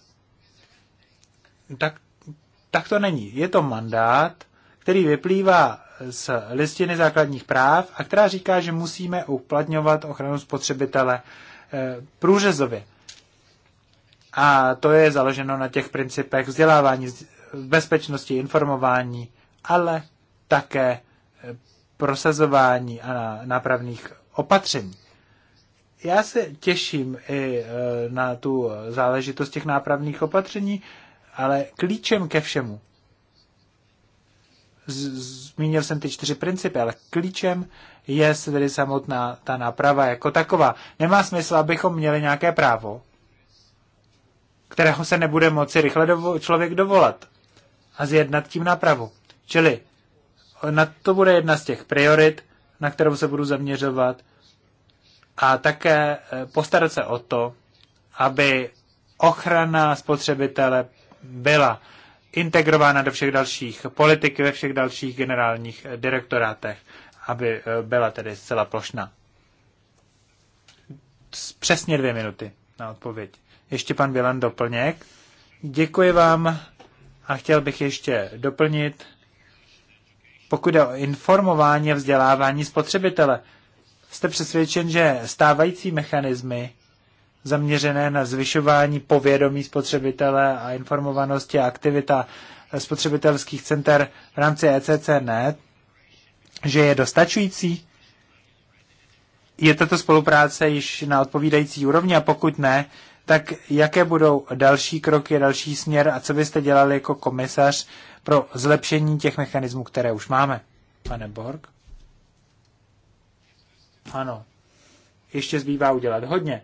Tak, tak to není. Je to mandát, který vyplývá z listiny základních práv a která říká, že musíme uplatňovat ochranu spotřebitele eh, průřezově. A to je založeno na těch principech vzdělávání, bezpečnosti, informování, ale také eh, prosazování a nápravných opatření. Já se těším i eh, na tu záležitost těch nápravných opatření, ale klíčem ke všemu zmínil jsem ty čtyři principy, ale klíčem je tedy samotná ta náprava jako taková. Nemá smysl, abychom měli nějaké právo, kterého se nebude moci rychle dovo- člověk dovolat a zjednat tím nápravu. Čili na to bude jedna z těch priorit, na kterou se budu zaměřovat a také eh, postarat se o to, aby ochrana spotřebitele byla integrována do všech dalších politik, ve všech dalších generálních eh, direktorátech, aby eh, byla tedy zcela plošná. Přesně dvě minuty na odpověď. Ještě pan Vilan doplněk. Děkuji vám a chtěl bych ještě doplnit, pokud je o informování a vzdělávání spotřebitele, jste přesvědčen, že stávající mechanismy zaměřené na zvyšování povědomí spotřebitele a informovanosti a aktivita spotřebitelských center v rámci ECC ne, že je dostačující? Je tato spolupráce již na odpovídající úrovni a pokud ne, tak jaké budou další kroky, další směr a co byste dělali jako komisař pro zlepšení těch mechanismů, které už máme? Pane Borg? Ano. Ještě zbývá udělat hodně.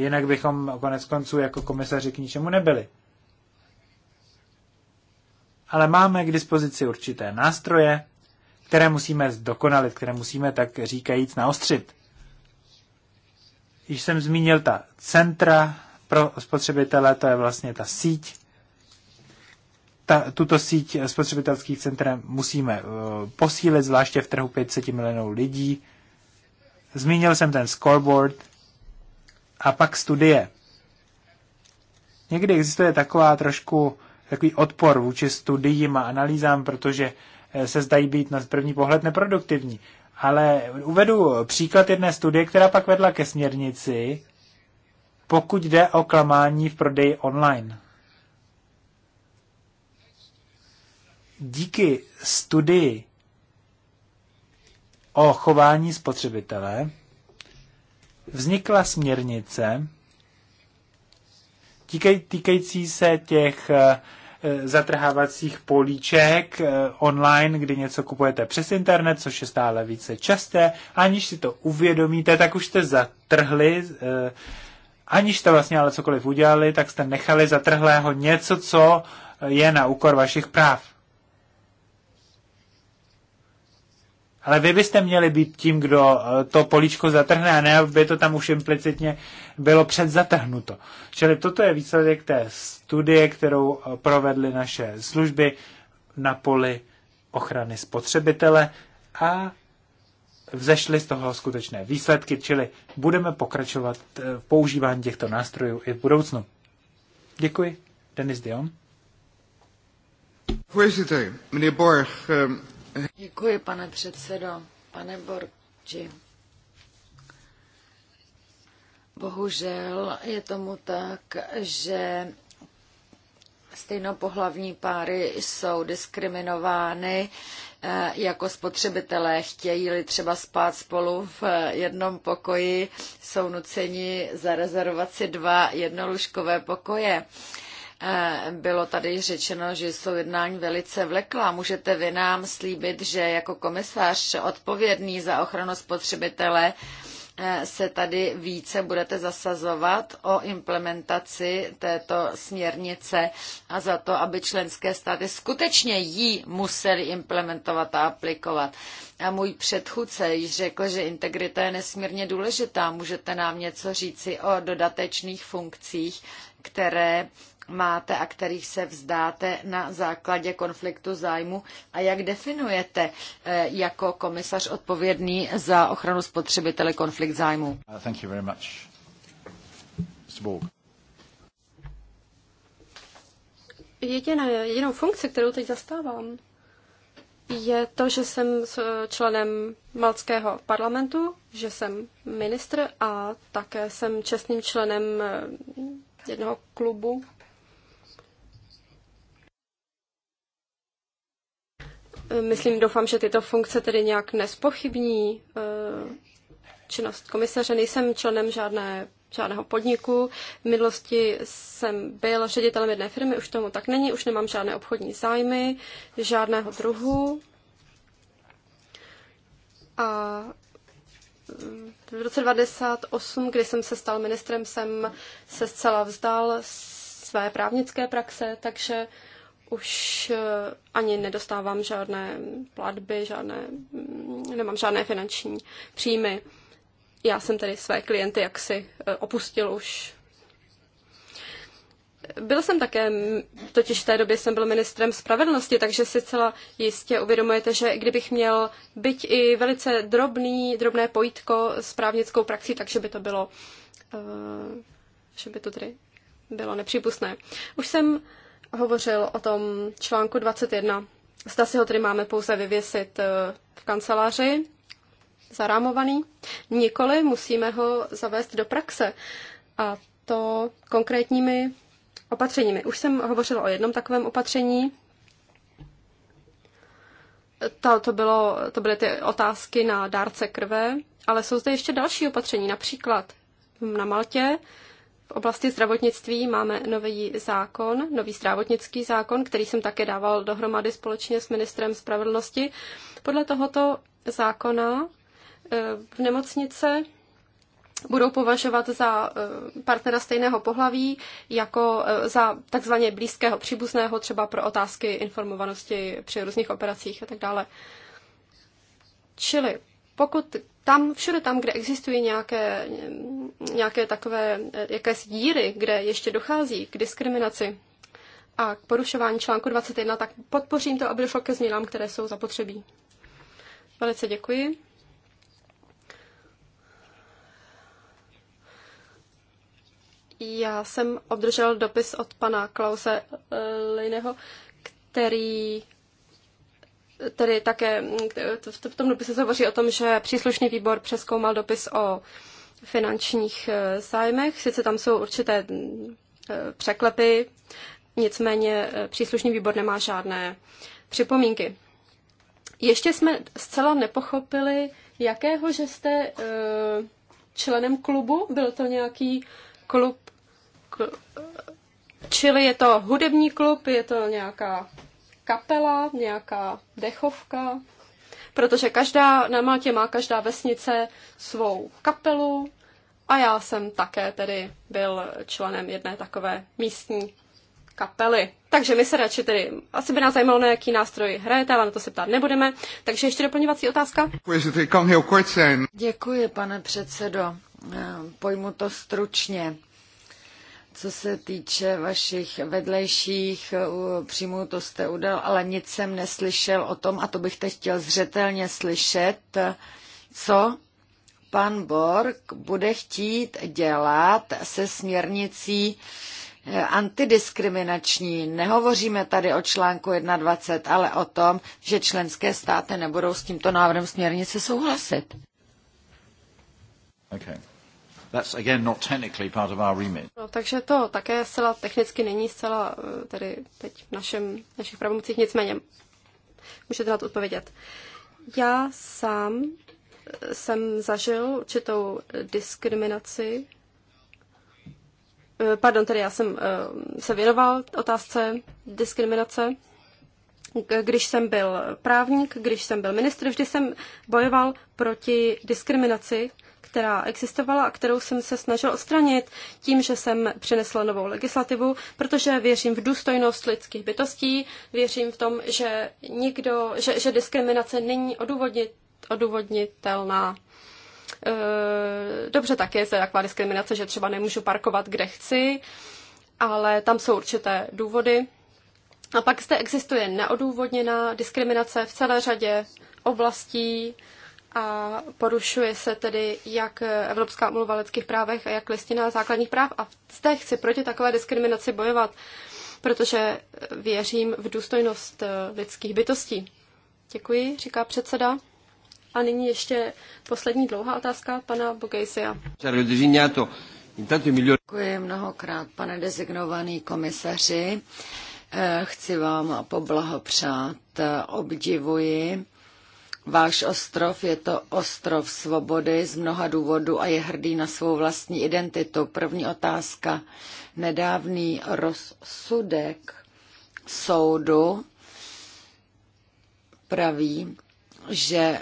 Jinak bychom konec konců jako komisaři k ničemu nebyli. Ale máme k dispozici určité nástroje, které musíme zdokonalit, které musíme tak říkajíc naostřit. Již jsem zmínil ta centra pro spotřebitele, to je vlastně ta síť. Ta, tuto síť spotřebitelských center musíme eh, posílit, zvláště v trhu 500 milionů lidí. Zmínil jsem ten scoreboard, a pak studie. Někdy existuje taková trošku takový odpor vůči studiím a analýzám, protože eh, se zdají být na první pohled neproduktivní. Ale uvedu příklad jedné studie, která pak vedla ke směrnici, pokud jde o klamání v prodeji online. Díky studii o chování spotřebitele vznikla směrnice týkaj, týkající se těch eh, eh, zatrhávacích políček eh, online, kdy něco kupujete přes internet, což je stále více časté, aniž si to uvědomíte, tak už jste zatrhli, aniž jste vlastně ale cokoliv udělali, tak jste nechali zatrhlého něco, co je na úkor vašich práv. Ale vy byste měli být tím, kdo eh, to políčko zatrhne, a ne aby to tam už implicitně bylo předzatrhnuto. Čili toto je výsledek té studie, kterou eh, provedly naše služby na poli ochrany spotřebitele a vzešly z toho skutečné výsledky, čili budeme pokračovat eh, v používání těchto nástrojů i v budoucnu. Děkuji. Denis Dion. Voorzitter, meneer Borg, ehm, Děkuji, pane předsedo. Pane Borči. Bohužel je tomu tak, že stejnopohlavní páry jsou diskriminovány eh, jako spotřebitelé. Chtějí-li třeba spát spolu v jednom pokoji, jsou nuceni zarezervovat si dva jednolůžkové pokoje. Eh, bylo tady řečeno, že jsou jednání velice vleklá. Můžete vy nám slíbit, že jako komisař odpovědný za ochranu spotřebitele eh, se tady více budete zasazovat o implementaci této směrnice a za to, aby členské státy skutečně ji museli implementovat a aplikovat. A můj předchůdce již řekl, že integrita je nesmírně důležitá. Můžete nám něco říci o dodatečných funkcích, které máte a kterých se vzdáte na základě konfliktu zájmu a jak definujete eh, jako komisař odpovědný za ochranu spotřebitele konflikt zájmu? Uh, thank you very much. Jediné, jedinou funkci, kterou teď zastávám, je to, že jsem eh, členem Malckého parlamentu, že jsem ministr a také jsem čestným členem eh, jednoho klubu Myslím, doufám, že tyto funkce tedy nějak nespochybní eh, činnost komisaře. Nejsem členem žádné, žádného podniku. V minulosti jsem byl ředitelem jedné firmy, už tomu tak není, už nemám žádné obchodní zájmy, žádného druhu. A eh, v roce 2008, kdy jsem se stal ministrem, jsem se zcela vzdal své právnické praxe, takže už eh, ani nedostávám žádné platby, žádné, mm, nemám žádné finanční příjmy. Já jsem tedy své klienty jaksi eh, opustil už. Byl jsem také, totiž v té době jsem byl ministrem spravedlnosti, takže si celá jistě uvědomujete, že kdybych měl byť i velice drobný, drobné pojítko s právnickou praxí, takže by to bylo, eh, že by to tedy bylo nepřípustné. Už jsem hovořil o tom článku 21. Zda si ho tedy máme pouze vyvěsit eh, v kanceláři, zarámovaný. Nikoli musíme ho zavést do praxe. A to konkrétními opatřeními. Už jsem hovořila o jednom takovém opatření. To, to, bylo, to byly ty otázky na dárce krve, ale jsou zde ještě další opatření. Například na Maltě v oblasti zdravotnictví máme nový zákon, nový zdravotnický zákon, který jsem také dával dohromady společně s ministrem spravedlnosti. Podle tohoto zákona e, v nemocnice budou považovat za e, partnera stejného pohlaví jako e, za takzvaně blízkého příbuzného, třeba pro otázky informovanosti při různých operacích a tak dále. Čili pokud tam, všude tam, kde existují nějaké, nějaké takové eh, jakési díry, kde ještě dochází k diskriminaci a k porušování článku 21, tak podpořím to, aby došlo ke změnám, které jsou zapotřebí. Velice děkuji. Já jsem obdržel dopis od pana Klause eh, Lineho, který tedy také v tom dopise se hovoří o tom, že příslušný výbor přeskoumal dopis o finančních e, zájmech. Sice tam jsou určité e, překlepy, nicméně e, příslušný výbor nemá žádné připomínky. Ještě jsme zcela nepochopili, jakého, že jste členem klubu. Byl to nějaký klub, čili je to hudební klub, je to nějaká kapela, nějaká dechovka, protože každá, na Maltě má každá vesnice svou kapelu a já jsem také tedy byl členem jedné takové místní kapely. Takže my se radši tedy, asi by nás zajímalo, na jaký nástroj hrajete, ale na to se ptát nebudeme. Takže ještě doplňovací otázka. Děkuji, pane předsedo. Pojmu to stručně. Co se týče vašich vedlejších příjmů, to jste udal, ale nic jsem neslyšel o tom, a to bych teď chtěl zřetelně slyšet, co pan Borg bude chtít dělat se směrnicí eh, antidiskriminační. Nehovoříme tady o článku 21, ale o tom, že členské státy nebudou s tímto návrhem směrnice souhlasit. Okay. That's again not technically part of our remit. No, takže to také zcela technicky není zcela eh, tedy teď v našem, našich pravomocích, nicméně můžete na to odpovědět. Já sám eh, jsem zažil určitou diskriminaci. Eh, pardon, tedy já jsem se věnoval otázce diskriminace když jsem byl právník, když jsem byl ministr, vždy jsem bojoval proti diskriminaci která existovala a kterou jsem se snažil odstranit tím, že jsem přinesla novou legislativu, protože věřím v důstojnost lidských bytostí, věřím v tom, že, nikdo, že, že diskriminace není odůvodnit, odůvodnitelná. E, dobře, tak je zde taková diskriminace, že třeba nemůžu parkovat, kde chci, ale tam jsou určité důvody. A pak zde existuje neodůvodněná diskriminace v celé řadě oblastí, a porušuje se tedy jak Evropská umluva o lidských právech a jak listina základních práv a zde chci proti takové diskriminaci bojovat, protože věřím v důstojnost eh, lidských bytostí. Děkuji, říká předseda. A nyní ještě poslední dlouhá otázka pana Bogejsia. Děkuji mnohokrát, pane designovaný komisaři. Eh, chci vám poblahopřát, eh, obdivuji Váš ostrov je to ostrov svobody z mnoha důvodů a je hrdý na svou vlastní identitu. První otázka. Nedávný rozsudek soudu praví, že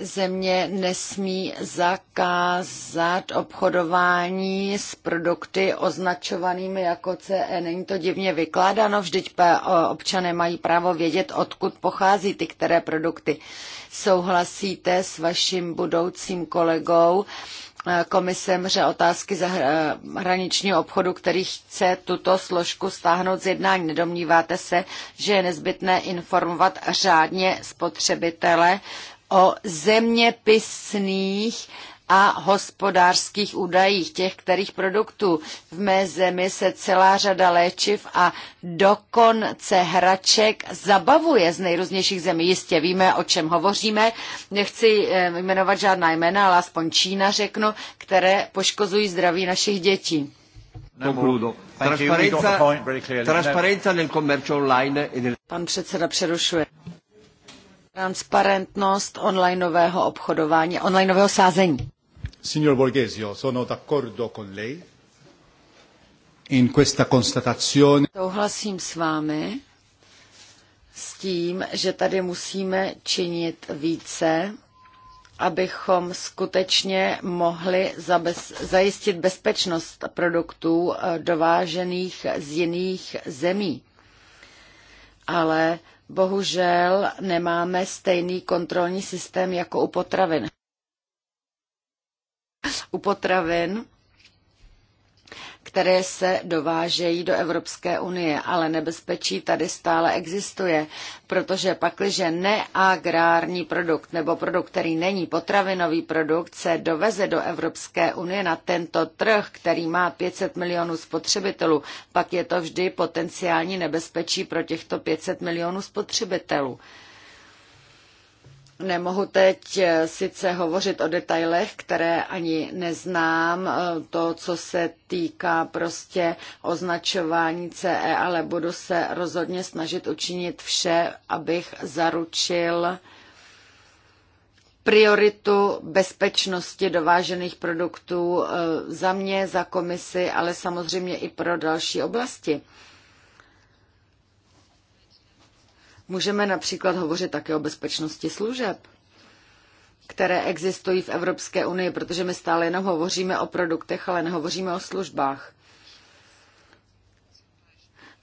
země nesmí zakázat obchodování s produkty označovanými jako CE. Není to divně vykládáno, vždyť občané mají právo vědět, odkud pochází ty které produkty. Souhlasíte s vaším budoucím kolegou, e, komisem, že otázky zahraničního obchodu, který chce tuto složku stáhnout z jednání. Nedomníváte se, že je nezbytné informovat řádně spotřebitele o zeměpisných a hospodářských údajích těch kterých produktů. V mé zemi se celá řada léčiv a dokonce hraček zabavuje z nejrůznějších zemí. Jistě víme, o čem hovoříme. Nechci eh, jmenovat žádná jména, ale aspoň Čína řeknu, které poškozují zdraví našich dětí. E Pan předseda přerušuje. Transparentnost onlineového obchodování, onlineového sázení. Signor Borghesio, sono d'accordo con lei in questa constatazione. Souhlasím s vámi s tím, že tady musíme činit více, abychom skutečně mohli zabez, zajistit bezpečnost produktů eh, dovážených z jiných zemí. Ale Bohužel nemáme stejný kontrolní systém jako u potravin. U potravin které se dovážejí do Evropské unie, ale nebezpečí tady stále existuje, protože pakliže neagrární produkt nebo produkt, který není potravinový produkt, se doveze do Evropské unie na tento trh, který má 500 milionů spotřebitelů, pak je to vždy potenciální nebezpečí pro těchto 500 milionů spotřebitelů. Nemohu teď eh, sice hovořit o detailech, které ani neznám, eh, to, co se týká prostě označování CE, ale budu se rozhodně snažit učinit vše, abych zaručil prioritu bezpečnosti dovážených produktů eh, za mě, za komisi, ale samozřejmě i pro další oblasti Můžeme například hovořit také o bezpečnosti služeb které existují v Evropské unii, protože my stále jenom hovoříme o produktech, ale nehovoříme o službách.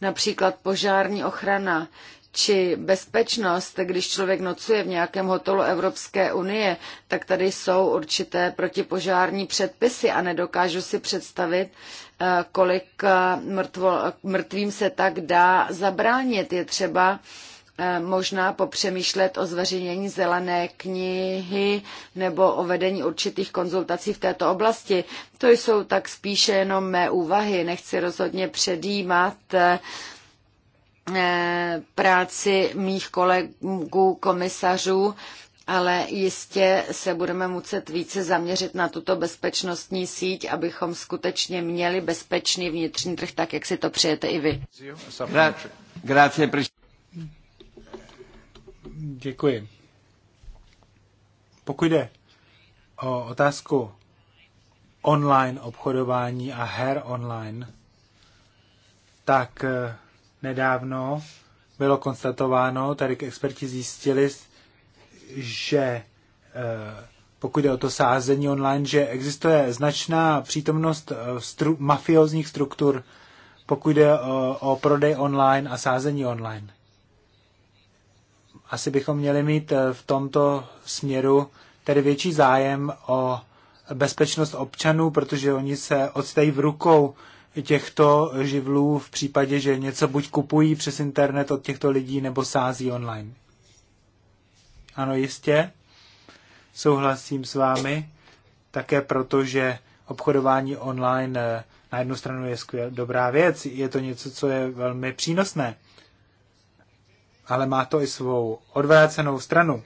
Například požární ochrana či bezpečnost, když člověk nocuje v nějakém hotelu Evropské unie, tak tady jsou určité protipožární předpisy a nedokážu si představit, eh, kolik eh, mrtvým se tak dá zabránit. Je třeba Eh, možná popřemýšlet o zveřejnění zelené knihy nebo o vedení určitých konzultací v této oblasti. To jsou tak spíše jenom mé úvahy. Nechci rozhodně předjímat eh, práci mých kolegů komisařů, ale jistě se budeme muset více zaměřit na tuto bezpečnostní síť, abychom skutečně měli bezpečný vnitřní trh, tak jak si to přejete i vy. Děkuji. Pokud jde o otázku online obchodování a her online, tak eh, nedávno bylo konstatováno, tady k experti zjistili, že eh, pokud jde o to sázení online, že existuje značná přítomnost eh, stru, mafiozních struktur, pokud jde o, o prodej online a sázení online asi bychom měli mít eh, v tomto směru tedy větší zájem o bezpečnost občanů, protože oni se odstají v rukou těchto živlů v případě, že něco buď kupují přes internet od těchto lidí nebo sází online. Ano, jistě. Souhlasím s vámi. Také proto, že obchodování online eh, na jednu stranu je skvěl, dobrá věc, je to něco, co je velmi přínosné ale má to i svou odvrácenou stranu.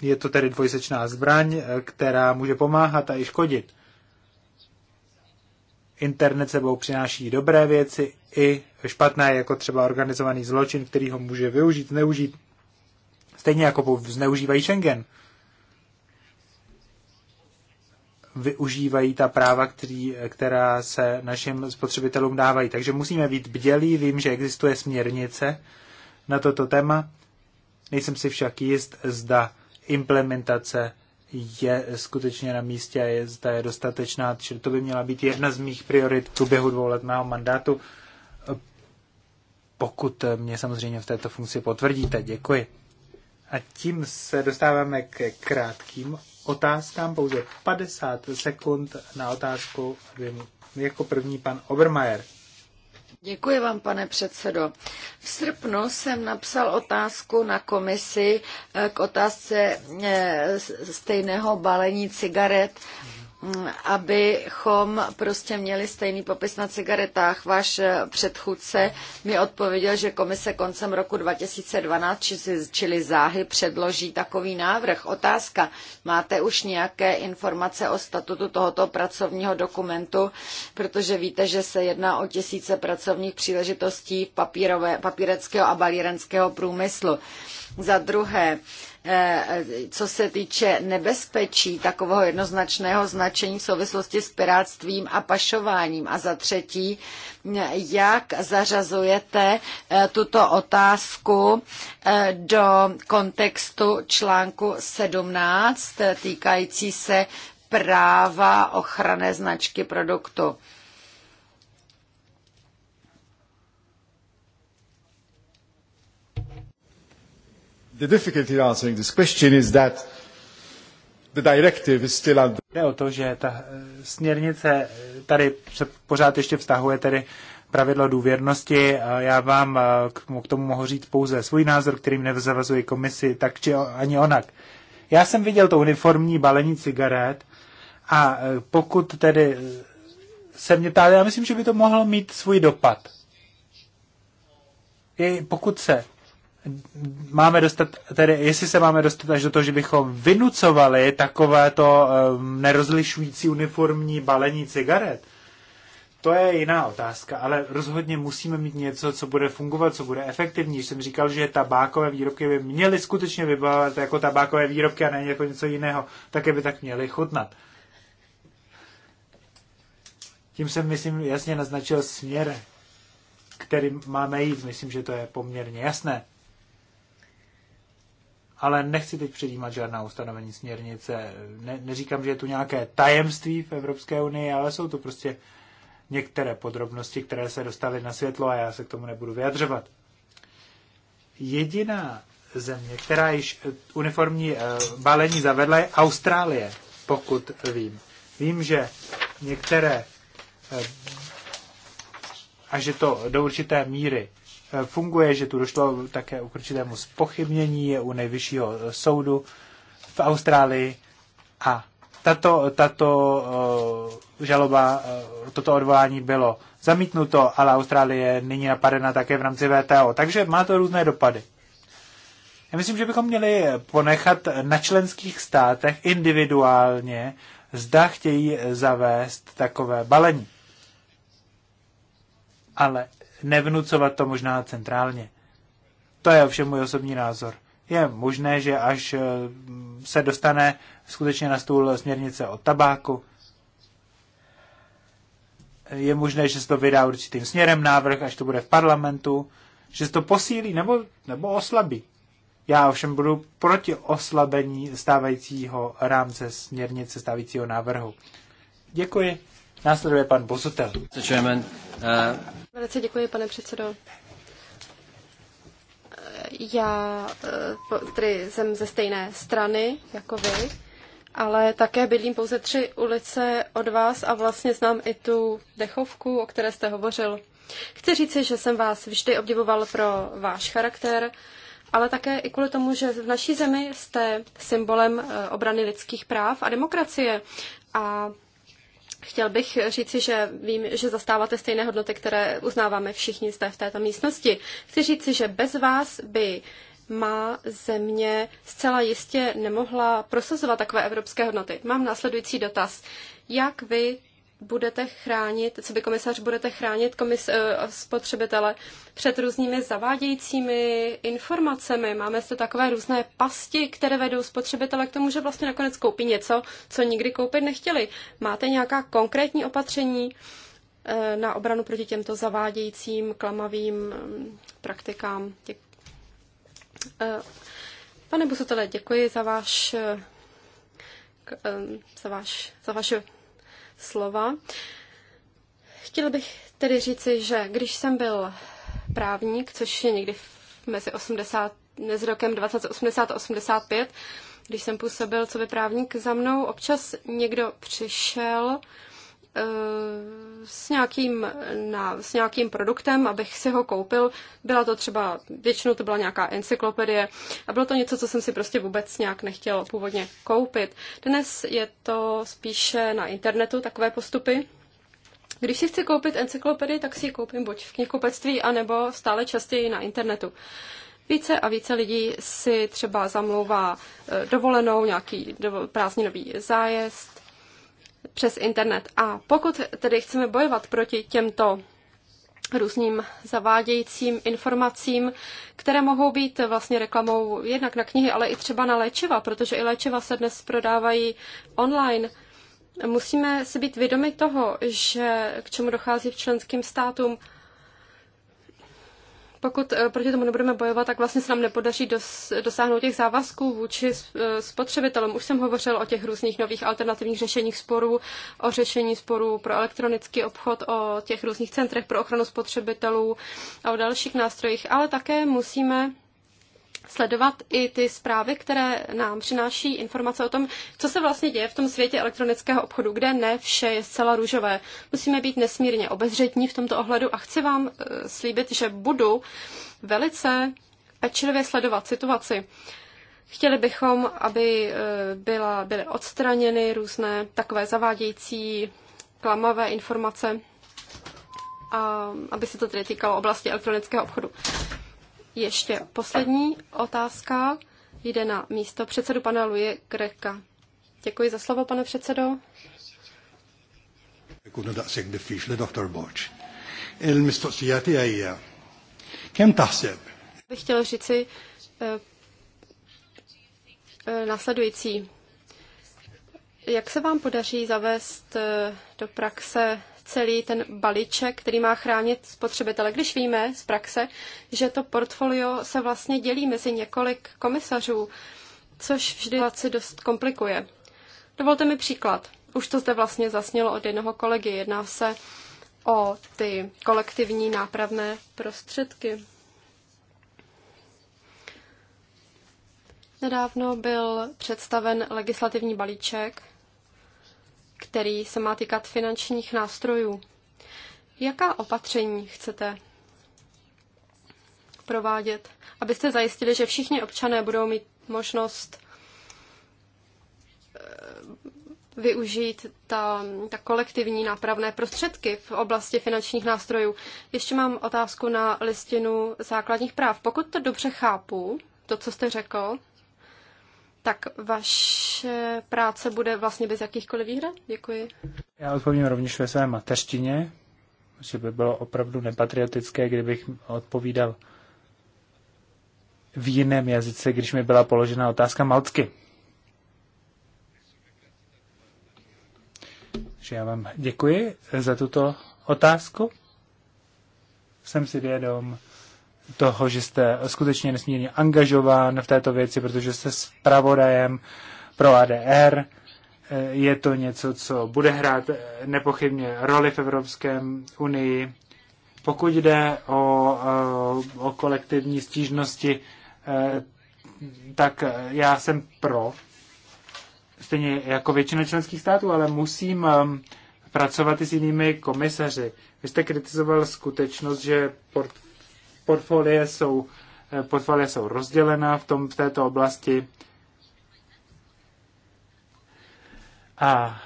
Je to tedy dvojsečná zbraň, eh, která může pomáhat a i škodit. Internet sebou přináší dobré věci i špatné, jako třeba organizovaný zločin, který ho může využít, zneužít. Stejně jako zneužívají Schengen. využívají ta práva, který, která se našim spotřebitelům dávají. Takže musíme být bdělí, vím, že existuje směrnice na toto téma, nejsem si však jist, zda implementace je skutečně na místě a je, zda je dostatečná, čili to by měla být jedna z mých priorit v průběhu dvouletného mandátu, pokud mě samozřejmě v této funkci potvrdíte. Děkuji. A tím se dostáváme k krátkým otázkám, pouze 50 sekund na otázku. Jako první pan Obermajer. Děkuji vám, pane předsedo. V srpnu jsem napsal otázku na komisi eh, k otázce eh, stejného balení cigaret abychom prostě měli stejný popis na cigaretách. Váš eh, předchůdce mi odpověděl, že komise koncem roku 2012, čili záhy, předloží takový návrh. Otázka, máte už nějaké informace o statutu tohoto pracovního dokumentu, protože víte, že se jedná o tisíce pracovních příležitostí papírové, papíreckého a balírenského průmyslu. Za druhé, eh, co se týče nebezpečí takového jednoznačného značení v souvislosti s pirátstvím a pašováním. A za třetí, jak zařazujete eh, tuto otázku eh, do kontextu článku 17 týkající se práva ochrany značky produktu. The difficulty in answering this question is that the directive is still under... Jde o to, že ta eh, směrnice eh, tady se pořád ještě vztahuje tedy pravidlo důvěrnosti. Já vám eh, k tomu mohu říct pouze svůj názor, kterým nevzavazuji komisi, tak či ani onak. Já jsem viděl to uniformní balení cigaret a pokud tedy se mě ptá, já myslím, že by to mohlo mít svůj dopad. I pokud se máme dostat, tedy jestli se máme dostat až do toho, že bychom vynucovali takovéto um, nerozlišující uniformní balení cigaret, to je jiná otázka, ale rozhodně musíme mít něco, co bude fungovat, co bude efektivní. Když jsem říkal, že tabákové výrobky by měly skutečně vybavovat jako tabákové výrobky a ne jako něco jiného, tak by tak měly chutnat. Tím jsem, myslím, jasně naznačil směr, kterým máme jít. Myslím, že to je poměrně jasné ale nechci teď předjímat žádná ustanovení směrnice. Ne, neříkám, že je tu nějaké tajemství v Evropské unii, ale jsou tu prostě některé podrobnosti, které se dostaly na světlo a já se k tomu nebudu vyjadřovat. Jediná země, která již eh, uniformní eh, balení zavedla, je Austrálie, pokud vím. Vím, že některé eh, a že to do určité míry funguje, že tu došlo také k určitému spochybnění u nejvyššího soudu v Austrálii a tato, tato eh, žaloba, eh, toto odvolání bylo zamítnuto, ale Austrálie nyní napadena také v rámci VTO, takže má to různé dopady. Já myslím, že bychom měli ponechat na členských státech individuálně, zda chtějí zavést takové balení. Ale nevnucovat to možná centrálně. To je ovšem můj osobní názor. Je možné, že až eh, se dostane skutečně na stůl směrnice o tabáku, je možné, že se to vydá určitým směrem návrh, až to bude v parlamentu, že se to posílí nebo, nebo oslabí. Já ovšem budu proti oslabení stávajícího rámce směrnice stávajícího návrhu. Děkuji. Následuje pan Bozutel. Uh, Velice děkuji, pane předsedo. Já eh, tedy jsem ze stejné strany jako vy, ale také bydlím pouze tři ulice od vás a vlastně znám i tu dechovku, o které jste hovořil. Chci říci, že jsem vás vždy obdivoval pro váš charakter, ale také i kvůli tomu, že v naší zemi jste symbolem eh, obrany lidských práv a demokracie. A Chtěl bych říci, že vím, že zastáváte stejné hodnoty, které uznáváme všichni zde v této místnosti. Chci říci, že bez vás by má země zcela jistě nemohla prosazovat takové evropské hodnoty. Mám následující dotaz. Jak vy budete chránit, co by komisař budete chránit komis, eh, spotřebitele před různými zavádějícími informacemi. Máme zde takové různé pasti, které vedou spotřebitele k tomu, že vlastně nakonec koupí něco, co nikdy koupit nechtěli. Máte nějaká konkrétní opatření eh, na obranu proti těmto zavádějícím, klamavým eh, praktikám? uh, Pane Busutele, děkuji za váš za, váš, za vaše slova. Chtěl bych tedy říci, že když jsem byl právník, což je někdy mezi 80, mezi rokem 2080 a 85, když jsem působil co by právník, za mnou občas někdo přišel Eh, s nějakým, na, s nějakým produktem, abych si ho koupil. Byla to třeba, většinou to byla nějaká encyklopedie a bylo to něco, co jsem si prostě vůbec nějak nechtěl původně koupit. Dnes je to spíše na internetu takové postupy. Když si chci koupit encyklopedii, tak si ji koupím buď v knihkupectví, anebo stále častěji na internetu. Více a více lidí si třeba zamlouvá eh, dovolenou, nějaký prázdninový zájezd, přes internet. A pokud tedy chceme bojovat proti těmto různým zavádějícím informacím, které mohou být vlastně reklamou jednak na knihy, ale i třeba na léčiva, protože i léčiva se dnes prodávají online. Musíme si být vědomi toho, že k čemu dochází v členským státům, pokud eh, proti tomu nebudeme bojovat, tak vlastně se nám nepodaří dosáhnout těch závazků vůči eh, spotřebitelům. Už jsem hovořil o těch různých nových alternativních řešeních sporů, o řešení sporů pro elektronický obchod, o těch různých centrech pro ochranu spotřebitelů a o dalších nástrojích, ale také musíme sledovat i ty zprávy, které nám přináší informace o tom, co se vlastně děje v tom světě elektronického obchodu, kde ne vše je zcela růžové. Musíme být nesmírně obezřetní v tomto ohledu a chci vám eh, slíbit, že budu velice pečlivě sledovat situaci. Chtěli bychom, aby eh, byla, byly odstraněny různé takové zavádějící klamavé informace, a aby se to tedy týkalo oblasti elektronického obchodu. Ještě poslední otázka jde na místo předsedu pana Luje Greka. Děkuji za slovo, pane předsedo. يكون دaqsek diffiċli, Dr. Boċ. Bych chtěl říci eh, eh, následující. Jak se vám podaří zavést eh, do praxe celý ten balíček, který má chránit spotřebitele, když víme z praxe, že to portfolio se vlastně dělí mezi několik komisařů, což vždy situaci dost komplikuje. Dovolte mi příklad. Už to zde vlastně zasnělo od jednoho kolegy. Jedná se o ty kolektivní nápravné prostředky. Nedávno byl představen legislativní balíček který se má týkat finančních nástrojů. Jaká opatření chcete provádět, abyste zajistili, že všichni občané budou mít možnost eh, využít ta, ta kolektivní nápravné prostředky v oblasti finančních nástrojů. Ještě mám otázku na listinu základních práv. Pokud to dobře chápu, to, co jste řekl, tak vaše práce bude vlastně bez jakýchkoliv výhrad? Děkuji. Já odpovím rovněž ve své mateřtině, že by bylo opravdu nepatriotické, kdybych odpovídal v jiném jazyce, když mi byla položena otázka malcky. Takže já vám děkuji za tuto otázku. Jsem si vědom toho, že jste skutečně nesmírně angažován v této věci, protože jste pravodajem pro ADR. Eh, je to něco, co bude hrát eh, nepochybně roli v Evropské unii. Pokud jde o, eh, o kolektivní stížnosti, tak já jsem pro, stejně jako většina členských států, ale musím pracovat i s jinými komisaři. Vy jste kritizoval skutečnost, že portfolio portfolie jsou, eh, portfolie jsou rozdělena v, tom, v této oblasti. A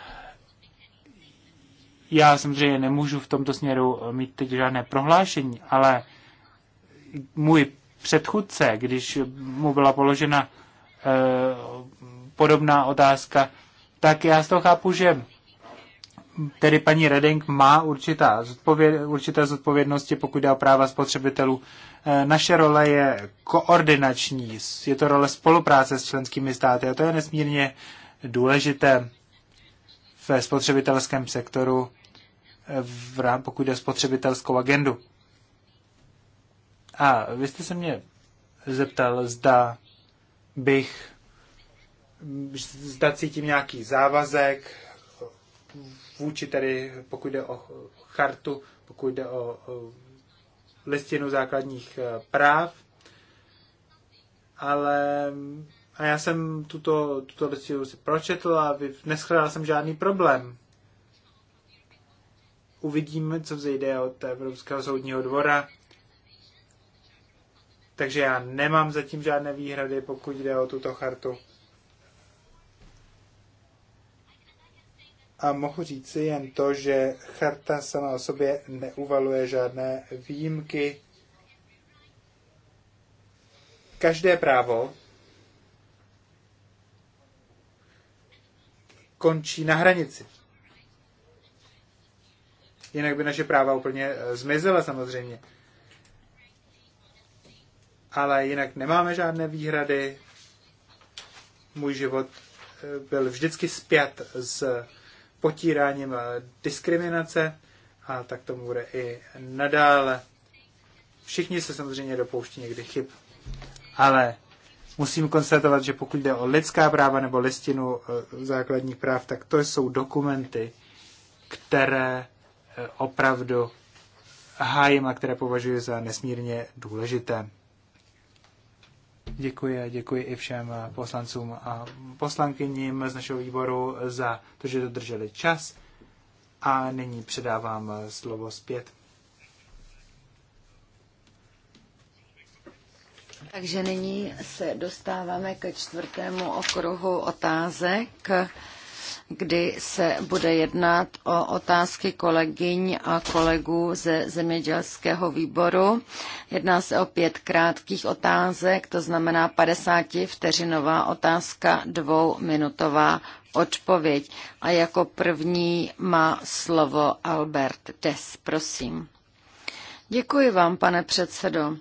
já samozřejmě nemůžu v tomto směru mít teď žádné prohlášení, ale můj předchůdce, když mu byla položena eh, podobná otázka, tak já z toho chápu, že tedy paní Reding má určitá zodpověd, určité zodpovědnosti, pokud jde o práva spotřebitelů. E, naše role je koordinační, je to role spolupráce s členskými státy a to je nesmírně důležité ve spotřebitelském sektoru, e, v rám, pokud jde o spotřebitelskou agendu. A vy jste se mě zeptal, zda bych, zda cítím nějaký závazek vůči tedy, pokud jde o chartu, pokud jde o listinu základních eh, práv, ale a já jsem tuto, tuto listinu si pročetl a neschledal jsem žádný problém. Uvidíme, co vzejde od Evropského soudního dvora. Takže já nemám zatím žádné výhrady, pokud jde o tuto chartu. A mohu říci jen to, že charta sama o sobě neuvaluje žádné výjimky. Každé právo končí na hranici. Jinak by naše práva úplně eh, zmizela samozřejmě. Ale jinak nemáme žádné výhrady. Můj život eh, byl vždycky zpět s potíráním eh, diskriminace a tak tomu bude i nadále. Všichni se samozřejmě dopouští někdy chyb, ale musím konstatovat, že pokud jde o lidská práva nebo listinu eh, základních práv, tak to jsou dokumenty, které eh, opravdu hájím a které považuji za nesmírně důležité. Děkuji, děkuji i všem poslancům a poslankyním z našeho výboru za to, že dodrželi čas. A nyní předávám slovo zpět. Takže nyní se dostáváme ke čtvrtému okruhu otázek kdy se bude jednat o otázky kolegyň a kolegů ze zemědělského výboru. Jedná se o pět krátkých otázek, to znamená 50 vteřinová otázka, dvouminutová odpověď. A jako první má slovo Albert Des, prosím. Děkuji vám, pane předsedo.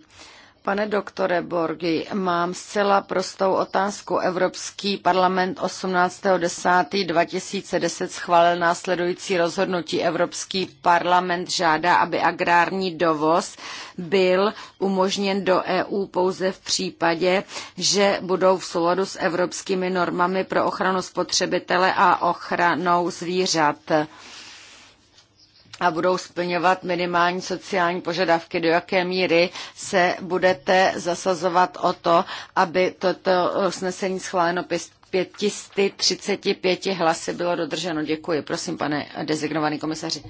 Pane doktore Borgi, mám zcela prostou otázku. Evropský parlament 18.10.2010 schválil následující rozhodnutí. Evropský parlament žádá, aby agrární dovoz byl umožněn do EU pouze v případě, že budou v souladu s evropskými normami pro ochranu spotřebitele a ochranou zvířat a budou splňovat minimální sociální požadavky, do jaké míry se budete zasazovat o to, aby toto usnesení schváleno 535 hlasy bylo dodrženo. Děkuji. Prosím, pane designovaný komisaři.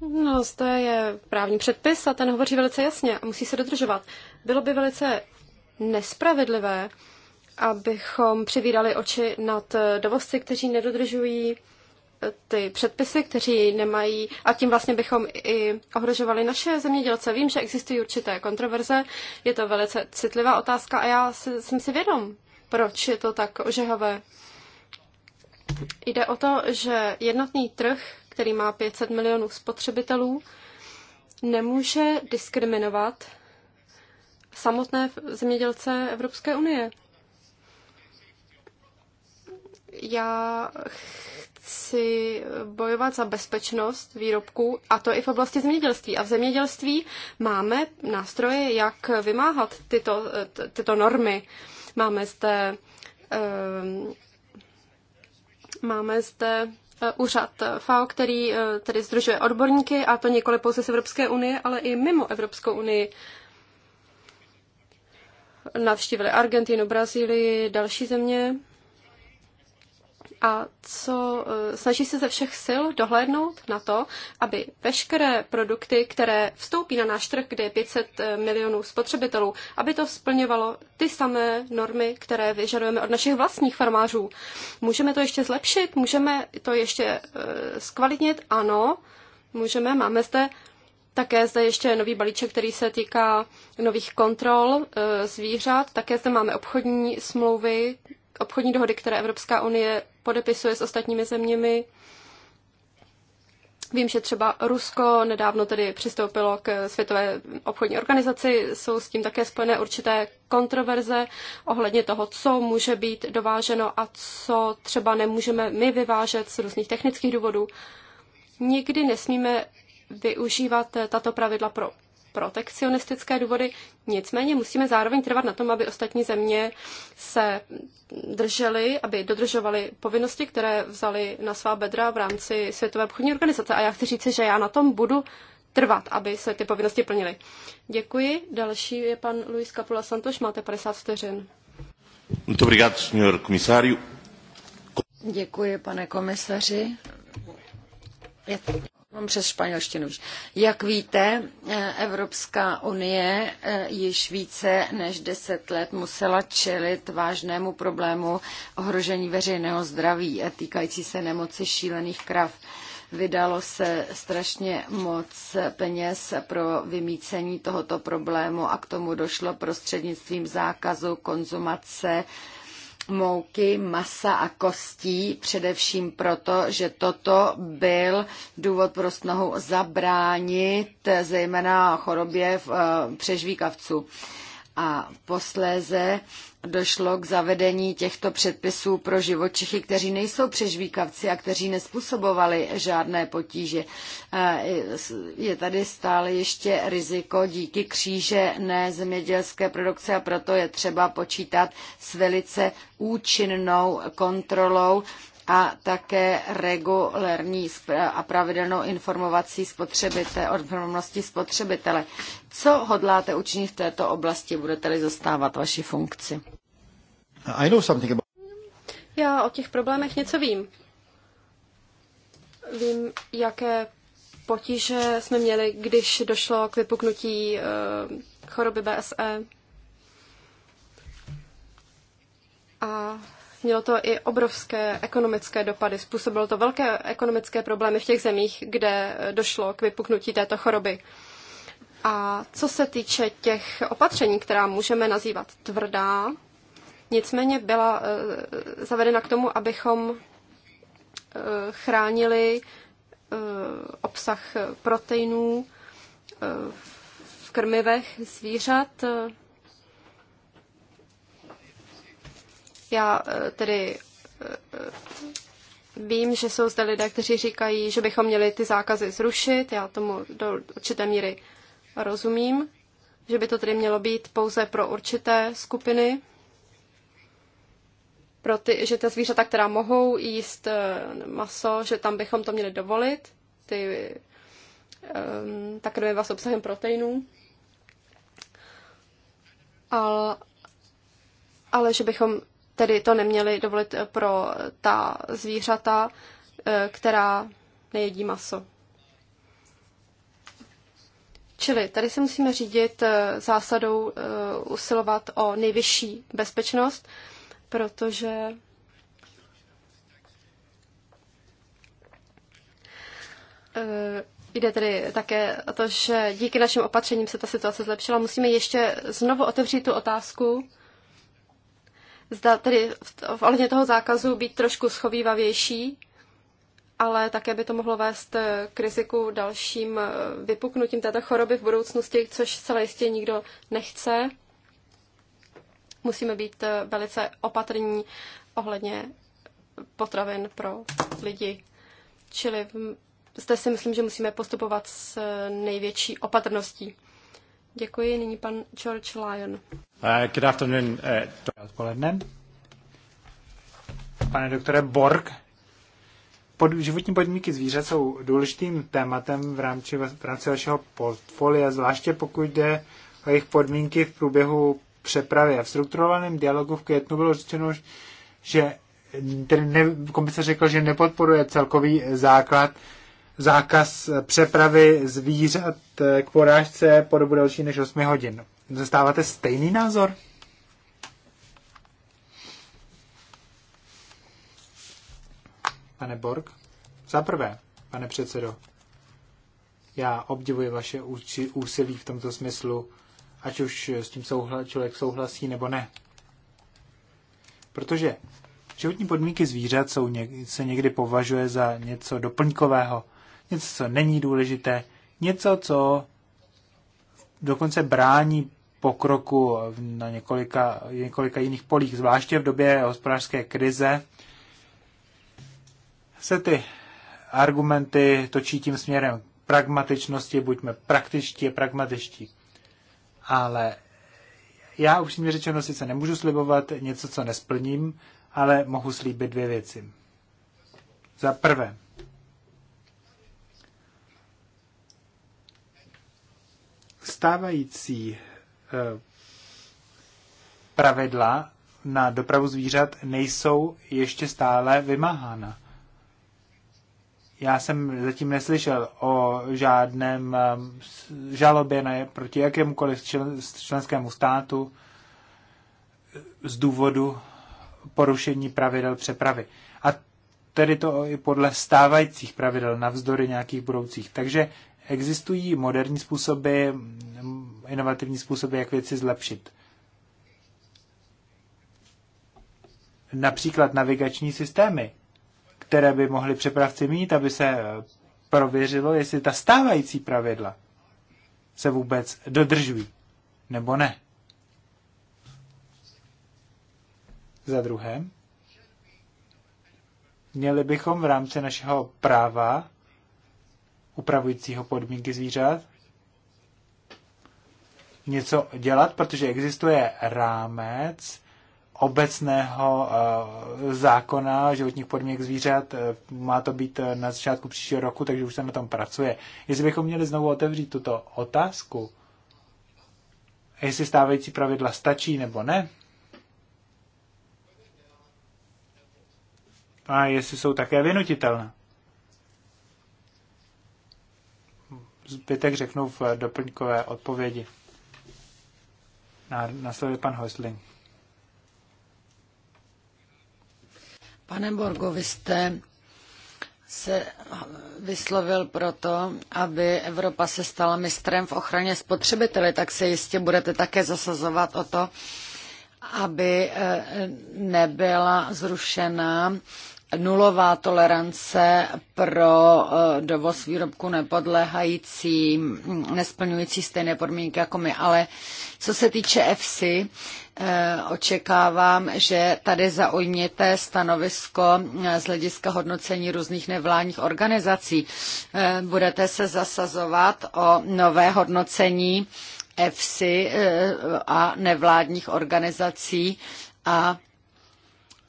No, to je právní předpis a ten hovoří velice jasně a musí se dodržovat. Bylo by velice nespravedlivé, abychom přivírali oči nad dovozci, kteří nedodržují ty předpisy, kteří nemají, a tím vlastně bychom i ohrožovali naše zemědělce. Vím, že existují určité kontroverze, je to velice citlivá otázka a já si, jsem si vědom, proč je to tak ožehavé. Jde o to, že jednotný trh, který má 500 milionů spotřebitelů, nemůže diskriminovat samotné zemědělce Evropské unie. Já si bojovat za bezpečnost výrobků, a to i v oblasti zemědělství. A v zemědělství máme nástroje, jak vymáhat tyto, tyto normy. Máme zde, um, máme zde eh, úřad FAO, který eh, tedy združuje odborníky, a to nikoli pouze z Evropské unie, ale i mimo Evropskou unii. Navštívili Argentinu, Brazílii, další země a co eh, snaží se ze všech sil dohlédnout na to, aby veškeré produkty, které vstoupí na náš trh, kde je 500 eh, milionů spotřebitelů, aby to splňovalo ty samé normy, které vyžadujeme od našich vlastních farmářů. Můžeme to ještě zlepšit, můžeme to ještě eh, zkvalitnit, ano, můžeme, máme zde také zde ještě nový balíček, který se týká nových kontrol zvířat. Také zde máme obchodní smlouvy, obchodní dohody, které Evropská unie podepisuje s ostatními zeměmi. Vím, že třeba Rusko nedávno tedy přistoupilo k Světové obchodní organizaci, jsou s tím také spojené určité kontroverze ohledně toho, co může být dováženo a co třeba nemůžeme my vyvážet z různých technických důvodů. Nikdy nesmíme využívat tato pravidla pro protekcionistické důvody. Nicméně musíme zároveň trvat na tom, aby ostatní země se držely, aby dodržovaly povinnosti, které vzali na svá bedra v rámci Světové obchodní organizace. A já chci říct, že já na tom budu trvat, aby se ty povinnosti plnily. Děkuji. Další je pan Luis Capula Santos. Máte 50 vteřin. Děkuji, pane komisaři. Mám přes španělštinu. Jak víte, eh, Evropská unie eh, již více než deset let musela čelit vážnému problému ohrožení veřejného zdraví a eh, týkající se nemoci šílených krav vydalo se strašně moc peněz pro vymícení tohoto problému a k tomu došlo prostřednictvím zákazu konzumace mouky, masa a kostí, především proto, že toto byl důvod pro snahu zabránit zejména chorobě v eh, přežvíkavců a posléze došlo k zavedení těchto předpisů pro živočichy, kteří nejsou přežvíkavci a kteří nespůsobovali žádné potíže. Je tady stále ještě riziko díky kříže nezemědělské produkce a proto je třeba počítat s velice účinnou kontrolou a také regulérní a pravidelnou informovací spotřebitele, odpovědnosti spotřebitele. Co hodláte učinit v této oblasti? Budete-li zastávat vaši funkci? I know something about... Já o těch problémech něco vím. Vím, jaké potíže jsme měli, když došlo k vypuknutí eh, choroby BSE. A Mělo to i obrovské ekonomické dopady. Způsobilo to velké ekonomické problémy v těch zemích, kde eh, došlo k vypuknutí této choroby. A co se týče těch opatření, která můžeme nazývat tvrdá, nicméně byla eh, zavedena k tomu, abychom eh, chránili obsah proteinů v krmivech zvířat. Já eh, tedy eh, vím, že jsou zde lidé, kteří říkají, že bychom měli ty zákazy zrušit. Já tomu do určité míry rozumím, že by to tedy mělo být pouze pro určité skupiny, pro ty, že ta zvířata, která mohou jíst eh, maso, že tam bychom to měli dovolit, ty um, takové vás obsahem proteinů. Ale, ale že bychom tedy to neměli dovolit pro ta zvířata, eh, která nejedí maso. Čili tady se musíme řídit eh, zásadou eh, usilovat o nejvyšší bezpečnost, protože Jde tedy také o to, že díky našim opatřením se ta situace zlepšila. Musíme ještě znovu otevřít tu otázku, zda tedy v ohledně toho zákazu být trošku schovývavější, ale také by to mohlo vést eh, k riziku dalším eh, vypuknutím této choroby v budoucnosti, což celé jistě nikdo nechce. Musíme být eh, velice opatrní ohledně potravin pro lidi. Čili zde si myslím, že musíme postupovat s největší opatrností. Děkuji. Nyní pan George Lyon. Uh, good afternoon. Uh, odpoledne. Pane doktore Borg, pod, životní podmínky zvířat jsou důležitým tématem v rámci, v rámci vašeho portfolia, zvláště pokud jde o jejich podmínky v průběhu přepravy. A v strukturovaném dialogu v květnu bylo řečeno, že ten ne, komise řekl, že nepodporuje celkový základ zákaz eh, přepravy zvířat eh, k porážce po dobu delší než 8 hodin. Zastáváte stejný názor? Pane Borg? Za prvé, pane předsedo, já obdivuji vaše úsilí v tomto smyslu, ať už s tím souhla, člověk souhlasí nebo ne. Protože životní podmínky zvířat jsou něk- se někdy považuje za něco doplňkového, něco, co není důležité, něco, co dokonce brání pokroku na několika, několika jiných polích, zvláště v době hospodářské krize, se ty argumenty točí tím směrem pragmatičnosti, buďme praktičtí a pragmatičtí. Ale já upřímně řečeno sice nemůžu slibovat něco, co nesplním, ale mohu slíbit dvě věci. Za prvé, stávající eh, pravidla na dopravu zvířat nejsou ještě stále vymáhána. Já jsem zatím neslyšel o žádném eh, žalobě na, proti jakémukoliv členskému státu eh, z důvodu porušení pravidel přepravy. A tedy to i podle stávajících pravidel navzdory nějakých budoucích. Takže Existují moderní způsoby, inovativní způsoby, jak věci zlepšit. Například navigační systémy, které by mohli přepravci mít, aby se prověřilo, jestli ta stávající pravidla se vůbec dodržují, nebo ne. Za druhé, měli bychom v rámci našeho práva upravujícího podmínky zvířat něco dělat, protože existuje rámec obecného eh, zákona životních podmínek zvířat. Eh, má to být eh, na začátku příštího roku, takže už se na tom pracuje. Jestli bychom měli znovu otevřít tuto otázku, jestli stávající pravidla stačí nebo ne, a jestli jsou také vynutitelné. Zbytek řeknu v doplňkové odpovědi. na slovo pan Hosling. Pane Borgo, vy jste se vyslovil proto, aby Evropa se stala mistrem v ochraně spotřebitele, tak se jistě budete také zasazovat o to, aby eh, nebyla zrušena nulová tolerance pro eh, dovoz výrobku nepodléhající, mm, nesplňující stejné podmínky jako my. Ale co se týče EFSI, eh, očekávám, že tady zaujměte stanovisko eh, z hlediska hodnocení různých nevládních organizací. Budete se zasazovat o nové hodnocení EFSI a nevládních organizací a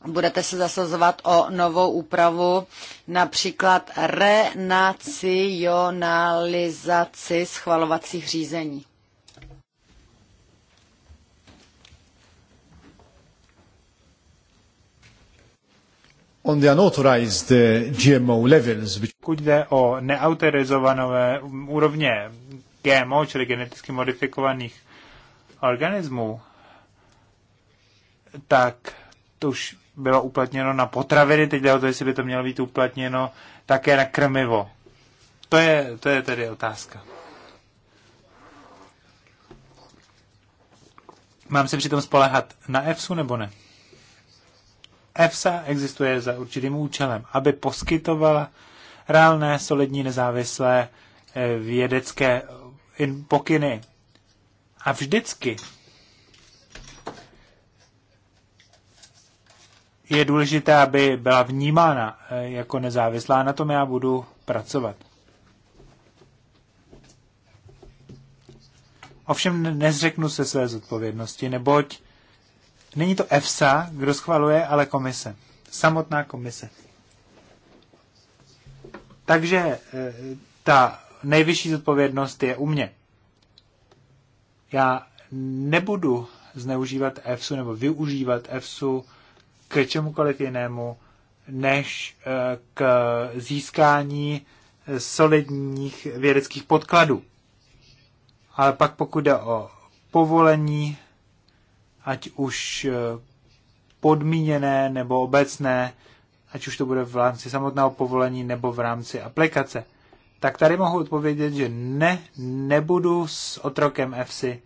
budete se zasazovat o novou úpravu, například renacionalizaci schvalovacích řízení. on the unauthorized uh, GMO levels. Pokud jde o neautorizované úrovně GMO, čili geneticky modifikovaných organismů, tak to už bylo uplatněno na potraviny, teď jde o to, jestli by to mělo být uplatněno také na krmivo. To je, to je tedy otázka. Mám se přitom spolehat na EFSU nebo ne? EFSA existuje za určitým účelem, aby poskytovala reálné, solidní, nezávislé eh, vědecké eh, pokyny. A vždycky je důležité, aby byla vnímána eh, jako nezávislá. Na tom já budu pracovat. Ovšem nezřeknu se své zodpovědnosti, neboť není to EFSA, kdo schvaluje, ale komise. Samotná komise. Takže eh, ta nejvyšší zodpovědnost je u mě. Já nebudu zneužívat EFSU nebo využívat EFSU k čemukoliv jinému, než eh, k získání solidních vědeckých podkladů. Ale pak pokud jde o povolení, ať už eh, podmíněné nebo obecné, ať už to bude v rámci samotného povolení nebo v rámci aplikace, tak tady mohu odpovědět, že ne, nebudu s otrokem EFSI,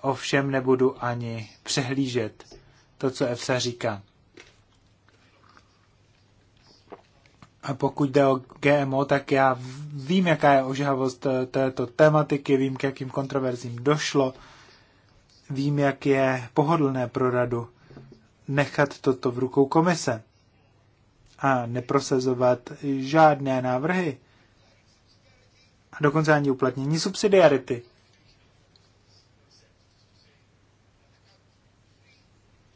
ovšem nebudu ani přehlížet to, co EFSA říká. A pokud jde o GMO, tak já vím, jaká je ožahavost eh, této tematiky, vím, k jakým kontroverzím došlo, vím, jak je pohodlné pro radu nechat toto v rukou komise a neprosazovat žádné návrhy a dokonce ani uplatnění subsidiarity.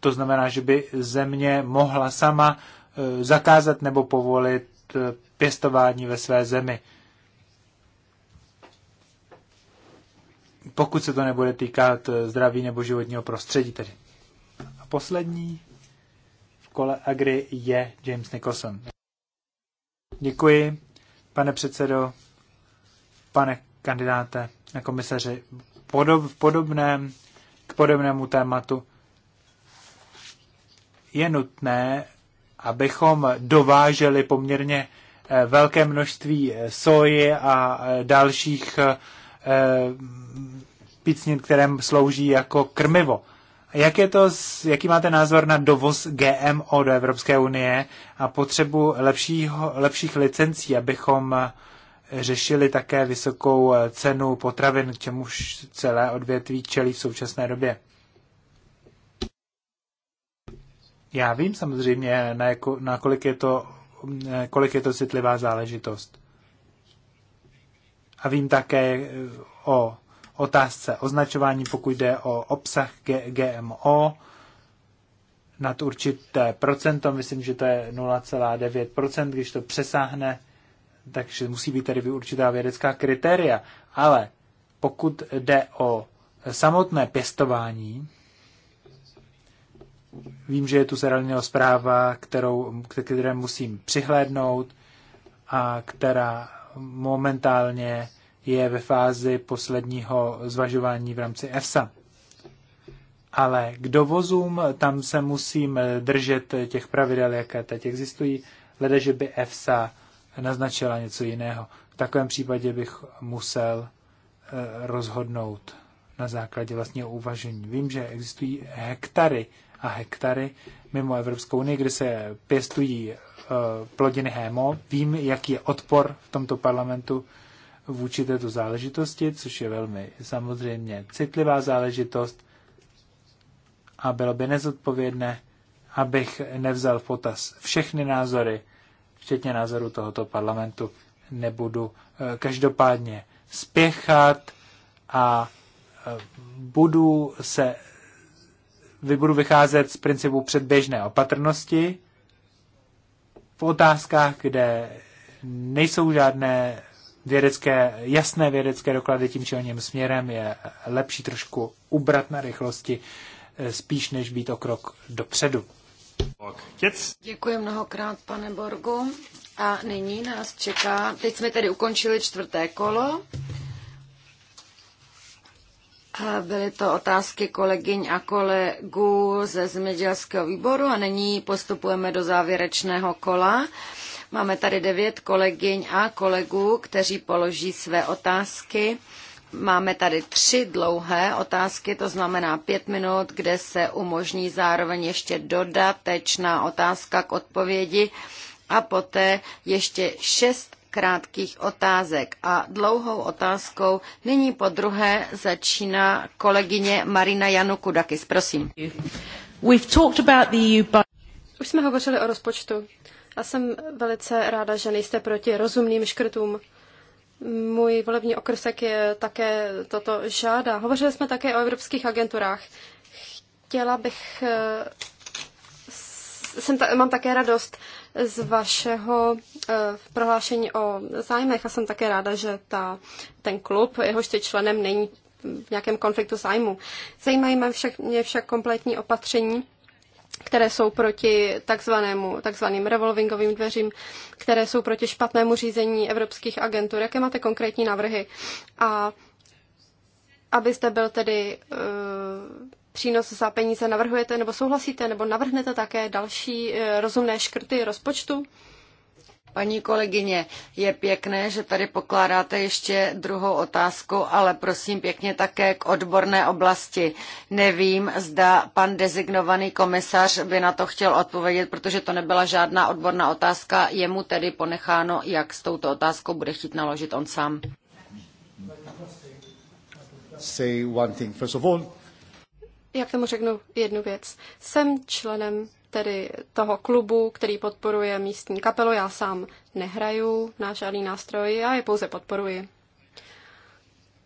To znamená, že by země mohla sama eh, zakázat nebo povolit Eh, pěstování ve své zemi. Pokud se to nebude týkat eh, zdraví nebo životního prostředí tedy. A poslední v kole Agri je James Nicholson. Děkuji, pane předsedo, pane kandidáte na komisaři. Podob, podobném, k podobnému tématu je nutné abychom dováželi poměrně eh, velké množství eh, soji a eh, dalších mm, pícnin, které slouží jako krmivo. Jak je to, jaký máte názor na dovoz GMO do Evropské unie a potřebu lepšího, lepších licencí, abychom řešili také vysokou cenu potravin, k čemuž celé odvětví čelí v současné době? Já vím samozřejmě, na, jako, na kolik, je to, kolik je to citlivá záležitost. A vím také eh, o otázce označování, pokud jde o obsah G- GMO nad určité procento, myslím, že to je 0,9%, když to přesáhne, takže musí být tady určitá vědecká kritéria. Ale pokud jde o samotné pěstování, Vím, že je tu zraněná zpráva, kterou, které musím přihlédnout a která momentálně je ve fázi posledního zvažování v rámci EFSA. Ale k dovozům tam se musím držet těch pravidel, jaké teď existují, hledat, že by EFSA naznačila něco jiného. V takovém případě bych musel eh, rozhodnout na základě vlastního uvažení. Vím, že existují hektary a hektary mimo Evropskou unii, kde se pěstují eh, plodiny HMO. Vím, jaký je odpor v tomto parlamentu vůči této záležitosti, což je velmi samozřejmě citlivá záležitost a bylo by nezodpovědné, abych nevzal v potaz všechny názory, včetně názoru tohoto parlamentu. Nebudu eh, každopádně spěchat a eh, budu se budu vycházet z principu předběžné opatrnosti v otázkách, kde nejsou žádné vědecké, jasné vědecké doklady tím či o něm směrem, je lepší trošku ubrat na rychlosti, eh, spíš než být o krok dopředu. Děkuji mnohokrát, pane Borgu. A nyní nás čeká, teď jsme tedy ukončili čtvrté kolo Byly to otázky kolegyň a kolegů ze zemědělského výboru a nyní postupujeme do závěrečného kola. Máme tady devět kolegyň a kolegů, kteří položí své otázky. Máme tady tři dlouhé otázky, to znamená pět minut, kde se umožní zároveň ještě dodatečná otázka k odpovědi a poté ještě šest krátkých otázek. A dlouhou otázkou nyní po druhé začíná kolegyně Marina Janukudakis. Prosím. Už jsme hovořili o rozpočtu a jsem velice ráda, že nejste proti rozumným škrtům. Můj volební okrsek je také toto žádá. Hovořili jsme také o evropských agenturách. Chtěla bych... Eh, jsem ta, mám také radost z vašeho eh, prohlášení o zájmech a jsem také ráda, že ta, ten klub, jehož jste členem, není v nějakém konfliktu zájmu. Zajímají mě však, mě však kompletní opatření, které jsou proti takzvanému, takzvaným revolvingovým dveřím, které jsou proti špatnému řízení evropských agentur. Jaké máte konkrétní návrhy? A abyste byl tedy uh, přínos za peníze navrhujete nebo souhlasíte, nebo navrhnete také další eh, rozumné škrty rozpočtu? Paní kolegyně, je pěkné, že tady pokládáte ještě druhou otázku, ale prosím pěkně také k odborné oblasti. Nevím, zda pan dezignovaný komisař by na to chtěl odpovědět, protože to nebyla žádná odborná otázka. Je mu tedy ponecháno, jak s touto otázkou bude chtít naložit on sám. Say one thing. First of all, já k tomu řeknu jednu věc. Jsem členem tedy toho klubu, který podporuje místní kapelu. Já sám nehraju na žádný nástroj, já je pouze podporuji.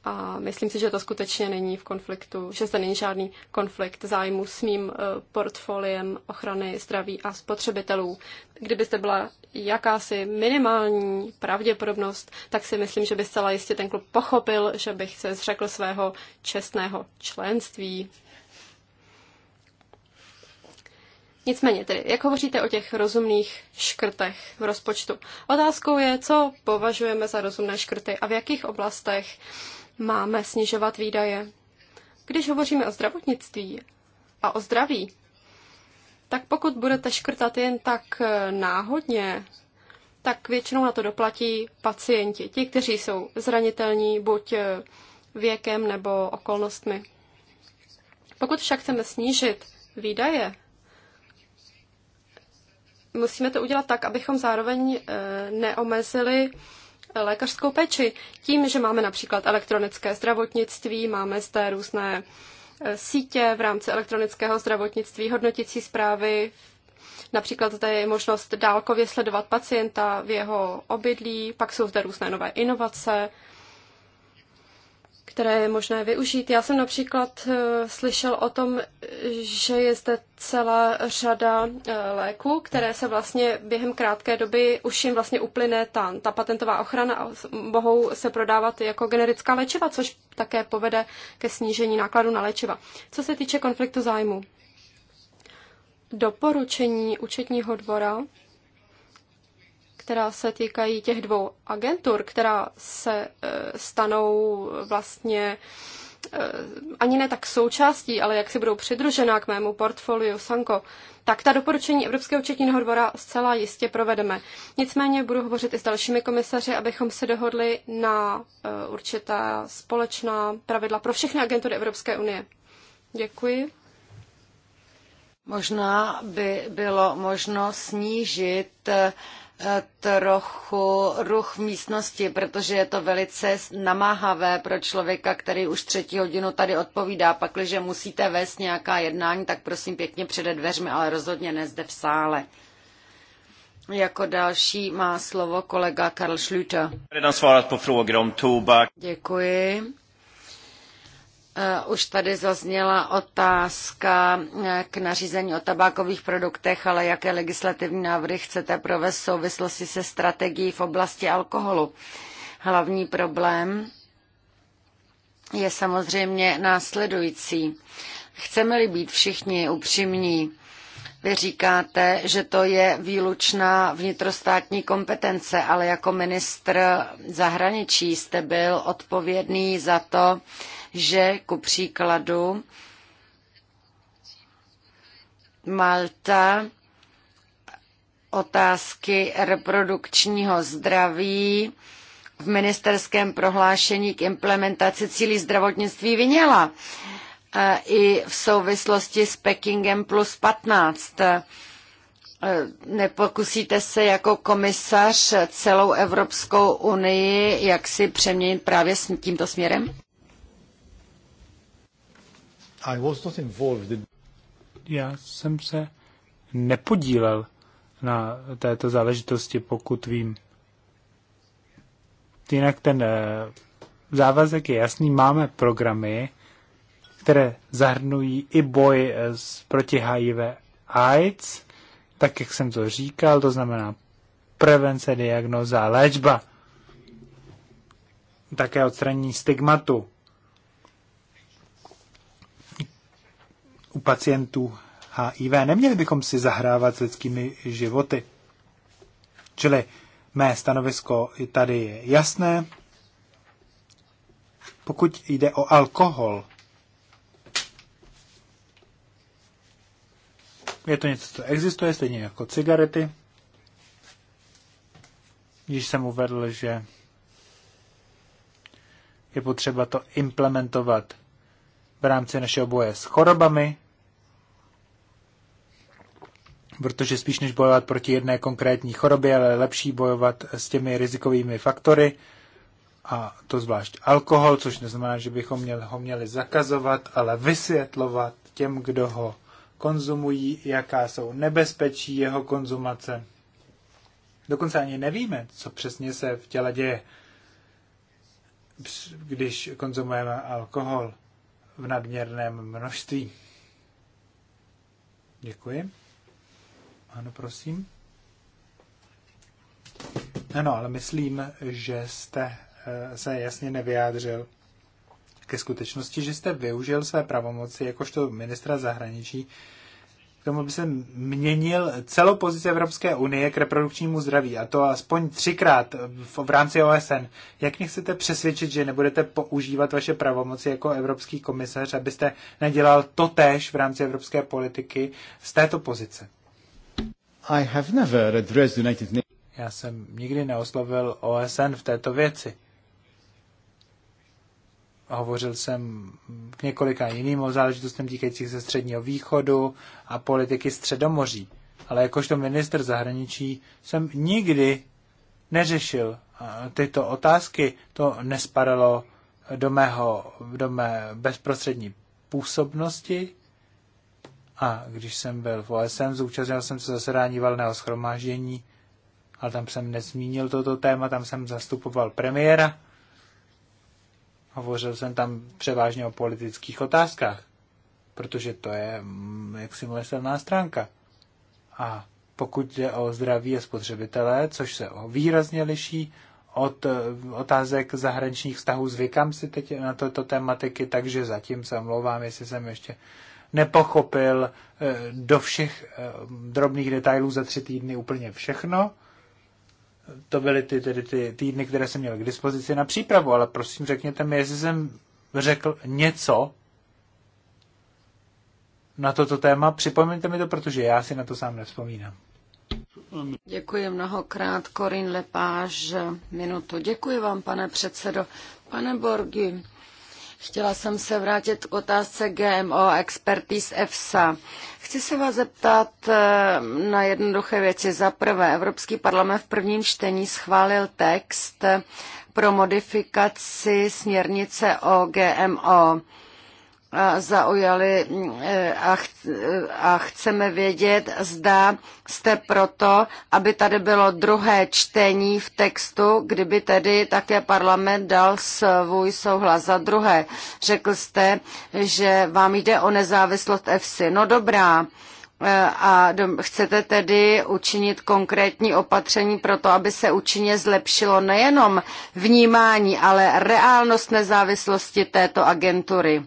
A myslím si, že to skutečně není v konfliktu, že zde není žádný konflikt zájmu s mým eh, portfoliem ochrany zdraví a spotřebitelů. Kdybyste byla jakási minimální pravděpodobnost, tak si myslím, že by zcela jistě ten klub pochopil, že bych se zřekl svého čestného členství. Nicméně tedy, jak hovoříte o těch rozumných škrtech v rozpočtu? Otázkou je, co považujeme za rozumné škrty a v jakých oblastech máme snižovat výdaje. Když hovoříme o zdravotnictví a o zdraví, tak pokud budete škrtat jen tak eh, náhodně, tak většinou na to doplatí pacienti, ti, kteří jsou zranitelní buď eh, věkem nebo okolnostmi. Pokud však chceme snížit výdaje, musíme to udělat tak, abychom zároveň eh, neomezili eh, lékařskou péči. Tím, že máme například elektronické zdravotnictví, máme zde různé eh, sítě v rámci elektronického zdravotnictví, hodnotící zprávy, Například zde je možnost dálkově sledovat pacienta v jeho obydlí, pak jsou zde různé nové inovace, které je možné využít. Já jsem například eh, slyšel o tom, že je zde celá řada eh, léků, které se vlastně během krátké doby už jim vlastně uplyne ta, ta patentová ochrana a mohou se prodávat jako generická léčiva, což také povede ke snížení nákladu na léčiva. Co se týče konfliktu zájmu, doporučení účetního dvora která se týkají těch dvou agentur, která se e, stanou vlastně e, ani ne tak součástí, ale jak si budou přidružená k mému portfoliu Sanko, tak ta doporučení Evropského účetního dvora zcela jistě provedeme. Nicméně budu hovořit i s dalšími komisaři, abychom se dohodli na e, určitá společná pravidla pro všechny agentury Evropské unie. Děkuji. Možná by bylo možno snížit uh, trochu ruch v místnosti, protože je to velice namáhavé pro člověka, který už třetí hodinu tady odpovídá. Pakliže musíte vést nějaká jednání, tak prosím pěkně přede dveřmi, ale rozhodně ne zde v sále. Jako další má slovo kolega Karl Schlüter. Děkuji. Eh, už tady zazněla otázka eh, k nařízení o tabákových produktech, ale jaké legislativní návrhy chcete provést v souvislosti se strategií v oblasti alkoholu? Hlavní problém je samozřejmě následující. Chceme-li být všichni upřímní, vy říkáte, že to je výlučná vnitrostátní kompetence, ale jako ministr zahraničí jste byl odpovědný za to, že ku příkladu Malta otázky reprodukčního zdraví v ministerském prohlášení k implementaci cílí zdravotnictví vyněla e, i v souvislosti s Pekingem plus 15. E, nepokusíte se jako komisař celou Evropskou unii jak si přeměnit právě s tímto směrem? I was not involved in... Já jsem se nepodílel na této záležitosti, pokud vím. Jinak ten eh, závazek je jasný. Máme programy, které zahrnují i boj eh, s, proti HIV AIDS, tak jak jsem to říkal, to znamená prevence, diagnoza, léčba. Také odstranění stigmatu u pacientů HIV. Neměli bychom si zahrávat s lidskými životy. Čili mé stanovisko tady je jasné. Pokud jde o alkohol, je to něco, co existuje, stejně jako cigarety. Když jsem uvedl, že je potřeba to implementovat v rámci našeho boje s chorobami, protože spíš než bojovat proti jedné konkrétní chorobě, ale lepší bojovat s těmi rizikovými faktory, a to zvlášť alkohol, což neznamená, že bychom měl, ho měli zakazovat, ale vysvětlovat těm, kdo ho konzumují, jaká jsou nebezpečí jeho konzumace. Dokonce ani nevíme, co přesně se v těle děje, když konzumujeme alkohol v nadměrném množství. Děkuji. Ano, prosím. Ano, ale myslím, že jste eh, se jasně nevyjádřil ke skutečnosti, že jste využil své pravomoci jakožto ministra zahraničí k tomu, by se měnil celou pozici Evropské unie k reprodukčnímu zdraví, a to aspoň třikrát v, v rámci OSN. Jak mě chcete přesvědčit, že nebudete používat vaše pravomoci jako evropský komisař, abyste nedělal to též v rámci evropské politiky z této pozice? I have never addressed United Nations. Já jsem nikdy neoslovil OSN v této věci. Hovořil jsem k několika jiným o záležitostem týkajících se Středního východu a politiky Středomoří. Ale jakožto minister zahraničí jsem nikdy neřešil tyto otázky. To nespadalo do, mého, do mé bezprostřední působnosti a když jsem byl v OSM, zúčastnil jsem se zasedání valného schromáždění, ale tam jsem nezmínil toto téma, tam jsem zastupoval premiéra. Hovořil jsem tam převážně o politických otázkách, protože to je mm, jaksi moje silná stránka. A pokud jde o zdraví a spotřebitelé, což se o výrazně liší od eh, otázek zahraničních vztahů, zvykám si teď na toto tématiky, takže zatím se omlouvám, jestli jsem ještě nepochopil eh, do všech eh, drobných detailů za tři týdny úplně všechno. To byly ty, tedy ty týdny, které jsem měl k dispozici na přípravu, ale prosím řekněte mi, jestli jsem řekl něco na toto téma. Připomeňte mi to, protože já si na to sám nevzpomínám. Děkuji mnohokrát, Korin Lepáž, minutu. Děkuji vám, pane předsedo. Pane Borgi, Chtěla jsem se vrátit k otázce GMO expertise EFSA. Chci se vás zeptat eh, na jednoduché věci. Za prvé, Evropský parlament v prvním čtení schválil text pro modifikaci směrnice o GMO zaujali eh, a, ch- eh, a chceme vědět, zda jste proto, aby tady bylo druhé čtení v textu, kdyby tedy také parlament dal svůj souhlas. Za druhé, řekl jste, že vám jde o nezávislost EFSI. No dobrá, eh, a chcete tedy učinit konkrétní opatření pro to, aby se účinně zlepšilo nejenom vnímání, ale reálnost nezávislosti této agentury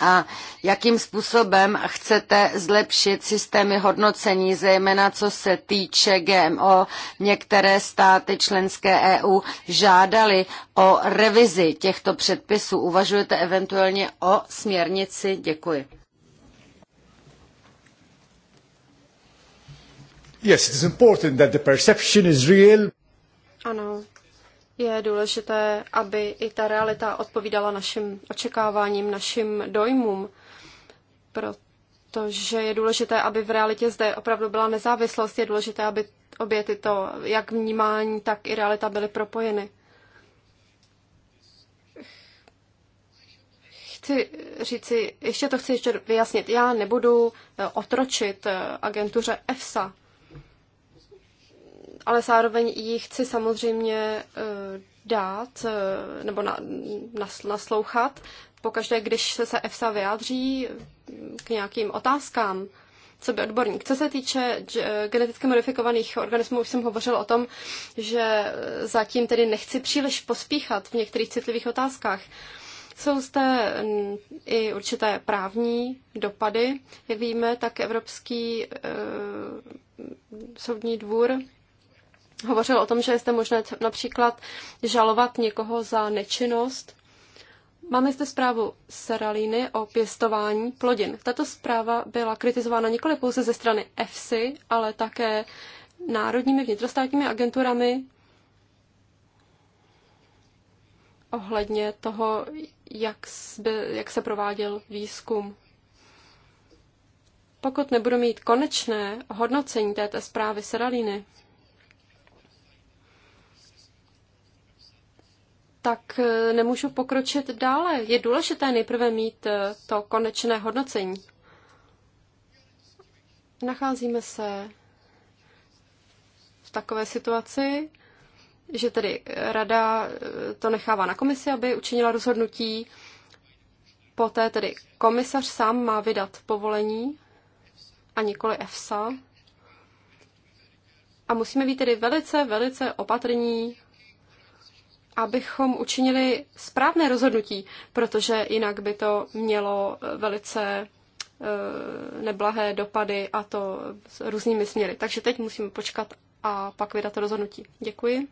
a jakým způsobem chcete zlepšit systémy hodnocení, zejména co se týče GMO. Některé státy členské EU žádali o revizi těchto předpisů. Uvažujete eventuálně o směrnici? Děkuji. Yes, it is important that the perception is real. Ano, je důležité, aby i ta realita odpovídala našim očekáváním, našim dojmům, protože je důležité, aby v realitě zde opravdu byla nezávislost, je důležité, aby obě tyto, jak vnímání, tak i realita byly propojeny. Chci říci, ještě to chci ještě vyjasnit, já nebudu eh, otročit eh, agentuře EFSA, ale zároveň ji chci samozřejmě eh, dát eh, nebo na, naslouchat. Pokaždé, když se, se EFSA vyjádří mm, k nějakým otázkám, co by odborník. Co se týče eh, geneticky modifikovaných organismů, už jsem hovořil o tom, že zatím tedy nechci příliš pospíchat v některých citlivých otázkách. Jsou zde mm, i určité právní dopady. Jak víme, tak Evropský e, soudní dvůr hovořil o tom, že jste možné například žalovat někoho za nečinnost. Máme zde zprávu Seraliny o pěstování plodin. Tato zpráva byla kritizována nikoli pouze ze strany EFSI, ale také národními vnitrostátními agenturami ohledně toho, jak, zby, jak se prováděl výzkum. Pokud nebudu mít konečné hodnocení této zprávy Seraliny. tak eh, nemůžu pokročit dále. Je důležité nejprve mít eh, to konečné hodnocení. Nacházíme se v takové situaci, že tedy eh, rada to nechává na komisi, aby učinila rozhodnutí. Poté tedy komisař sám má vydat povolení a nikoli EFSA. A musíme být tedy velice, velice opatrní abychom učinili správné rozhodnutí, protože jinak by to mělo eh, velice eh, neblahé dopady a to s různými směry. Takže teď musíme počkat a pak vydat rozhodnutí. Děkuji.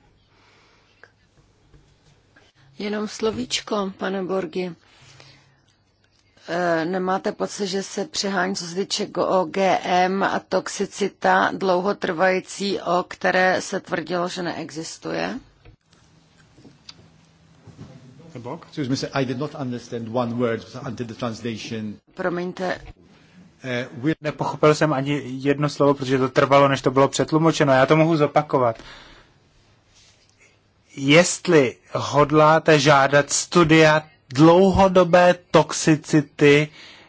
Jenom slovíčko, pane Borgi. Eh, nemáte pocit, že se přehání, co se týče GOGM a toxicita dlouhotrvající, o které se tvrdilo, že neexistuje? Mr. Bock. Excuse me, sir, I did not understand one word until the translation. Promiňte. Eh, Nepochopil jsem ani jedno slovo, protože to trvalo, než to bylo přetlumočeno. Já to mohu zopakovat. Jestli hodláte žádat studia dlouhodobé toxicity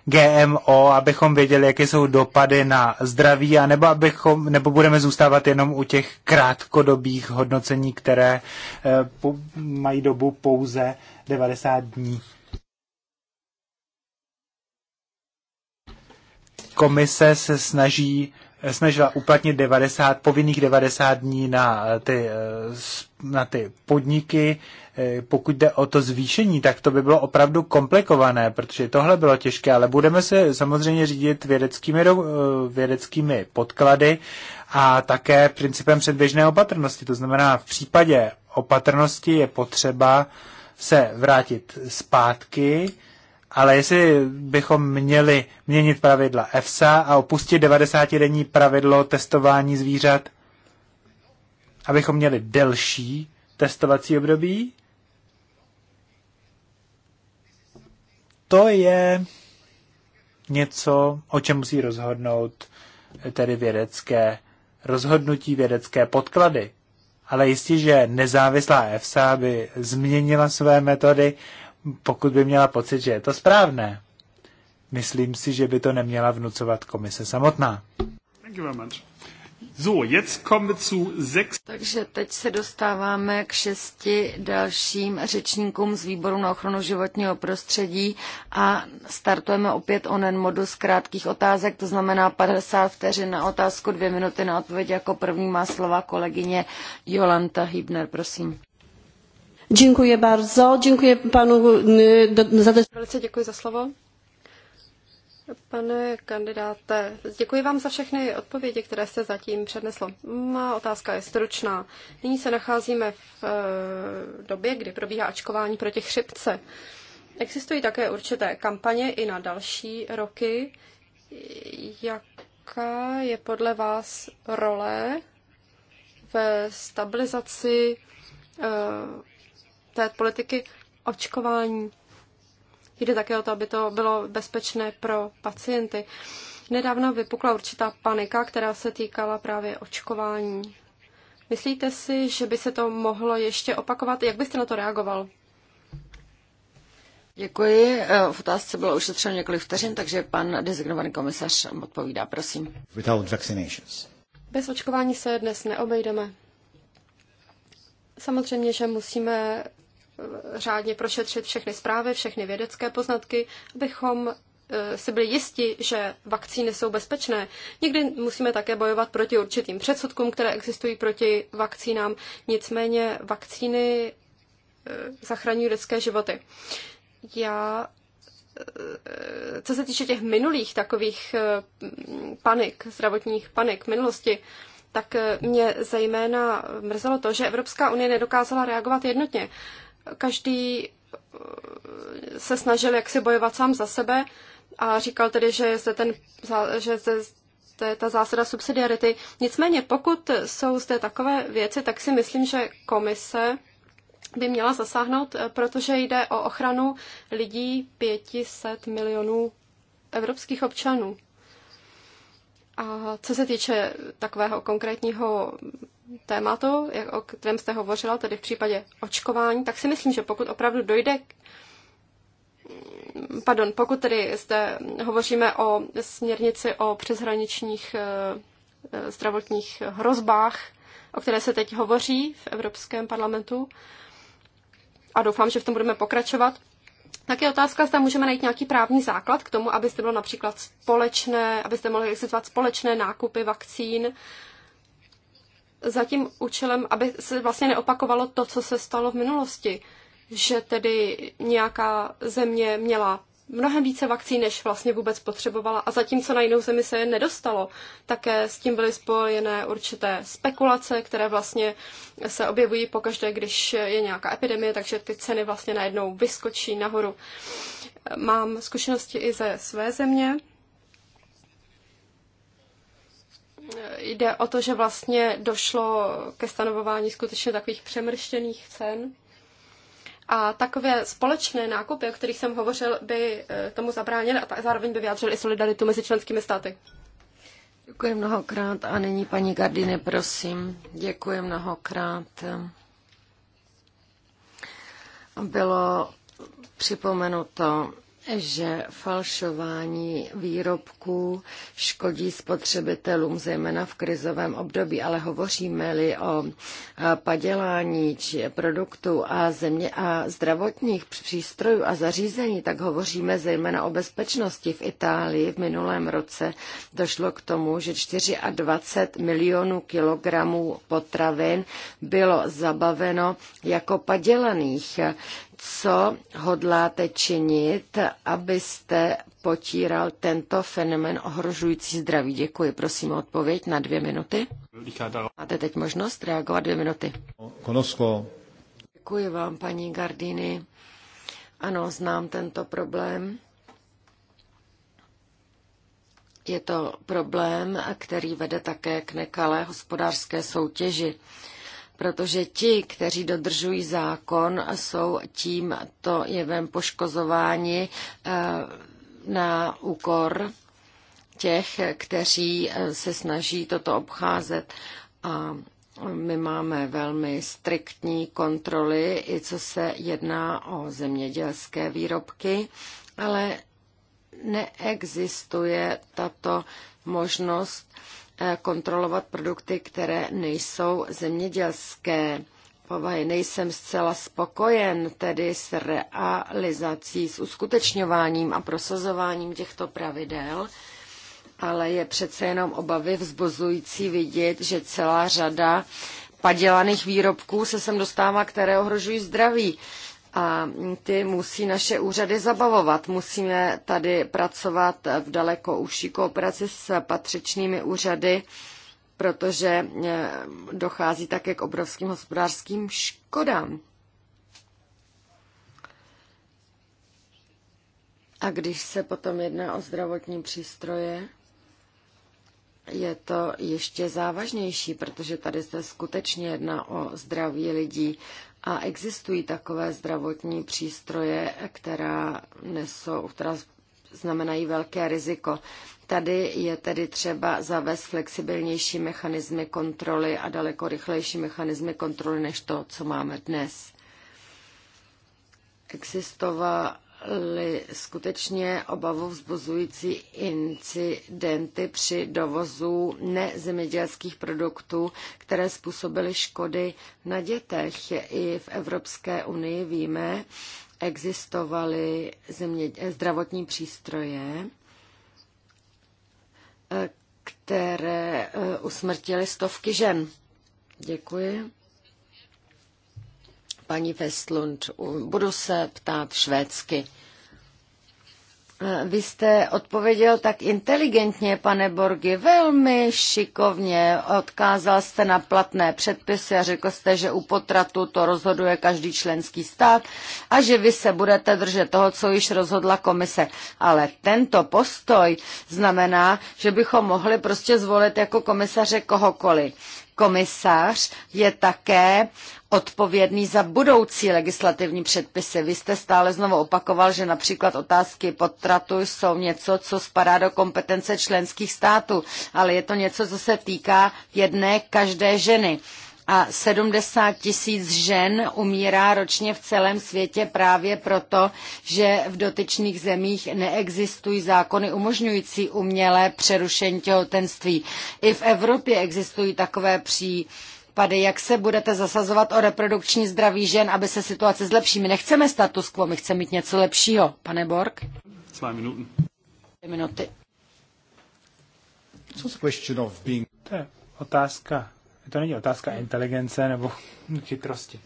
GMO, abychom věděli, jaké jsou dopady na zdraví, nebo abychom, nebo budeme zůstávat jenom u těch krátkodobých hodnocení, které eh, po, mají dobu pouze 90 dní. Komise se snaží eh, snažila uplatnit 90, povinných 90 dní na eh, ty, na ty podniky, Eh, pokud jde o to zvýšení, tak to by bylo opravdu komplikované, protože tohle bylo těžké, ale budeme se samozřejmě řídit vědeckými, eh, vědeckými podklady a také principem předběžné opatrnosti. To znamená, v případě opatrnosti je potřeba se vrátit zpátky, ale jestli bychom měli měnit pravidla EFSA a opustit 90-denní pravidlo testování zvířat, abychom měli delší testovací období, to je něco, o čem musí rozhodnout tedy vědecké rozhodnutí, vědecké podklady. Ale jistě, že nezávislá EFSA by změnila své metody, pokud by měla pocit, že je to správné. Myslím si, že by to neměla vnucovat komise samotná. Thank you very much. So, jetzt kommen wir zu sechs. Takže teď se dostáváme k šesti dalším řečníkům z výboru na ochranu životního prostředí a startujeme opět onen modus krátkých otázek, to znamená 50 vteřin na otázku, dvě minuty na odpověď. Jako první má slova kolegyně Jolanta Hibner, prosím. Děkuji bardzo, děkuji panu za... Velice děkuji za slovo. Pane kandidáte, děkuji vám za všechny odpovědi, které jste zatím přednesl. Má otázka je stručná. Nyní se nacházíme v eh, době, kdy probíhá očkování proti chřipce. Existují také určité kampaně i na další roky. Jaká je podle vás role ve stabilizaci eh, té politiky očkování Jde také o to, aby to bylo bezpečné pro pacienty. Nedávno vypukla určitá panika, která se týkala právě očkování. Myslíte si, že by se to mohlo ještě opakovat? Jak byste na to reagoval? Děkuji. Eh, v otázce bylo ušetřeno několik vteřin, takže pan designovaný komisař odpovídá, prosím. Without vaccinations. Bez očkování se dnes neobejdeme. Samozřejmě, že musíme řádně prošetřit všechny zprávy, všechny vědecké poznatky, abychom eh, si byli jisti, že vakcíny jsou bezpečné. Někdy musíme také bojovat proti určitým předsudkům, které existují proti vakcínám. Nicméně vakcíny eh, zachraňují lidské životy. Já, eh, co se týče těch minulých takových panik, zdravotních panik minulosti, tak mě zejména mrzelo to, že Evropská unie nedokázala reagovat jednotně. Každý eh, se snažil jaksi bojovat sám za sebe a říkal tedy, že je zde, ten, že zde to je ta zásada subsidiarity. Nicméně, pokud jsou zde takové věci, tak si myslím, že komise by měla zasáhnout, eh, protože jde o ochranu lidí 500 milionů evropských občanů. A co se týče takového konkrétního tématu, jak, o kterém jste hovořila, tedy v případě očkování, tak si myslím, že pokud opravdu dojde k Pardon, pokud tedy zde hovoříme o směrnici o přeshraničních eh, eh, zdravotních hrozbách, o které se teď hovoří v Evropském parlamentu, a doufám, že v tom budeme pokračovat, tak je otázka, zda můžeme najít nějaký právní základ k tomu, abyste bylo například společné, abyste mohli existovat společné nákupy vakcín, za tím účelem, aby se vlastně neopakovalo to, co se stalo v minulosti, že tedy nějaká země měla mnohem více vakcín, než vlastně vůbec potřebovala a zatímco na jinou zemi se je nedostalo. Také s tím byly spojené určité spekulace, které vlastně se objevují pokaždé, když je nějaká epidemie, takže ty ceny vlastně najednou vyskočí nahoru. Mám zkušenosti i ze své země, jde o to, že vlastně došlo ke stanovování skutečně takových přemrštěných cen. A takové společné nákupy, o kterých jsem hovořil, by eh, tomu zabránily a zároveň by vyjádřily i solidaritu mezi členskými státy. Děkuji mnohokrát a nyní paní Gardine, prosím. Děkuji mnohokrát. Bylo připomenuto, že falšování výrobků škodí spotřebitelům, zejména v krizovém období, ale hovoříme-li o padělání či produktů a, země a zdravotních přístrojů a zařízení, tak hovoříme zejména o bezpečnosti. V Itálii v minulém roce došlo k tomu, že 24 milionů kilogramů potravin bylo zabaveno jako padělaných co hodláte činit, abyste potíral tento fenomen ohrožující zdraví? Děkuji. Prosím o odpověď na dvě minuty. Máte teď možnost reagovat dvě minuty. Konosko. Děkuji vám, paní Gardini. Ano, znám tento problém. Je to problém, který vede také k nekalé hospodářské soutěži protože ti, kteří dodržují zákon, jsou tímto jevem poškozováni eh, na úkor těch, kteří eh, se snaží toto obcházet. A my máme velmi striktní kontroly, i co se jedná o zemědělské výrobky, ale neexistuje tato možnost Eh, kontrolovat produkty, které nejsou zemědělské povahy. Nejsem zcela spokojen tedy s realizací, s uskutečňováním a prosazováním těchto pravidel, ale je přece jenom obavy vzbuzující vidět, že celá řada padělaných výrobků se sem dostává, které ohrožují zdraví a ty musí naše úřady zabavovat. Musíme tady pracovat v daleko užší kooperaci s patřičnými úřady, protože eh, dochází také k obrovským hospodářským škodám. A když se potom jedná o zdravotní přístroje, je to ještě závažnější, protože tady se skutečně jedná o zdraví lidí a existují takové zdravotní přístroje, která nesou, která znamenají velké riziko. Tady je tedy třeba zavést flexibilnější mechanismy kontroly a daleko rychlejší mechanismy kontroly než to, co máme dnes. Existovala Byly skutečně obavu vzbuzující incidenty při dovozu nezemědělských produktů, které způsobily škody na dětech. I v Evropské unii víme, existovaly zdravotní přístroje, eh, které eh, usmrtily stovky žen. Děkuji paní Vestlund. Budu se ptát švédsky. E, vy jste odpověděl tak inteligentně, pane Borgi, velmi šikovně. Odkázal jste na platné předpisy a řekl jste, že u potratu to rozhoduje každý členský stát a že vy se budete držet toho, co již rozhodla komise. Ale tento postoj znamená, že bychom mohli prostě zvolit jako komisaře kohokoliv komisař je také odpovědný za budoucí legislativní předpisy. Vy jste stále znovu opakoval, že například otázky potratu jsou něco, co spadá do kompetence členských států, ale je to něco, co se týká jedné každé ženy a 70 tisíc žen umírá ročně v celém světě právě proto, že v dotyčných zemích neexistují zákony umožňující umělé přerušení těhotenství. I v Evropě existují takové případy jak se budete zasazovat o reprodukční zdraví žen, aby se situace zlepší. My nechceme status quo, my chceme mít něco lepšího. Pane Borg? Dva minuty. Dvě minuty. To je otázka to není otázka hmm. inteligence nebo *laughs* chytrosti.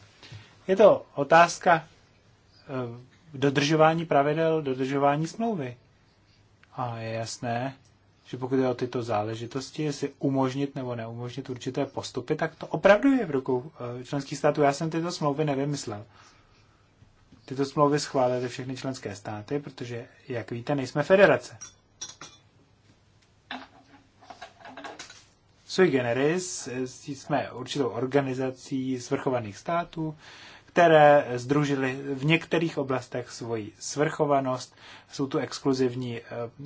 Je to otázka eh, dodržování pravidel, dodržování smlouvy. A je jasné, že pokud je o tyto záležitosti, jestli umožnit nebo neumožnit určité postupy, tak to opravdu je v rukou eh, členských států. Já jsem tyto smlouvy nevymyslel. Tyto smlouvy schválily všechny členské státy, protože, jak víte, nejsme federace. Sui Generis eh, jsme určitou organizací svrchovaných států, které združily v některých oblastech svoji svrchovanost. Jsou tu exkluzivní eh,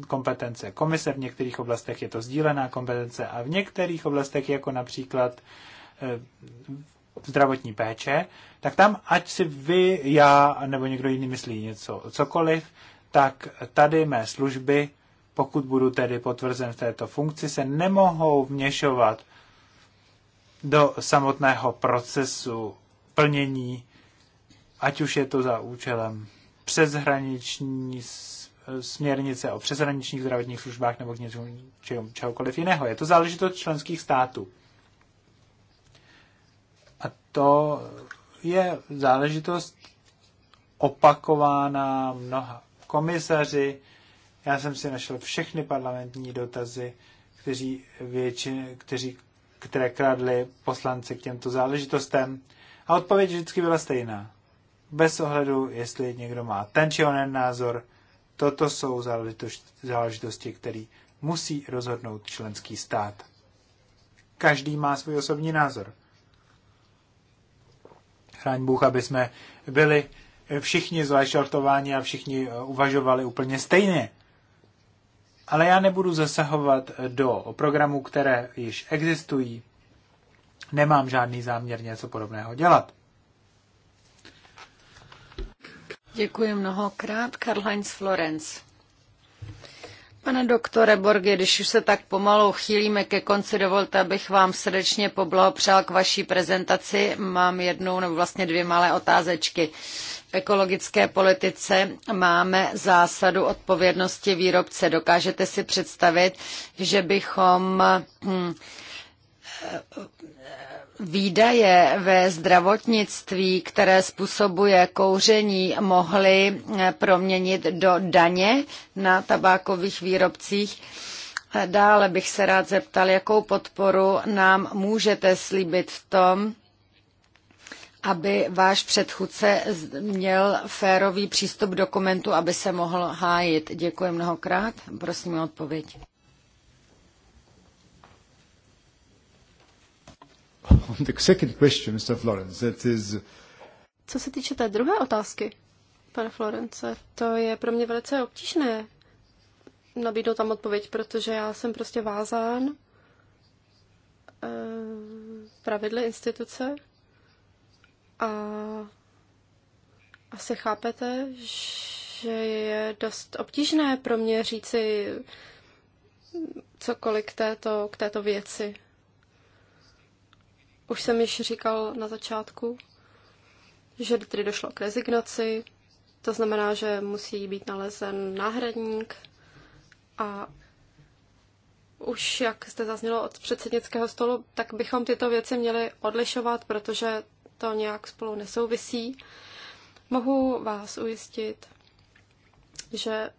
kompetence komise, v některých oblastech je to sdílená kompetence a v některých oblastech, jako například eh, zdravotní péče, tak tam, ať si vy, já nebo někdo jiný myslí něco, cokoliv, tak tady mé služby pokud budu tedy potvrzen v této funkci, se nemohou vměšovat do samotného procesu plnění, ať už je to za účelem přeshraniční směrnice o přeshraničních zdravotních službách nebo k něčemu čehokoliv jiného. Je to záležitost členských států. A to je záležitost opakována mnoha komisaři, já jsem si našel všechny parlamentní dotazy, kteří většin, kteří, které kradli poslanci k těmto záležitostem a odpověď vždycky byla stejná. Bez ohledu, jestli někdo má ten či onen názor, toto jsou záležitosti, které musí rozhodnout členský stát. Každý má svůj osobní názor. Chráň Bůh, aby jsme byli všichni zvlášť a všichni eh, uvažovali úplně stejně. Ale já nebudu zasahovat do programů, které již existují. Nemám žádný záměr něco podobného dělat. Děkuji mnohokrát. Karl-Heinz Florenz. Pane doktore Borgi, když už se tak pomalu chýlíme ke konci, dovolte, abych vám srdečně poblahopřál k vaší prezentaci. Mám jednu nebo vlastně dvě malé otázečky ekologické politice máme zásadu odpovědnosti výrobce. Dokážete si představit, že bychom hm, výdaje ve zdravotnictví, které způsobuje kouření, mohly eh, proměnit do daně na tabákových výrobcích. Dále bych se rád zeptal, jakou podporu nám můžete slíbit v tom, aby váš předchůdce měl férový přístup k dokumentu, aby se mohl hájit. Děkuji mnohokrát. Prosím o odpověď. *laughs* the second question, Mr. Florence, that is... Co se týče té druhé otázky, pane Florence, to je pro mě velice obtížné nabídnout tam odpověď, protože já jsem prostě vázán eh, pravidly instituce, a asi chápete, že je dost obtížné pro mě říci cokoliv k této, k této věci. Už jsem již říkal na začátku, že tedy došlo k rezignaci, to znamená, že musí být nalezen náhradník a už jak jste zaznělo od předsednického stolu, tak bychom tyto věci měli odlišovat, protože to nějak spolu nesouvisí. Mohu vás ujistit, že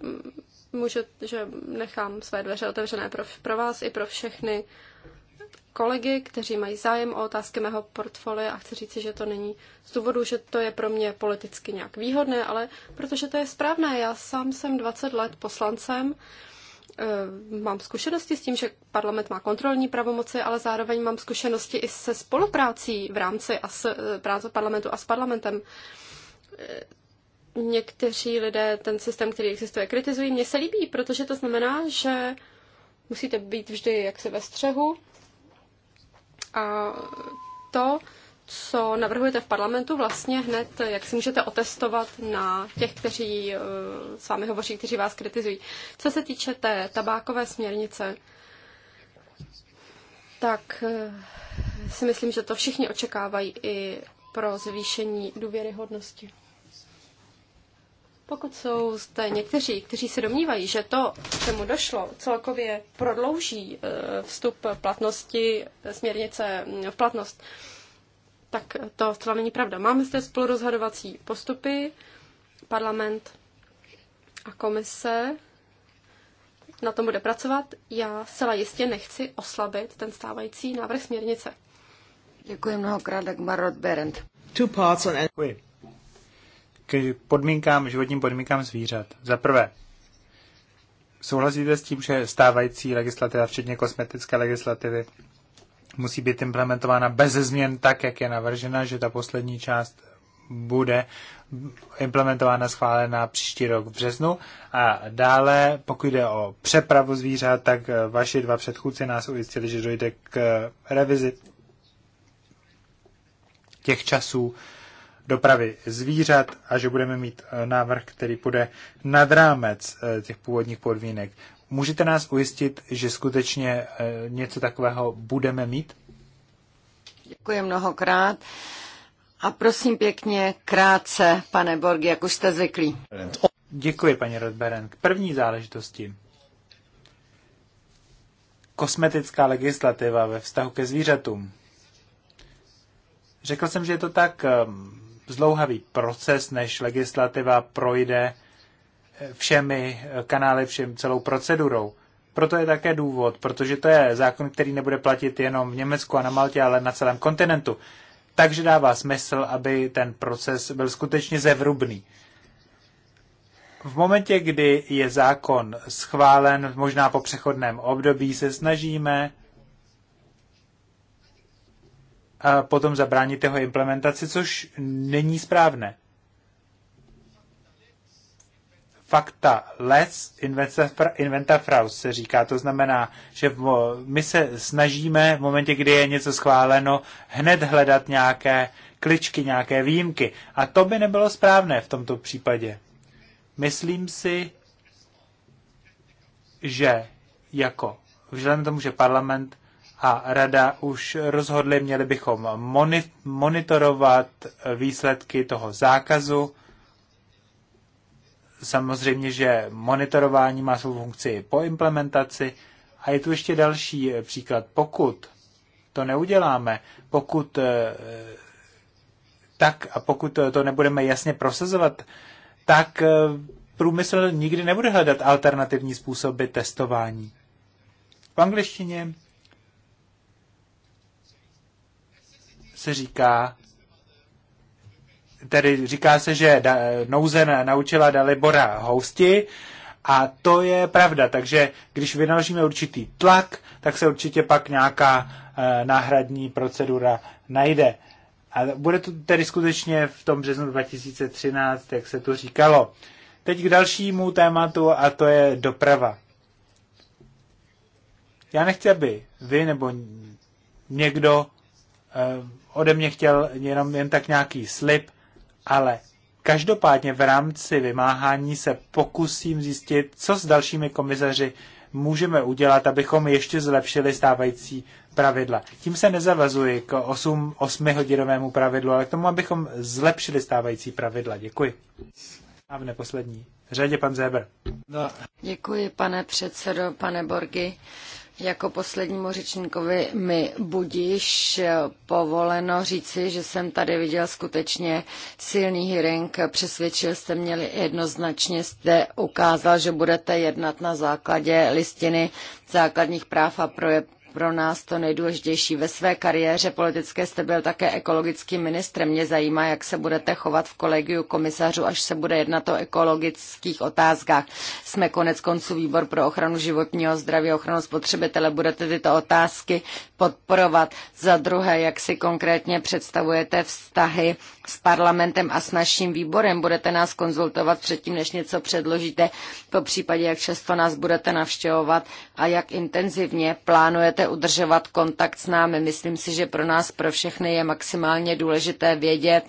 mm, může, že nechám své dveře otevřené pro, pro vás i pro všechny kolegy, kteří mají zájem o otázky mého portfolia a chci říci, že to není z důvodu, že to je pro mě politicky nějak výhodné, ale protože to je správné. Já sám jsem 20 let poslancem, Eh, mám zkušenosti s tím, že parlament má kontrolní pravomoci, ale zároveň mám zkušenosti i se spoluprácí v rámci a s, eh, práce parlamentu a s parlamentem. Eh, někteří lidé ten systém, který existuje, kritizují. Mně se líbí, protože to znamená, že musíte být vždy jaksi ve střehu a to, co navrhujete v parlamentu, vlastně hned, jak si můžete otestovat na těch, kteří eh, s vámi hovoří, kteří vás kritizují. Co se týče té tabákové směrnice, tak eh, si myslím, že to všichni očekávají i pro zvýšení důvěryhodnosti. Pokud jsou zde někteří, kteří se domnívají, že to, k čemu došlo, celkově prodlouží eh, vstup platnosti směrnice mm, v platnost, tak to zcela není pravda. Máme zde spolurozhodovací postupy, parlament a komise na tom bude pracovat. Já zcela jistě nechci oslabit ten stávající návrh směrnice. Děkuji mnohokrát, Dagmar Rothberend. Two parts on K podmínkám, životním podmínkám zvířat. Za prvé, souhlasíte s tím, že stávající legislativa, včetně kosmetické legislativy, musí být implementována bez změn tak, jak je navržena, že ta poslední část bude implementována, schválená příští rok v březnu. A dále, pokud jde o přepravu zvířat, tak eh, vaši dva předchůdci nás ujistili, že dojde k eh, revizi těch časů dopravy zvířat a že budeme mít eh, návrh, který bude nad rámec těch původních podmínek. Můžete nás ujistit, že skutečně eh, něco takového budeme mít? Děkuji mnohokrát. A prosím pěkně, krátce, pane Borg, jak už jste zvyklí. Děkuji, paní Rodberen. K první záležitosti. Kosmetická legislativa ve vztahu ke zvířatům. Řekl jsem, že je to tak ehm, zlouhavý proces, než legislativa projde všemi kanály, všem celou procedurou. Proto je také důvod, protože to je zákon, který nebude platit jenom v Německu a na Maltě, ale na celém kontinentu. Takže dává smysl, aby ten proces byl skutečně zevrubný. V momentě, kdy je zákon schválen, možná po přechodném období, se snažíme a potom zabránit jeho implementaci, což není správné fakta les inventa fraus se říká. To znamená, že my se snažíme v momentě, kdy je něco schváleno, hned hledat nějaké kličky, nějaké výjimky. A to by nebylo správné v tomto případě. Myslím si, že jako vzhledem tomu, že parlament a rada už rozhodli, měli bychom monitorovat výsledky toho zákazu, Samozřejmě, že monitorování má svou funkci po implementaci. A je tu ještě další eh, příklad. Pokud to neuděláme, pokud eh, tak a pokud eh, to nebudeme jasně prosazovat, tak průmysl nikdy nebude hledat alternativní způsoby testování. V angličtině se říká tedy říká se, že da, nouze naučila Dalibora housti a to je pravda, takže když vynaložíme určitý tlak, tak se určitě pak nějaká e, náhradní procedura najde. A bude to tedy skutečně v tom březnu 2013, jak se to říkalo. Teď k dalšímu tématu a to je doprava. Já nechci, aby vy nebo někdo eh, ode mě chtěl jenom jen tak nějaký slib, ale každopádně v rámci vymáhání se pokusím zjistit, co s dalšími komisaři můžeme udělat, abychom ještě zlepšili stávající pravidla. Tím se nezavazuji k 8, 8 hodinovému pravidlu, ale k tomu, abychom zlepšili stávající pravidla. Děkuji. A v neposlední řadě pan Zéber. No. Děkuji, pane předsedo, pane Borgi. Jako poslednímu řečníkovi mi budíš povoleno říci, že jsem tady viděl skutečně silný hearing. Přesvědčil jste mě jednoznačně, jste ukázal, že budete jednat na základě listiny základních práv a pro nás to nejdůležitější. Ve své kariéře politické jste byl také ekologickým ministrem. Mě zajímá, jak se budete chovat v kolegiu komisařů, až se bude jednat o ekologických otázkách. Jsme konec konců výbor pro ochranu životního zdraví, ochranu spotřebitele. Budete tyto otázky podporovat. Za druhé, jak si konkrétně představujete vztahy s parlamentem a s naším výborem. Budete nás konzultovat předtím, než něco předložíte, po případě, jak často nás budete navštěvovat a jak intenzivně plánujete udržovat kontakt s námi. Myslím si, že pro nás, pro všechny je maximálně důležité vědět,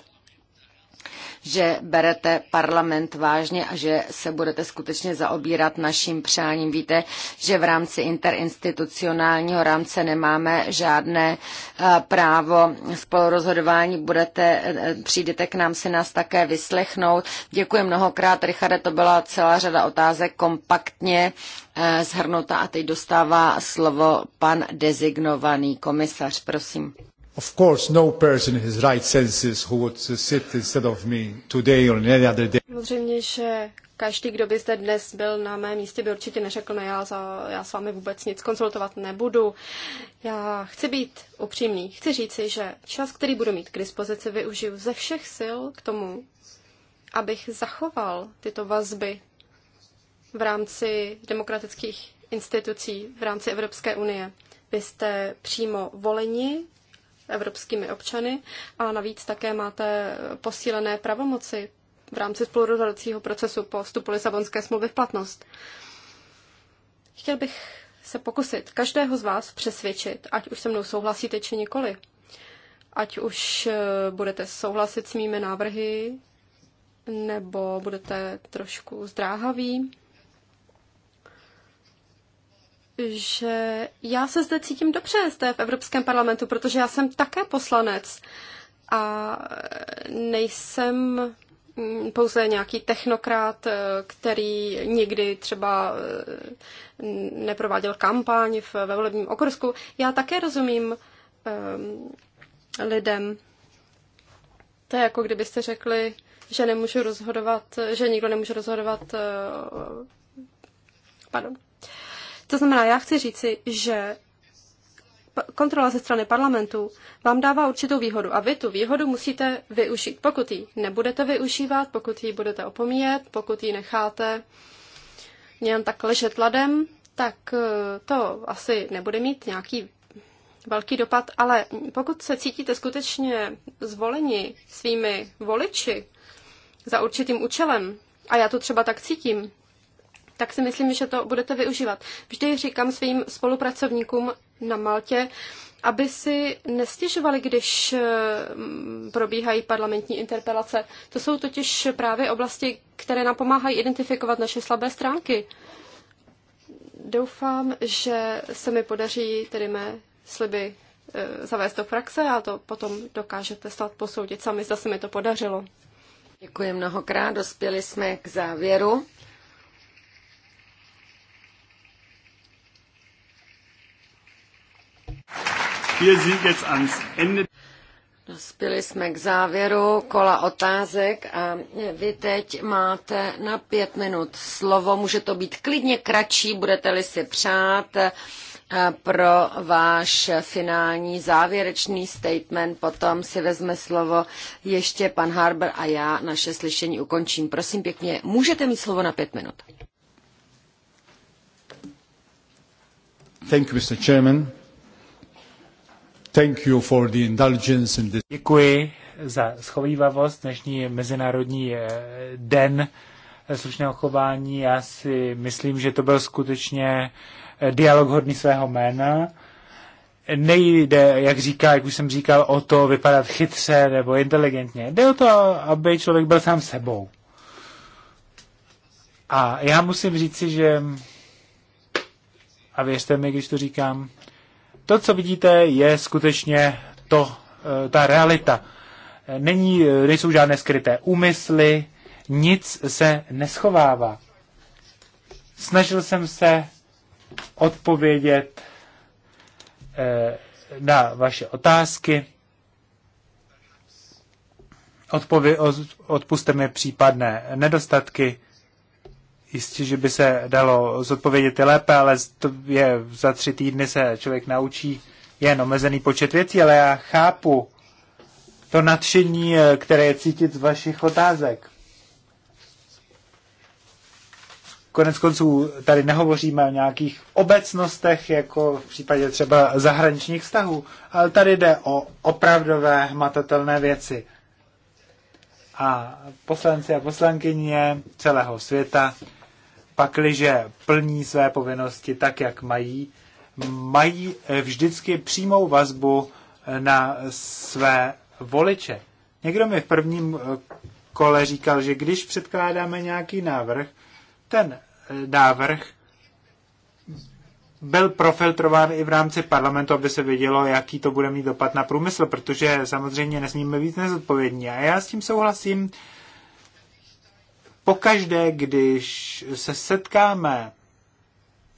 že berete parlament vážně a že se budete skutečně zaobírat naším přáním. Víte, že v rámci interinstitucionálního rámce nemáme žádné eh, právo spolurozhodování. Budete, eh, přijdete k nám si nás také vyslechnout. Děkuji mnohokrát, Richarde, to byla celá řada otázek kompaktně eh, zhrnuta a teď dostává slovo pan dezignovaný komisař. Prosím. Of course, no person in his right senses who would sit instead of me today or any other day. Samozřejmě, že každý, kdo byste dnes byl na mém místě, by určitě neřekl, ne, já, za, já s vámi vůbec nic konzultovat nebudu. Já chci být upřímný. Chci říci, že čas, který budu mít k dispozici, využiju ze všech sil k tomu, abych zachoval tyto vazby v rámci demokratických institucí, v rámci Evropské unie. Vy jste přímo voleni evropskými občany a navíc také máte posílené pravomoci v rámci spolurozhodovacího procesu po vstupu Lisabonské smlouvy v platnost. Chtěl bych se pokusit každého z vás přesvědčit, ať už se mnou souhlasíte či nikoli, ať už eh, budete souhlasit s mými návrhy, nebo budete trošku zdráhaví, že já se zde cítím dobře zde v Evropském parlamentu, protože já jsem také poslanec a nejsem mm, pouze nějaký technokrat, eh, který nikdy třeba eh, neprováděl kampaň ve volebním okrsku. Já také rozumím ehm, lidem. To je jako kdybyste řekli, že nemůžu rozhodovat, že nikdo nemůže rozhodovat, eh, pardon, to znamená, já chci říci, že kontrola ze strany parlamentu vám dává určitou výhodu a vy tu výhodu musíte využít. Pokud ji nebudete využívat, pokud ji budete opomíjet, pokud ji necháte jen tak ležet ladem, tak eh, to asi nebude mít nějaký velký dopad, ale pokud se cítíte skutečně zvoleni svými voliči za určitým účelem, a já to třeba tak cítím, tak si myslím, že to budete využívat. Vždy říkám svým spolupracovníkům na Maltě, aby si nestěžovali, když eh, probíhají parlamentní interpelace. To jsou totiž právě oblasti, které nám pomáhají identifikovat naše slabé stránky. Doufám, že se mi podaří tedy mé sliby eh, zavést do praxe a to potom dokážete stát posoudit sami, zda se mi to podařilo. Děkuji mnohokrát, dospěli jsme k závěru. Dospěli jsme k závěru kola otázek a vy teď máte na pět minut slovo. Může to být klidně kratší, budete-li si přát eh, pro váš finální závěrečný statement. Potom si vezme slovo ještě pan Harber a já naše slyšení ukončím. Prosím pěkně, můžete mít slovo na pět minut. Thank you, Mr. Chairman. Thank you for the indulgence in this. Děkuji za schovývavost dnešní Mezinárodní eh, den eh, slušného chování. Já si myslím, že to byl skutečně eh, dialog hodný svého jména. Nejde, jak říká, jak už jsem říkal, o to vypadat chytře nebo inteligentně. Jde o to, aby člověk byl sám sebou. A já musím říci, že, a věřte mi, když to říkám, to, co vidíte, je skutečně to, eh, ta realita. Není, eh, nejsou žádné skryté úmysly, nic se neschovává. Snažil jsem se odpovědět eh, na vaše otázky. Odpovi, odpuste mi případné nedostatky. Jistě, že by se dalo zodpovědět i lépe, ale to je, za tři týdny se člověk naučí jen omezený počet věcí, ale já chápu to nadšení, eh, které je cítit z vašich otázek. Konec konců tady nehovoříme o nějakých obecnostech, jako v případě třeba zahraničních vztahů, ale tady jde o opravdové hmatatelné věci a poslanci a poslankyně celého světa, pakliže plní své povinnosti tak, jak mají, mají vždycky přímou vazbu na své voliče. Někdo mi v prvním kole říkal, že když předkládáme nějaký návrh, ten návrh byl profiltrován i v rámci parlamentu, aby se vědělo, jaký to bude mít dopad na průmysl, protože samozřejmě nesmíme být nezodpovědní. A já s tím souhlasím. Pokaždé, když se setkáme,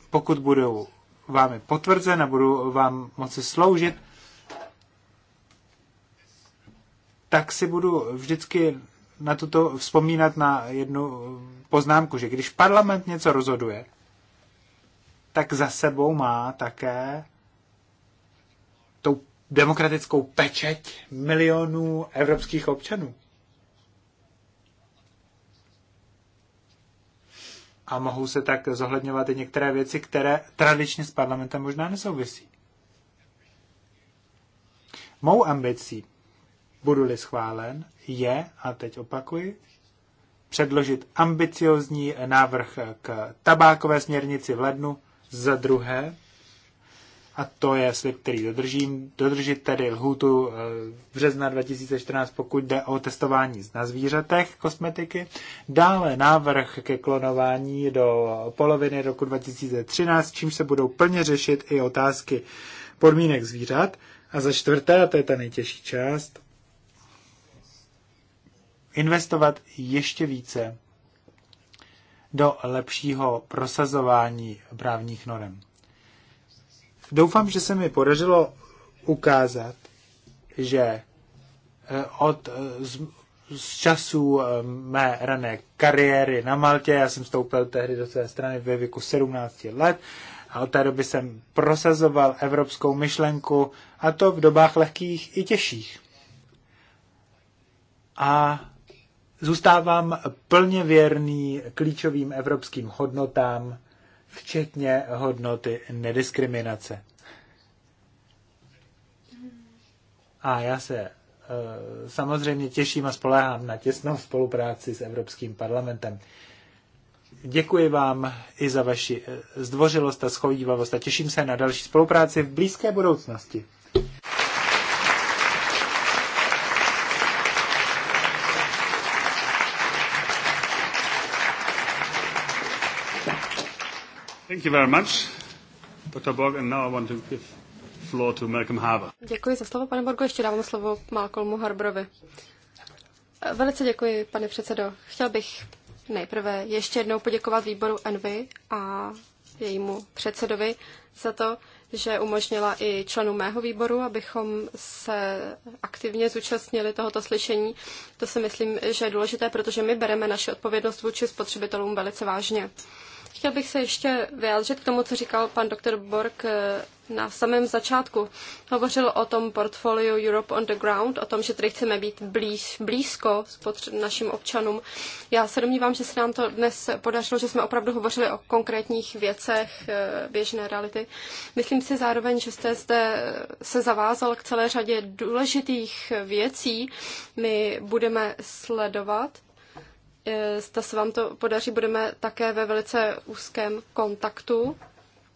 pokud budou vámi potvrzen a budu vám moci sloužit, tak si budu vždycky na tuto vzpomínat na jednu poznámku, že když parlament něco rozhoduje, tak za sebou má také tou demokratickou pečeť milionů evropských občanů. A mohou se tak zohledňovat i některé věci, které tradičně s parlamentem možná nesouvisí. Mou ambicí, budu-li schválen, je, a teď opakuji, předložit ambiciozní návrh k tabákové směrnici v lednu za druhé, a to je slib, který dodržím, dodržit tedy lhůtu eh, března 2014, pokud jde o testování na zvířatech kosmetiky. Dále návrh ke klonování do poloviny roku 2013, čímž se budou plně řešit i otázky podmínek zvířat. A za čtvrté, a to je ta nejtěžší část, investovat ještě více do lepšího prosazování právních norem. Doufám, že se mi podařilo ukázat, že eh, od eh, z, z času eh, mé rané kariéry na Maltě, já jsem vstoupil tehdy do své strany ve věku 17 let, a od té doby jsem prosazoval evropskou myšlenku, a to v dobách lehkých i těžších. A Zůstávám plně věrný klíčovým evropským hodnotám, včetně hodnoty nediskriminace. A já se eh, samozřejmě těším a spoléhám na těsnou spolupráci s Evropským parlamentem. Děkuji vám i za vaši eh, zdvořilost a schovývavost a těším se na další spolupráci v blízké budoucnosti. Thank you very much, Dr. Borg, and now I want to give floor to Malcolm Harbour. Děkuji za slovo, pane Borgo, Ještě dávám slovo Malcolmu Harbrovi. Velice děkuji, pane předsedo. Chtěl bych nejprve ještě jednou poděkovat výboru Envy a jejímu předsedovi za to, že umožnila i členům mého výboru, abychom se aktivně zúčastnili tohoto slyšení. To si myslím, že je důležité, protože my bereme naši odpovědnost vůči spotřebitelům velice vážně. Chtěl bych se ještě vyjádřit k tomu, co říkal pan doktor Borg eh, na samém začátku. Hovořil o tom portfoliu Europe on the Ground, o tom, že tady chceme být blíž, blízko našim občanům. Já se domnívám, že se nám to dnes podařilo, že jsme opravdu hovořili o konkrétních věcech eh, běžné reality. Myslím si zároveň, že jste zde eh, se zavázal k celé řadě důležitých věcí. My budeme sledovat Eh, zda se vám to podaří, budeme také ve velice úzkém kontaktu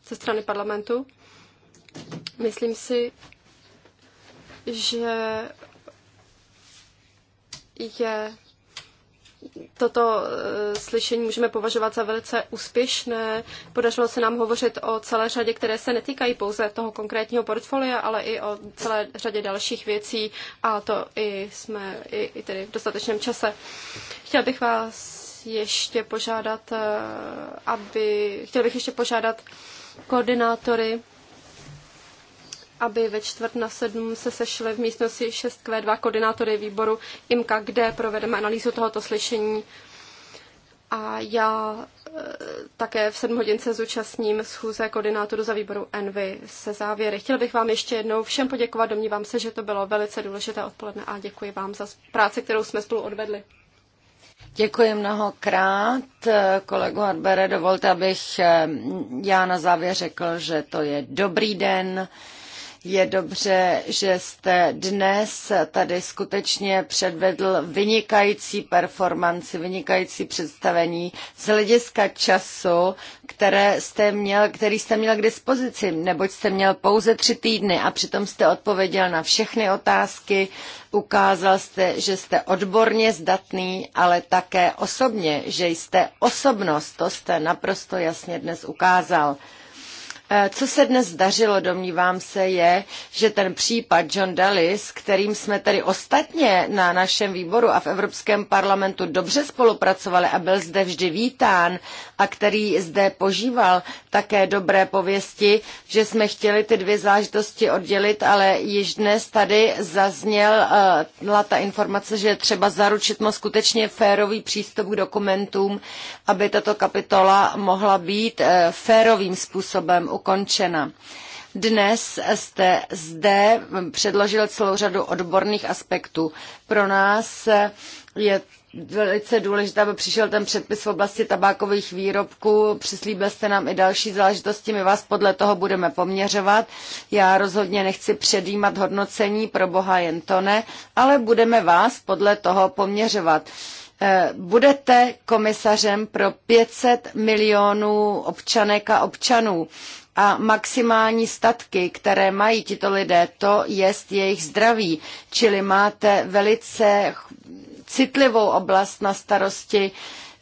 ze strany parlamentu. Myslím si, že je toto eh, slyšení můžeme považovat za velice úspěšné. Podařilo se nám hovořit o celé řadě, které se netýkají pouze toho konkrétního portfolia, ale i o celé řadě dalších věcí a to i jsme i, i tedy v dostatečném čase. Chtěl bych vás ještě požádat, eh, aby, chtěl bych ještě požádat koordinátory aby ve čtvrt na sedm se sešly v místnosti 6Q2 koordinátory výboru IMKA, kde provedeme analýzu tohoto slyšení. A já eh, také v 7 hodin se zúčastním schůze koordinátoru za výboru Envy se závěry. Chtěl bych vám ještě jednou všem poděkovat, domnívám se, že to bylo velice důležité odpoledne a děkuji vám za práci, kterou jsme spolu odvedli. Děkuji mnohokrát, eh, kolego Hardbere, Dovolte, abych eh, já na závěr řekl, že to je dobrý den. Je dobře, že jste dnes tady skutečně předvedl vynikající performanci, vynikající představení z hlediska času, které jste měl, který jste měl k dispozici, neboť jste měl pouze tři týdny a přitom jste odpověděl na všechny otázky, ukázal jste, že jste odborně zdatný, ale také osobně, že jste osobnost, to jste naprosto jasně dnes ukázal. Eh, co se dnes zdařilo, domnívám se, je, že ten případ John Daly, s kterým jsme tedy ostatně na našem výboru a v Evropském parlamentu dobře spolupracovali a byl zde vždy vítán a který zde požíval také dobré pověsti, že jsme chtěli ty dvě zážitosti oddělit, ale již dnes tady zazněla eh, ta informace, že je třeba zaručit mu skutečně férový přístup k dokumentům, aby tato kapitola mohla být eh, férovým způsobem ukončena. Dnes jste zde předložil celou řadu odborných aspektů. Pro nás je velice důležité, aby přišel ten předpis v oblasti tabákových výrobků. Přislíbil jste nám i další záležitosti, my vás podle toho budeme poměřovat. Já rozhodně nechci předjímat hodnocení, pro boha jen to ne, ale budeme vás podle toho poměřovat. Eh, budete komisařem pro 500 milionů občanek a občanů a maximální statky, které mají tito lidé, to je jejich zdraví. Čili máte velice citlivou oblast na starosti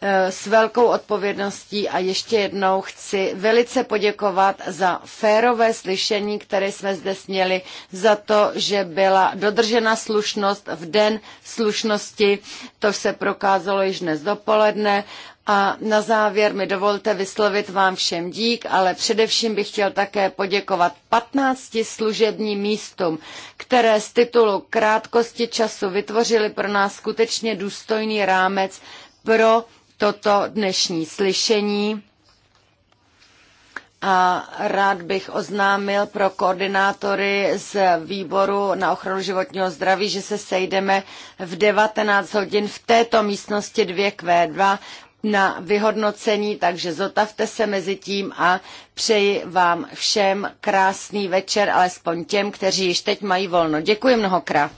eh, s velkou odpovědností a ještě jednou chci velice poděkovat za férové slyšení, které jsme zde směli, za to, že byla dodržena slušnost v den slušnosti, to se prokázalo již dnes dopoledne a na závěr mi dovolte vyslovit vám všem dík, ale především bych chtěl také poděkovat 15 služebním místům, které z titulu krátkosti času vytvořili pro nás skutečně důstojný rámec pro toto dnešní slyšení. A rád bych oznámil pro koordinátory z výboru na ochranu životního zdraví, že se sejdeme v 19 hodin v této místnosti 2Q2 na vyhodnocení, takže zotavte se mezi tím a přeji vám všem krásný večer, alespoň těm, kteří již teď mají volno. Děkuji mnohokrát.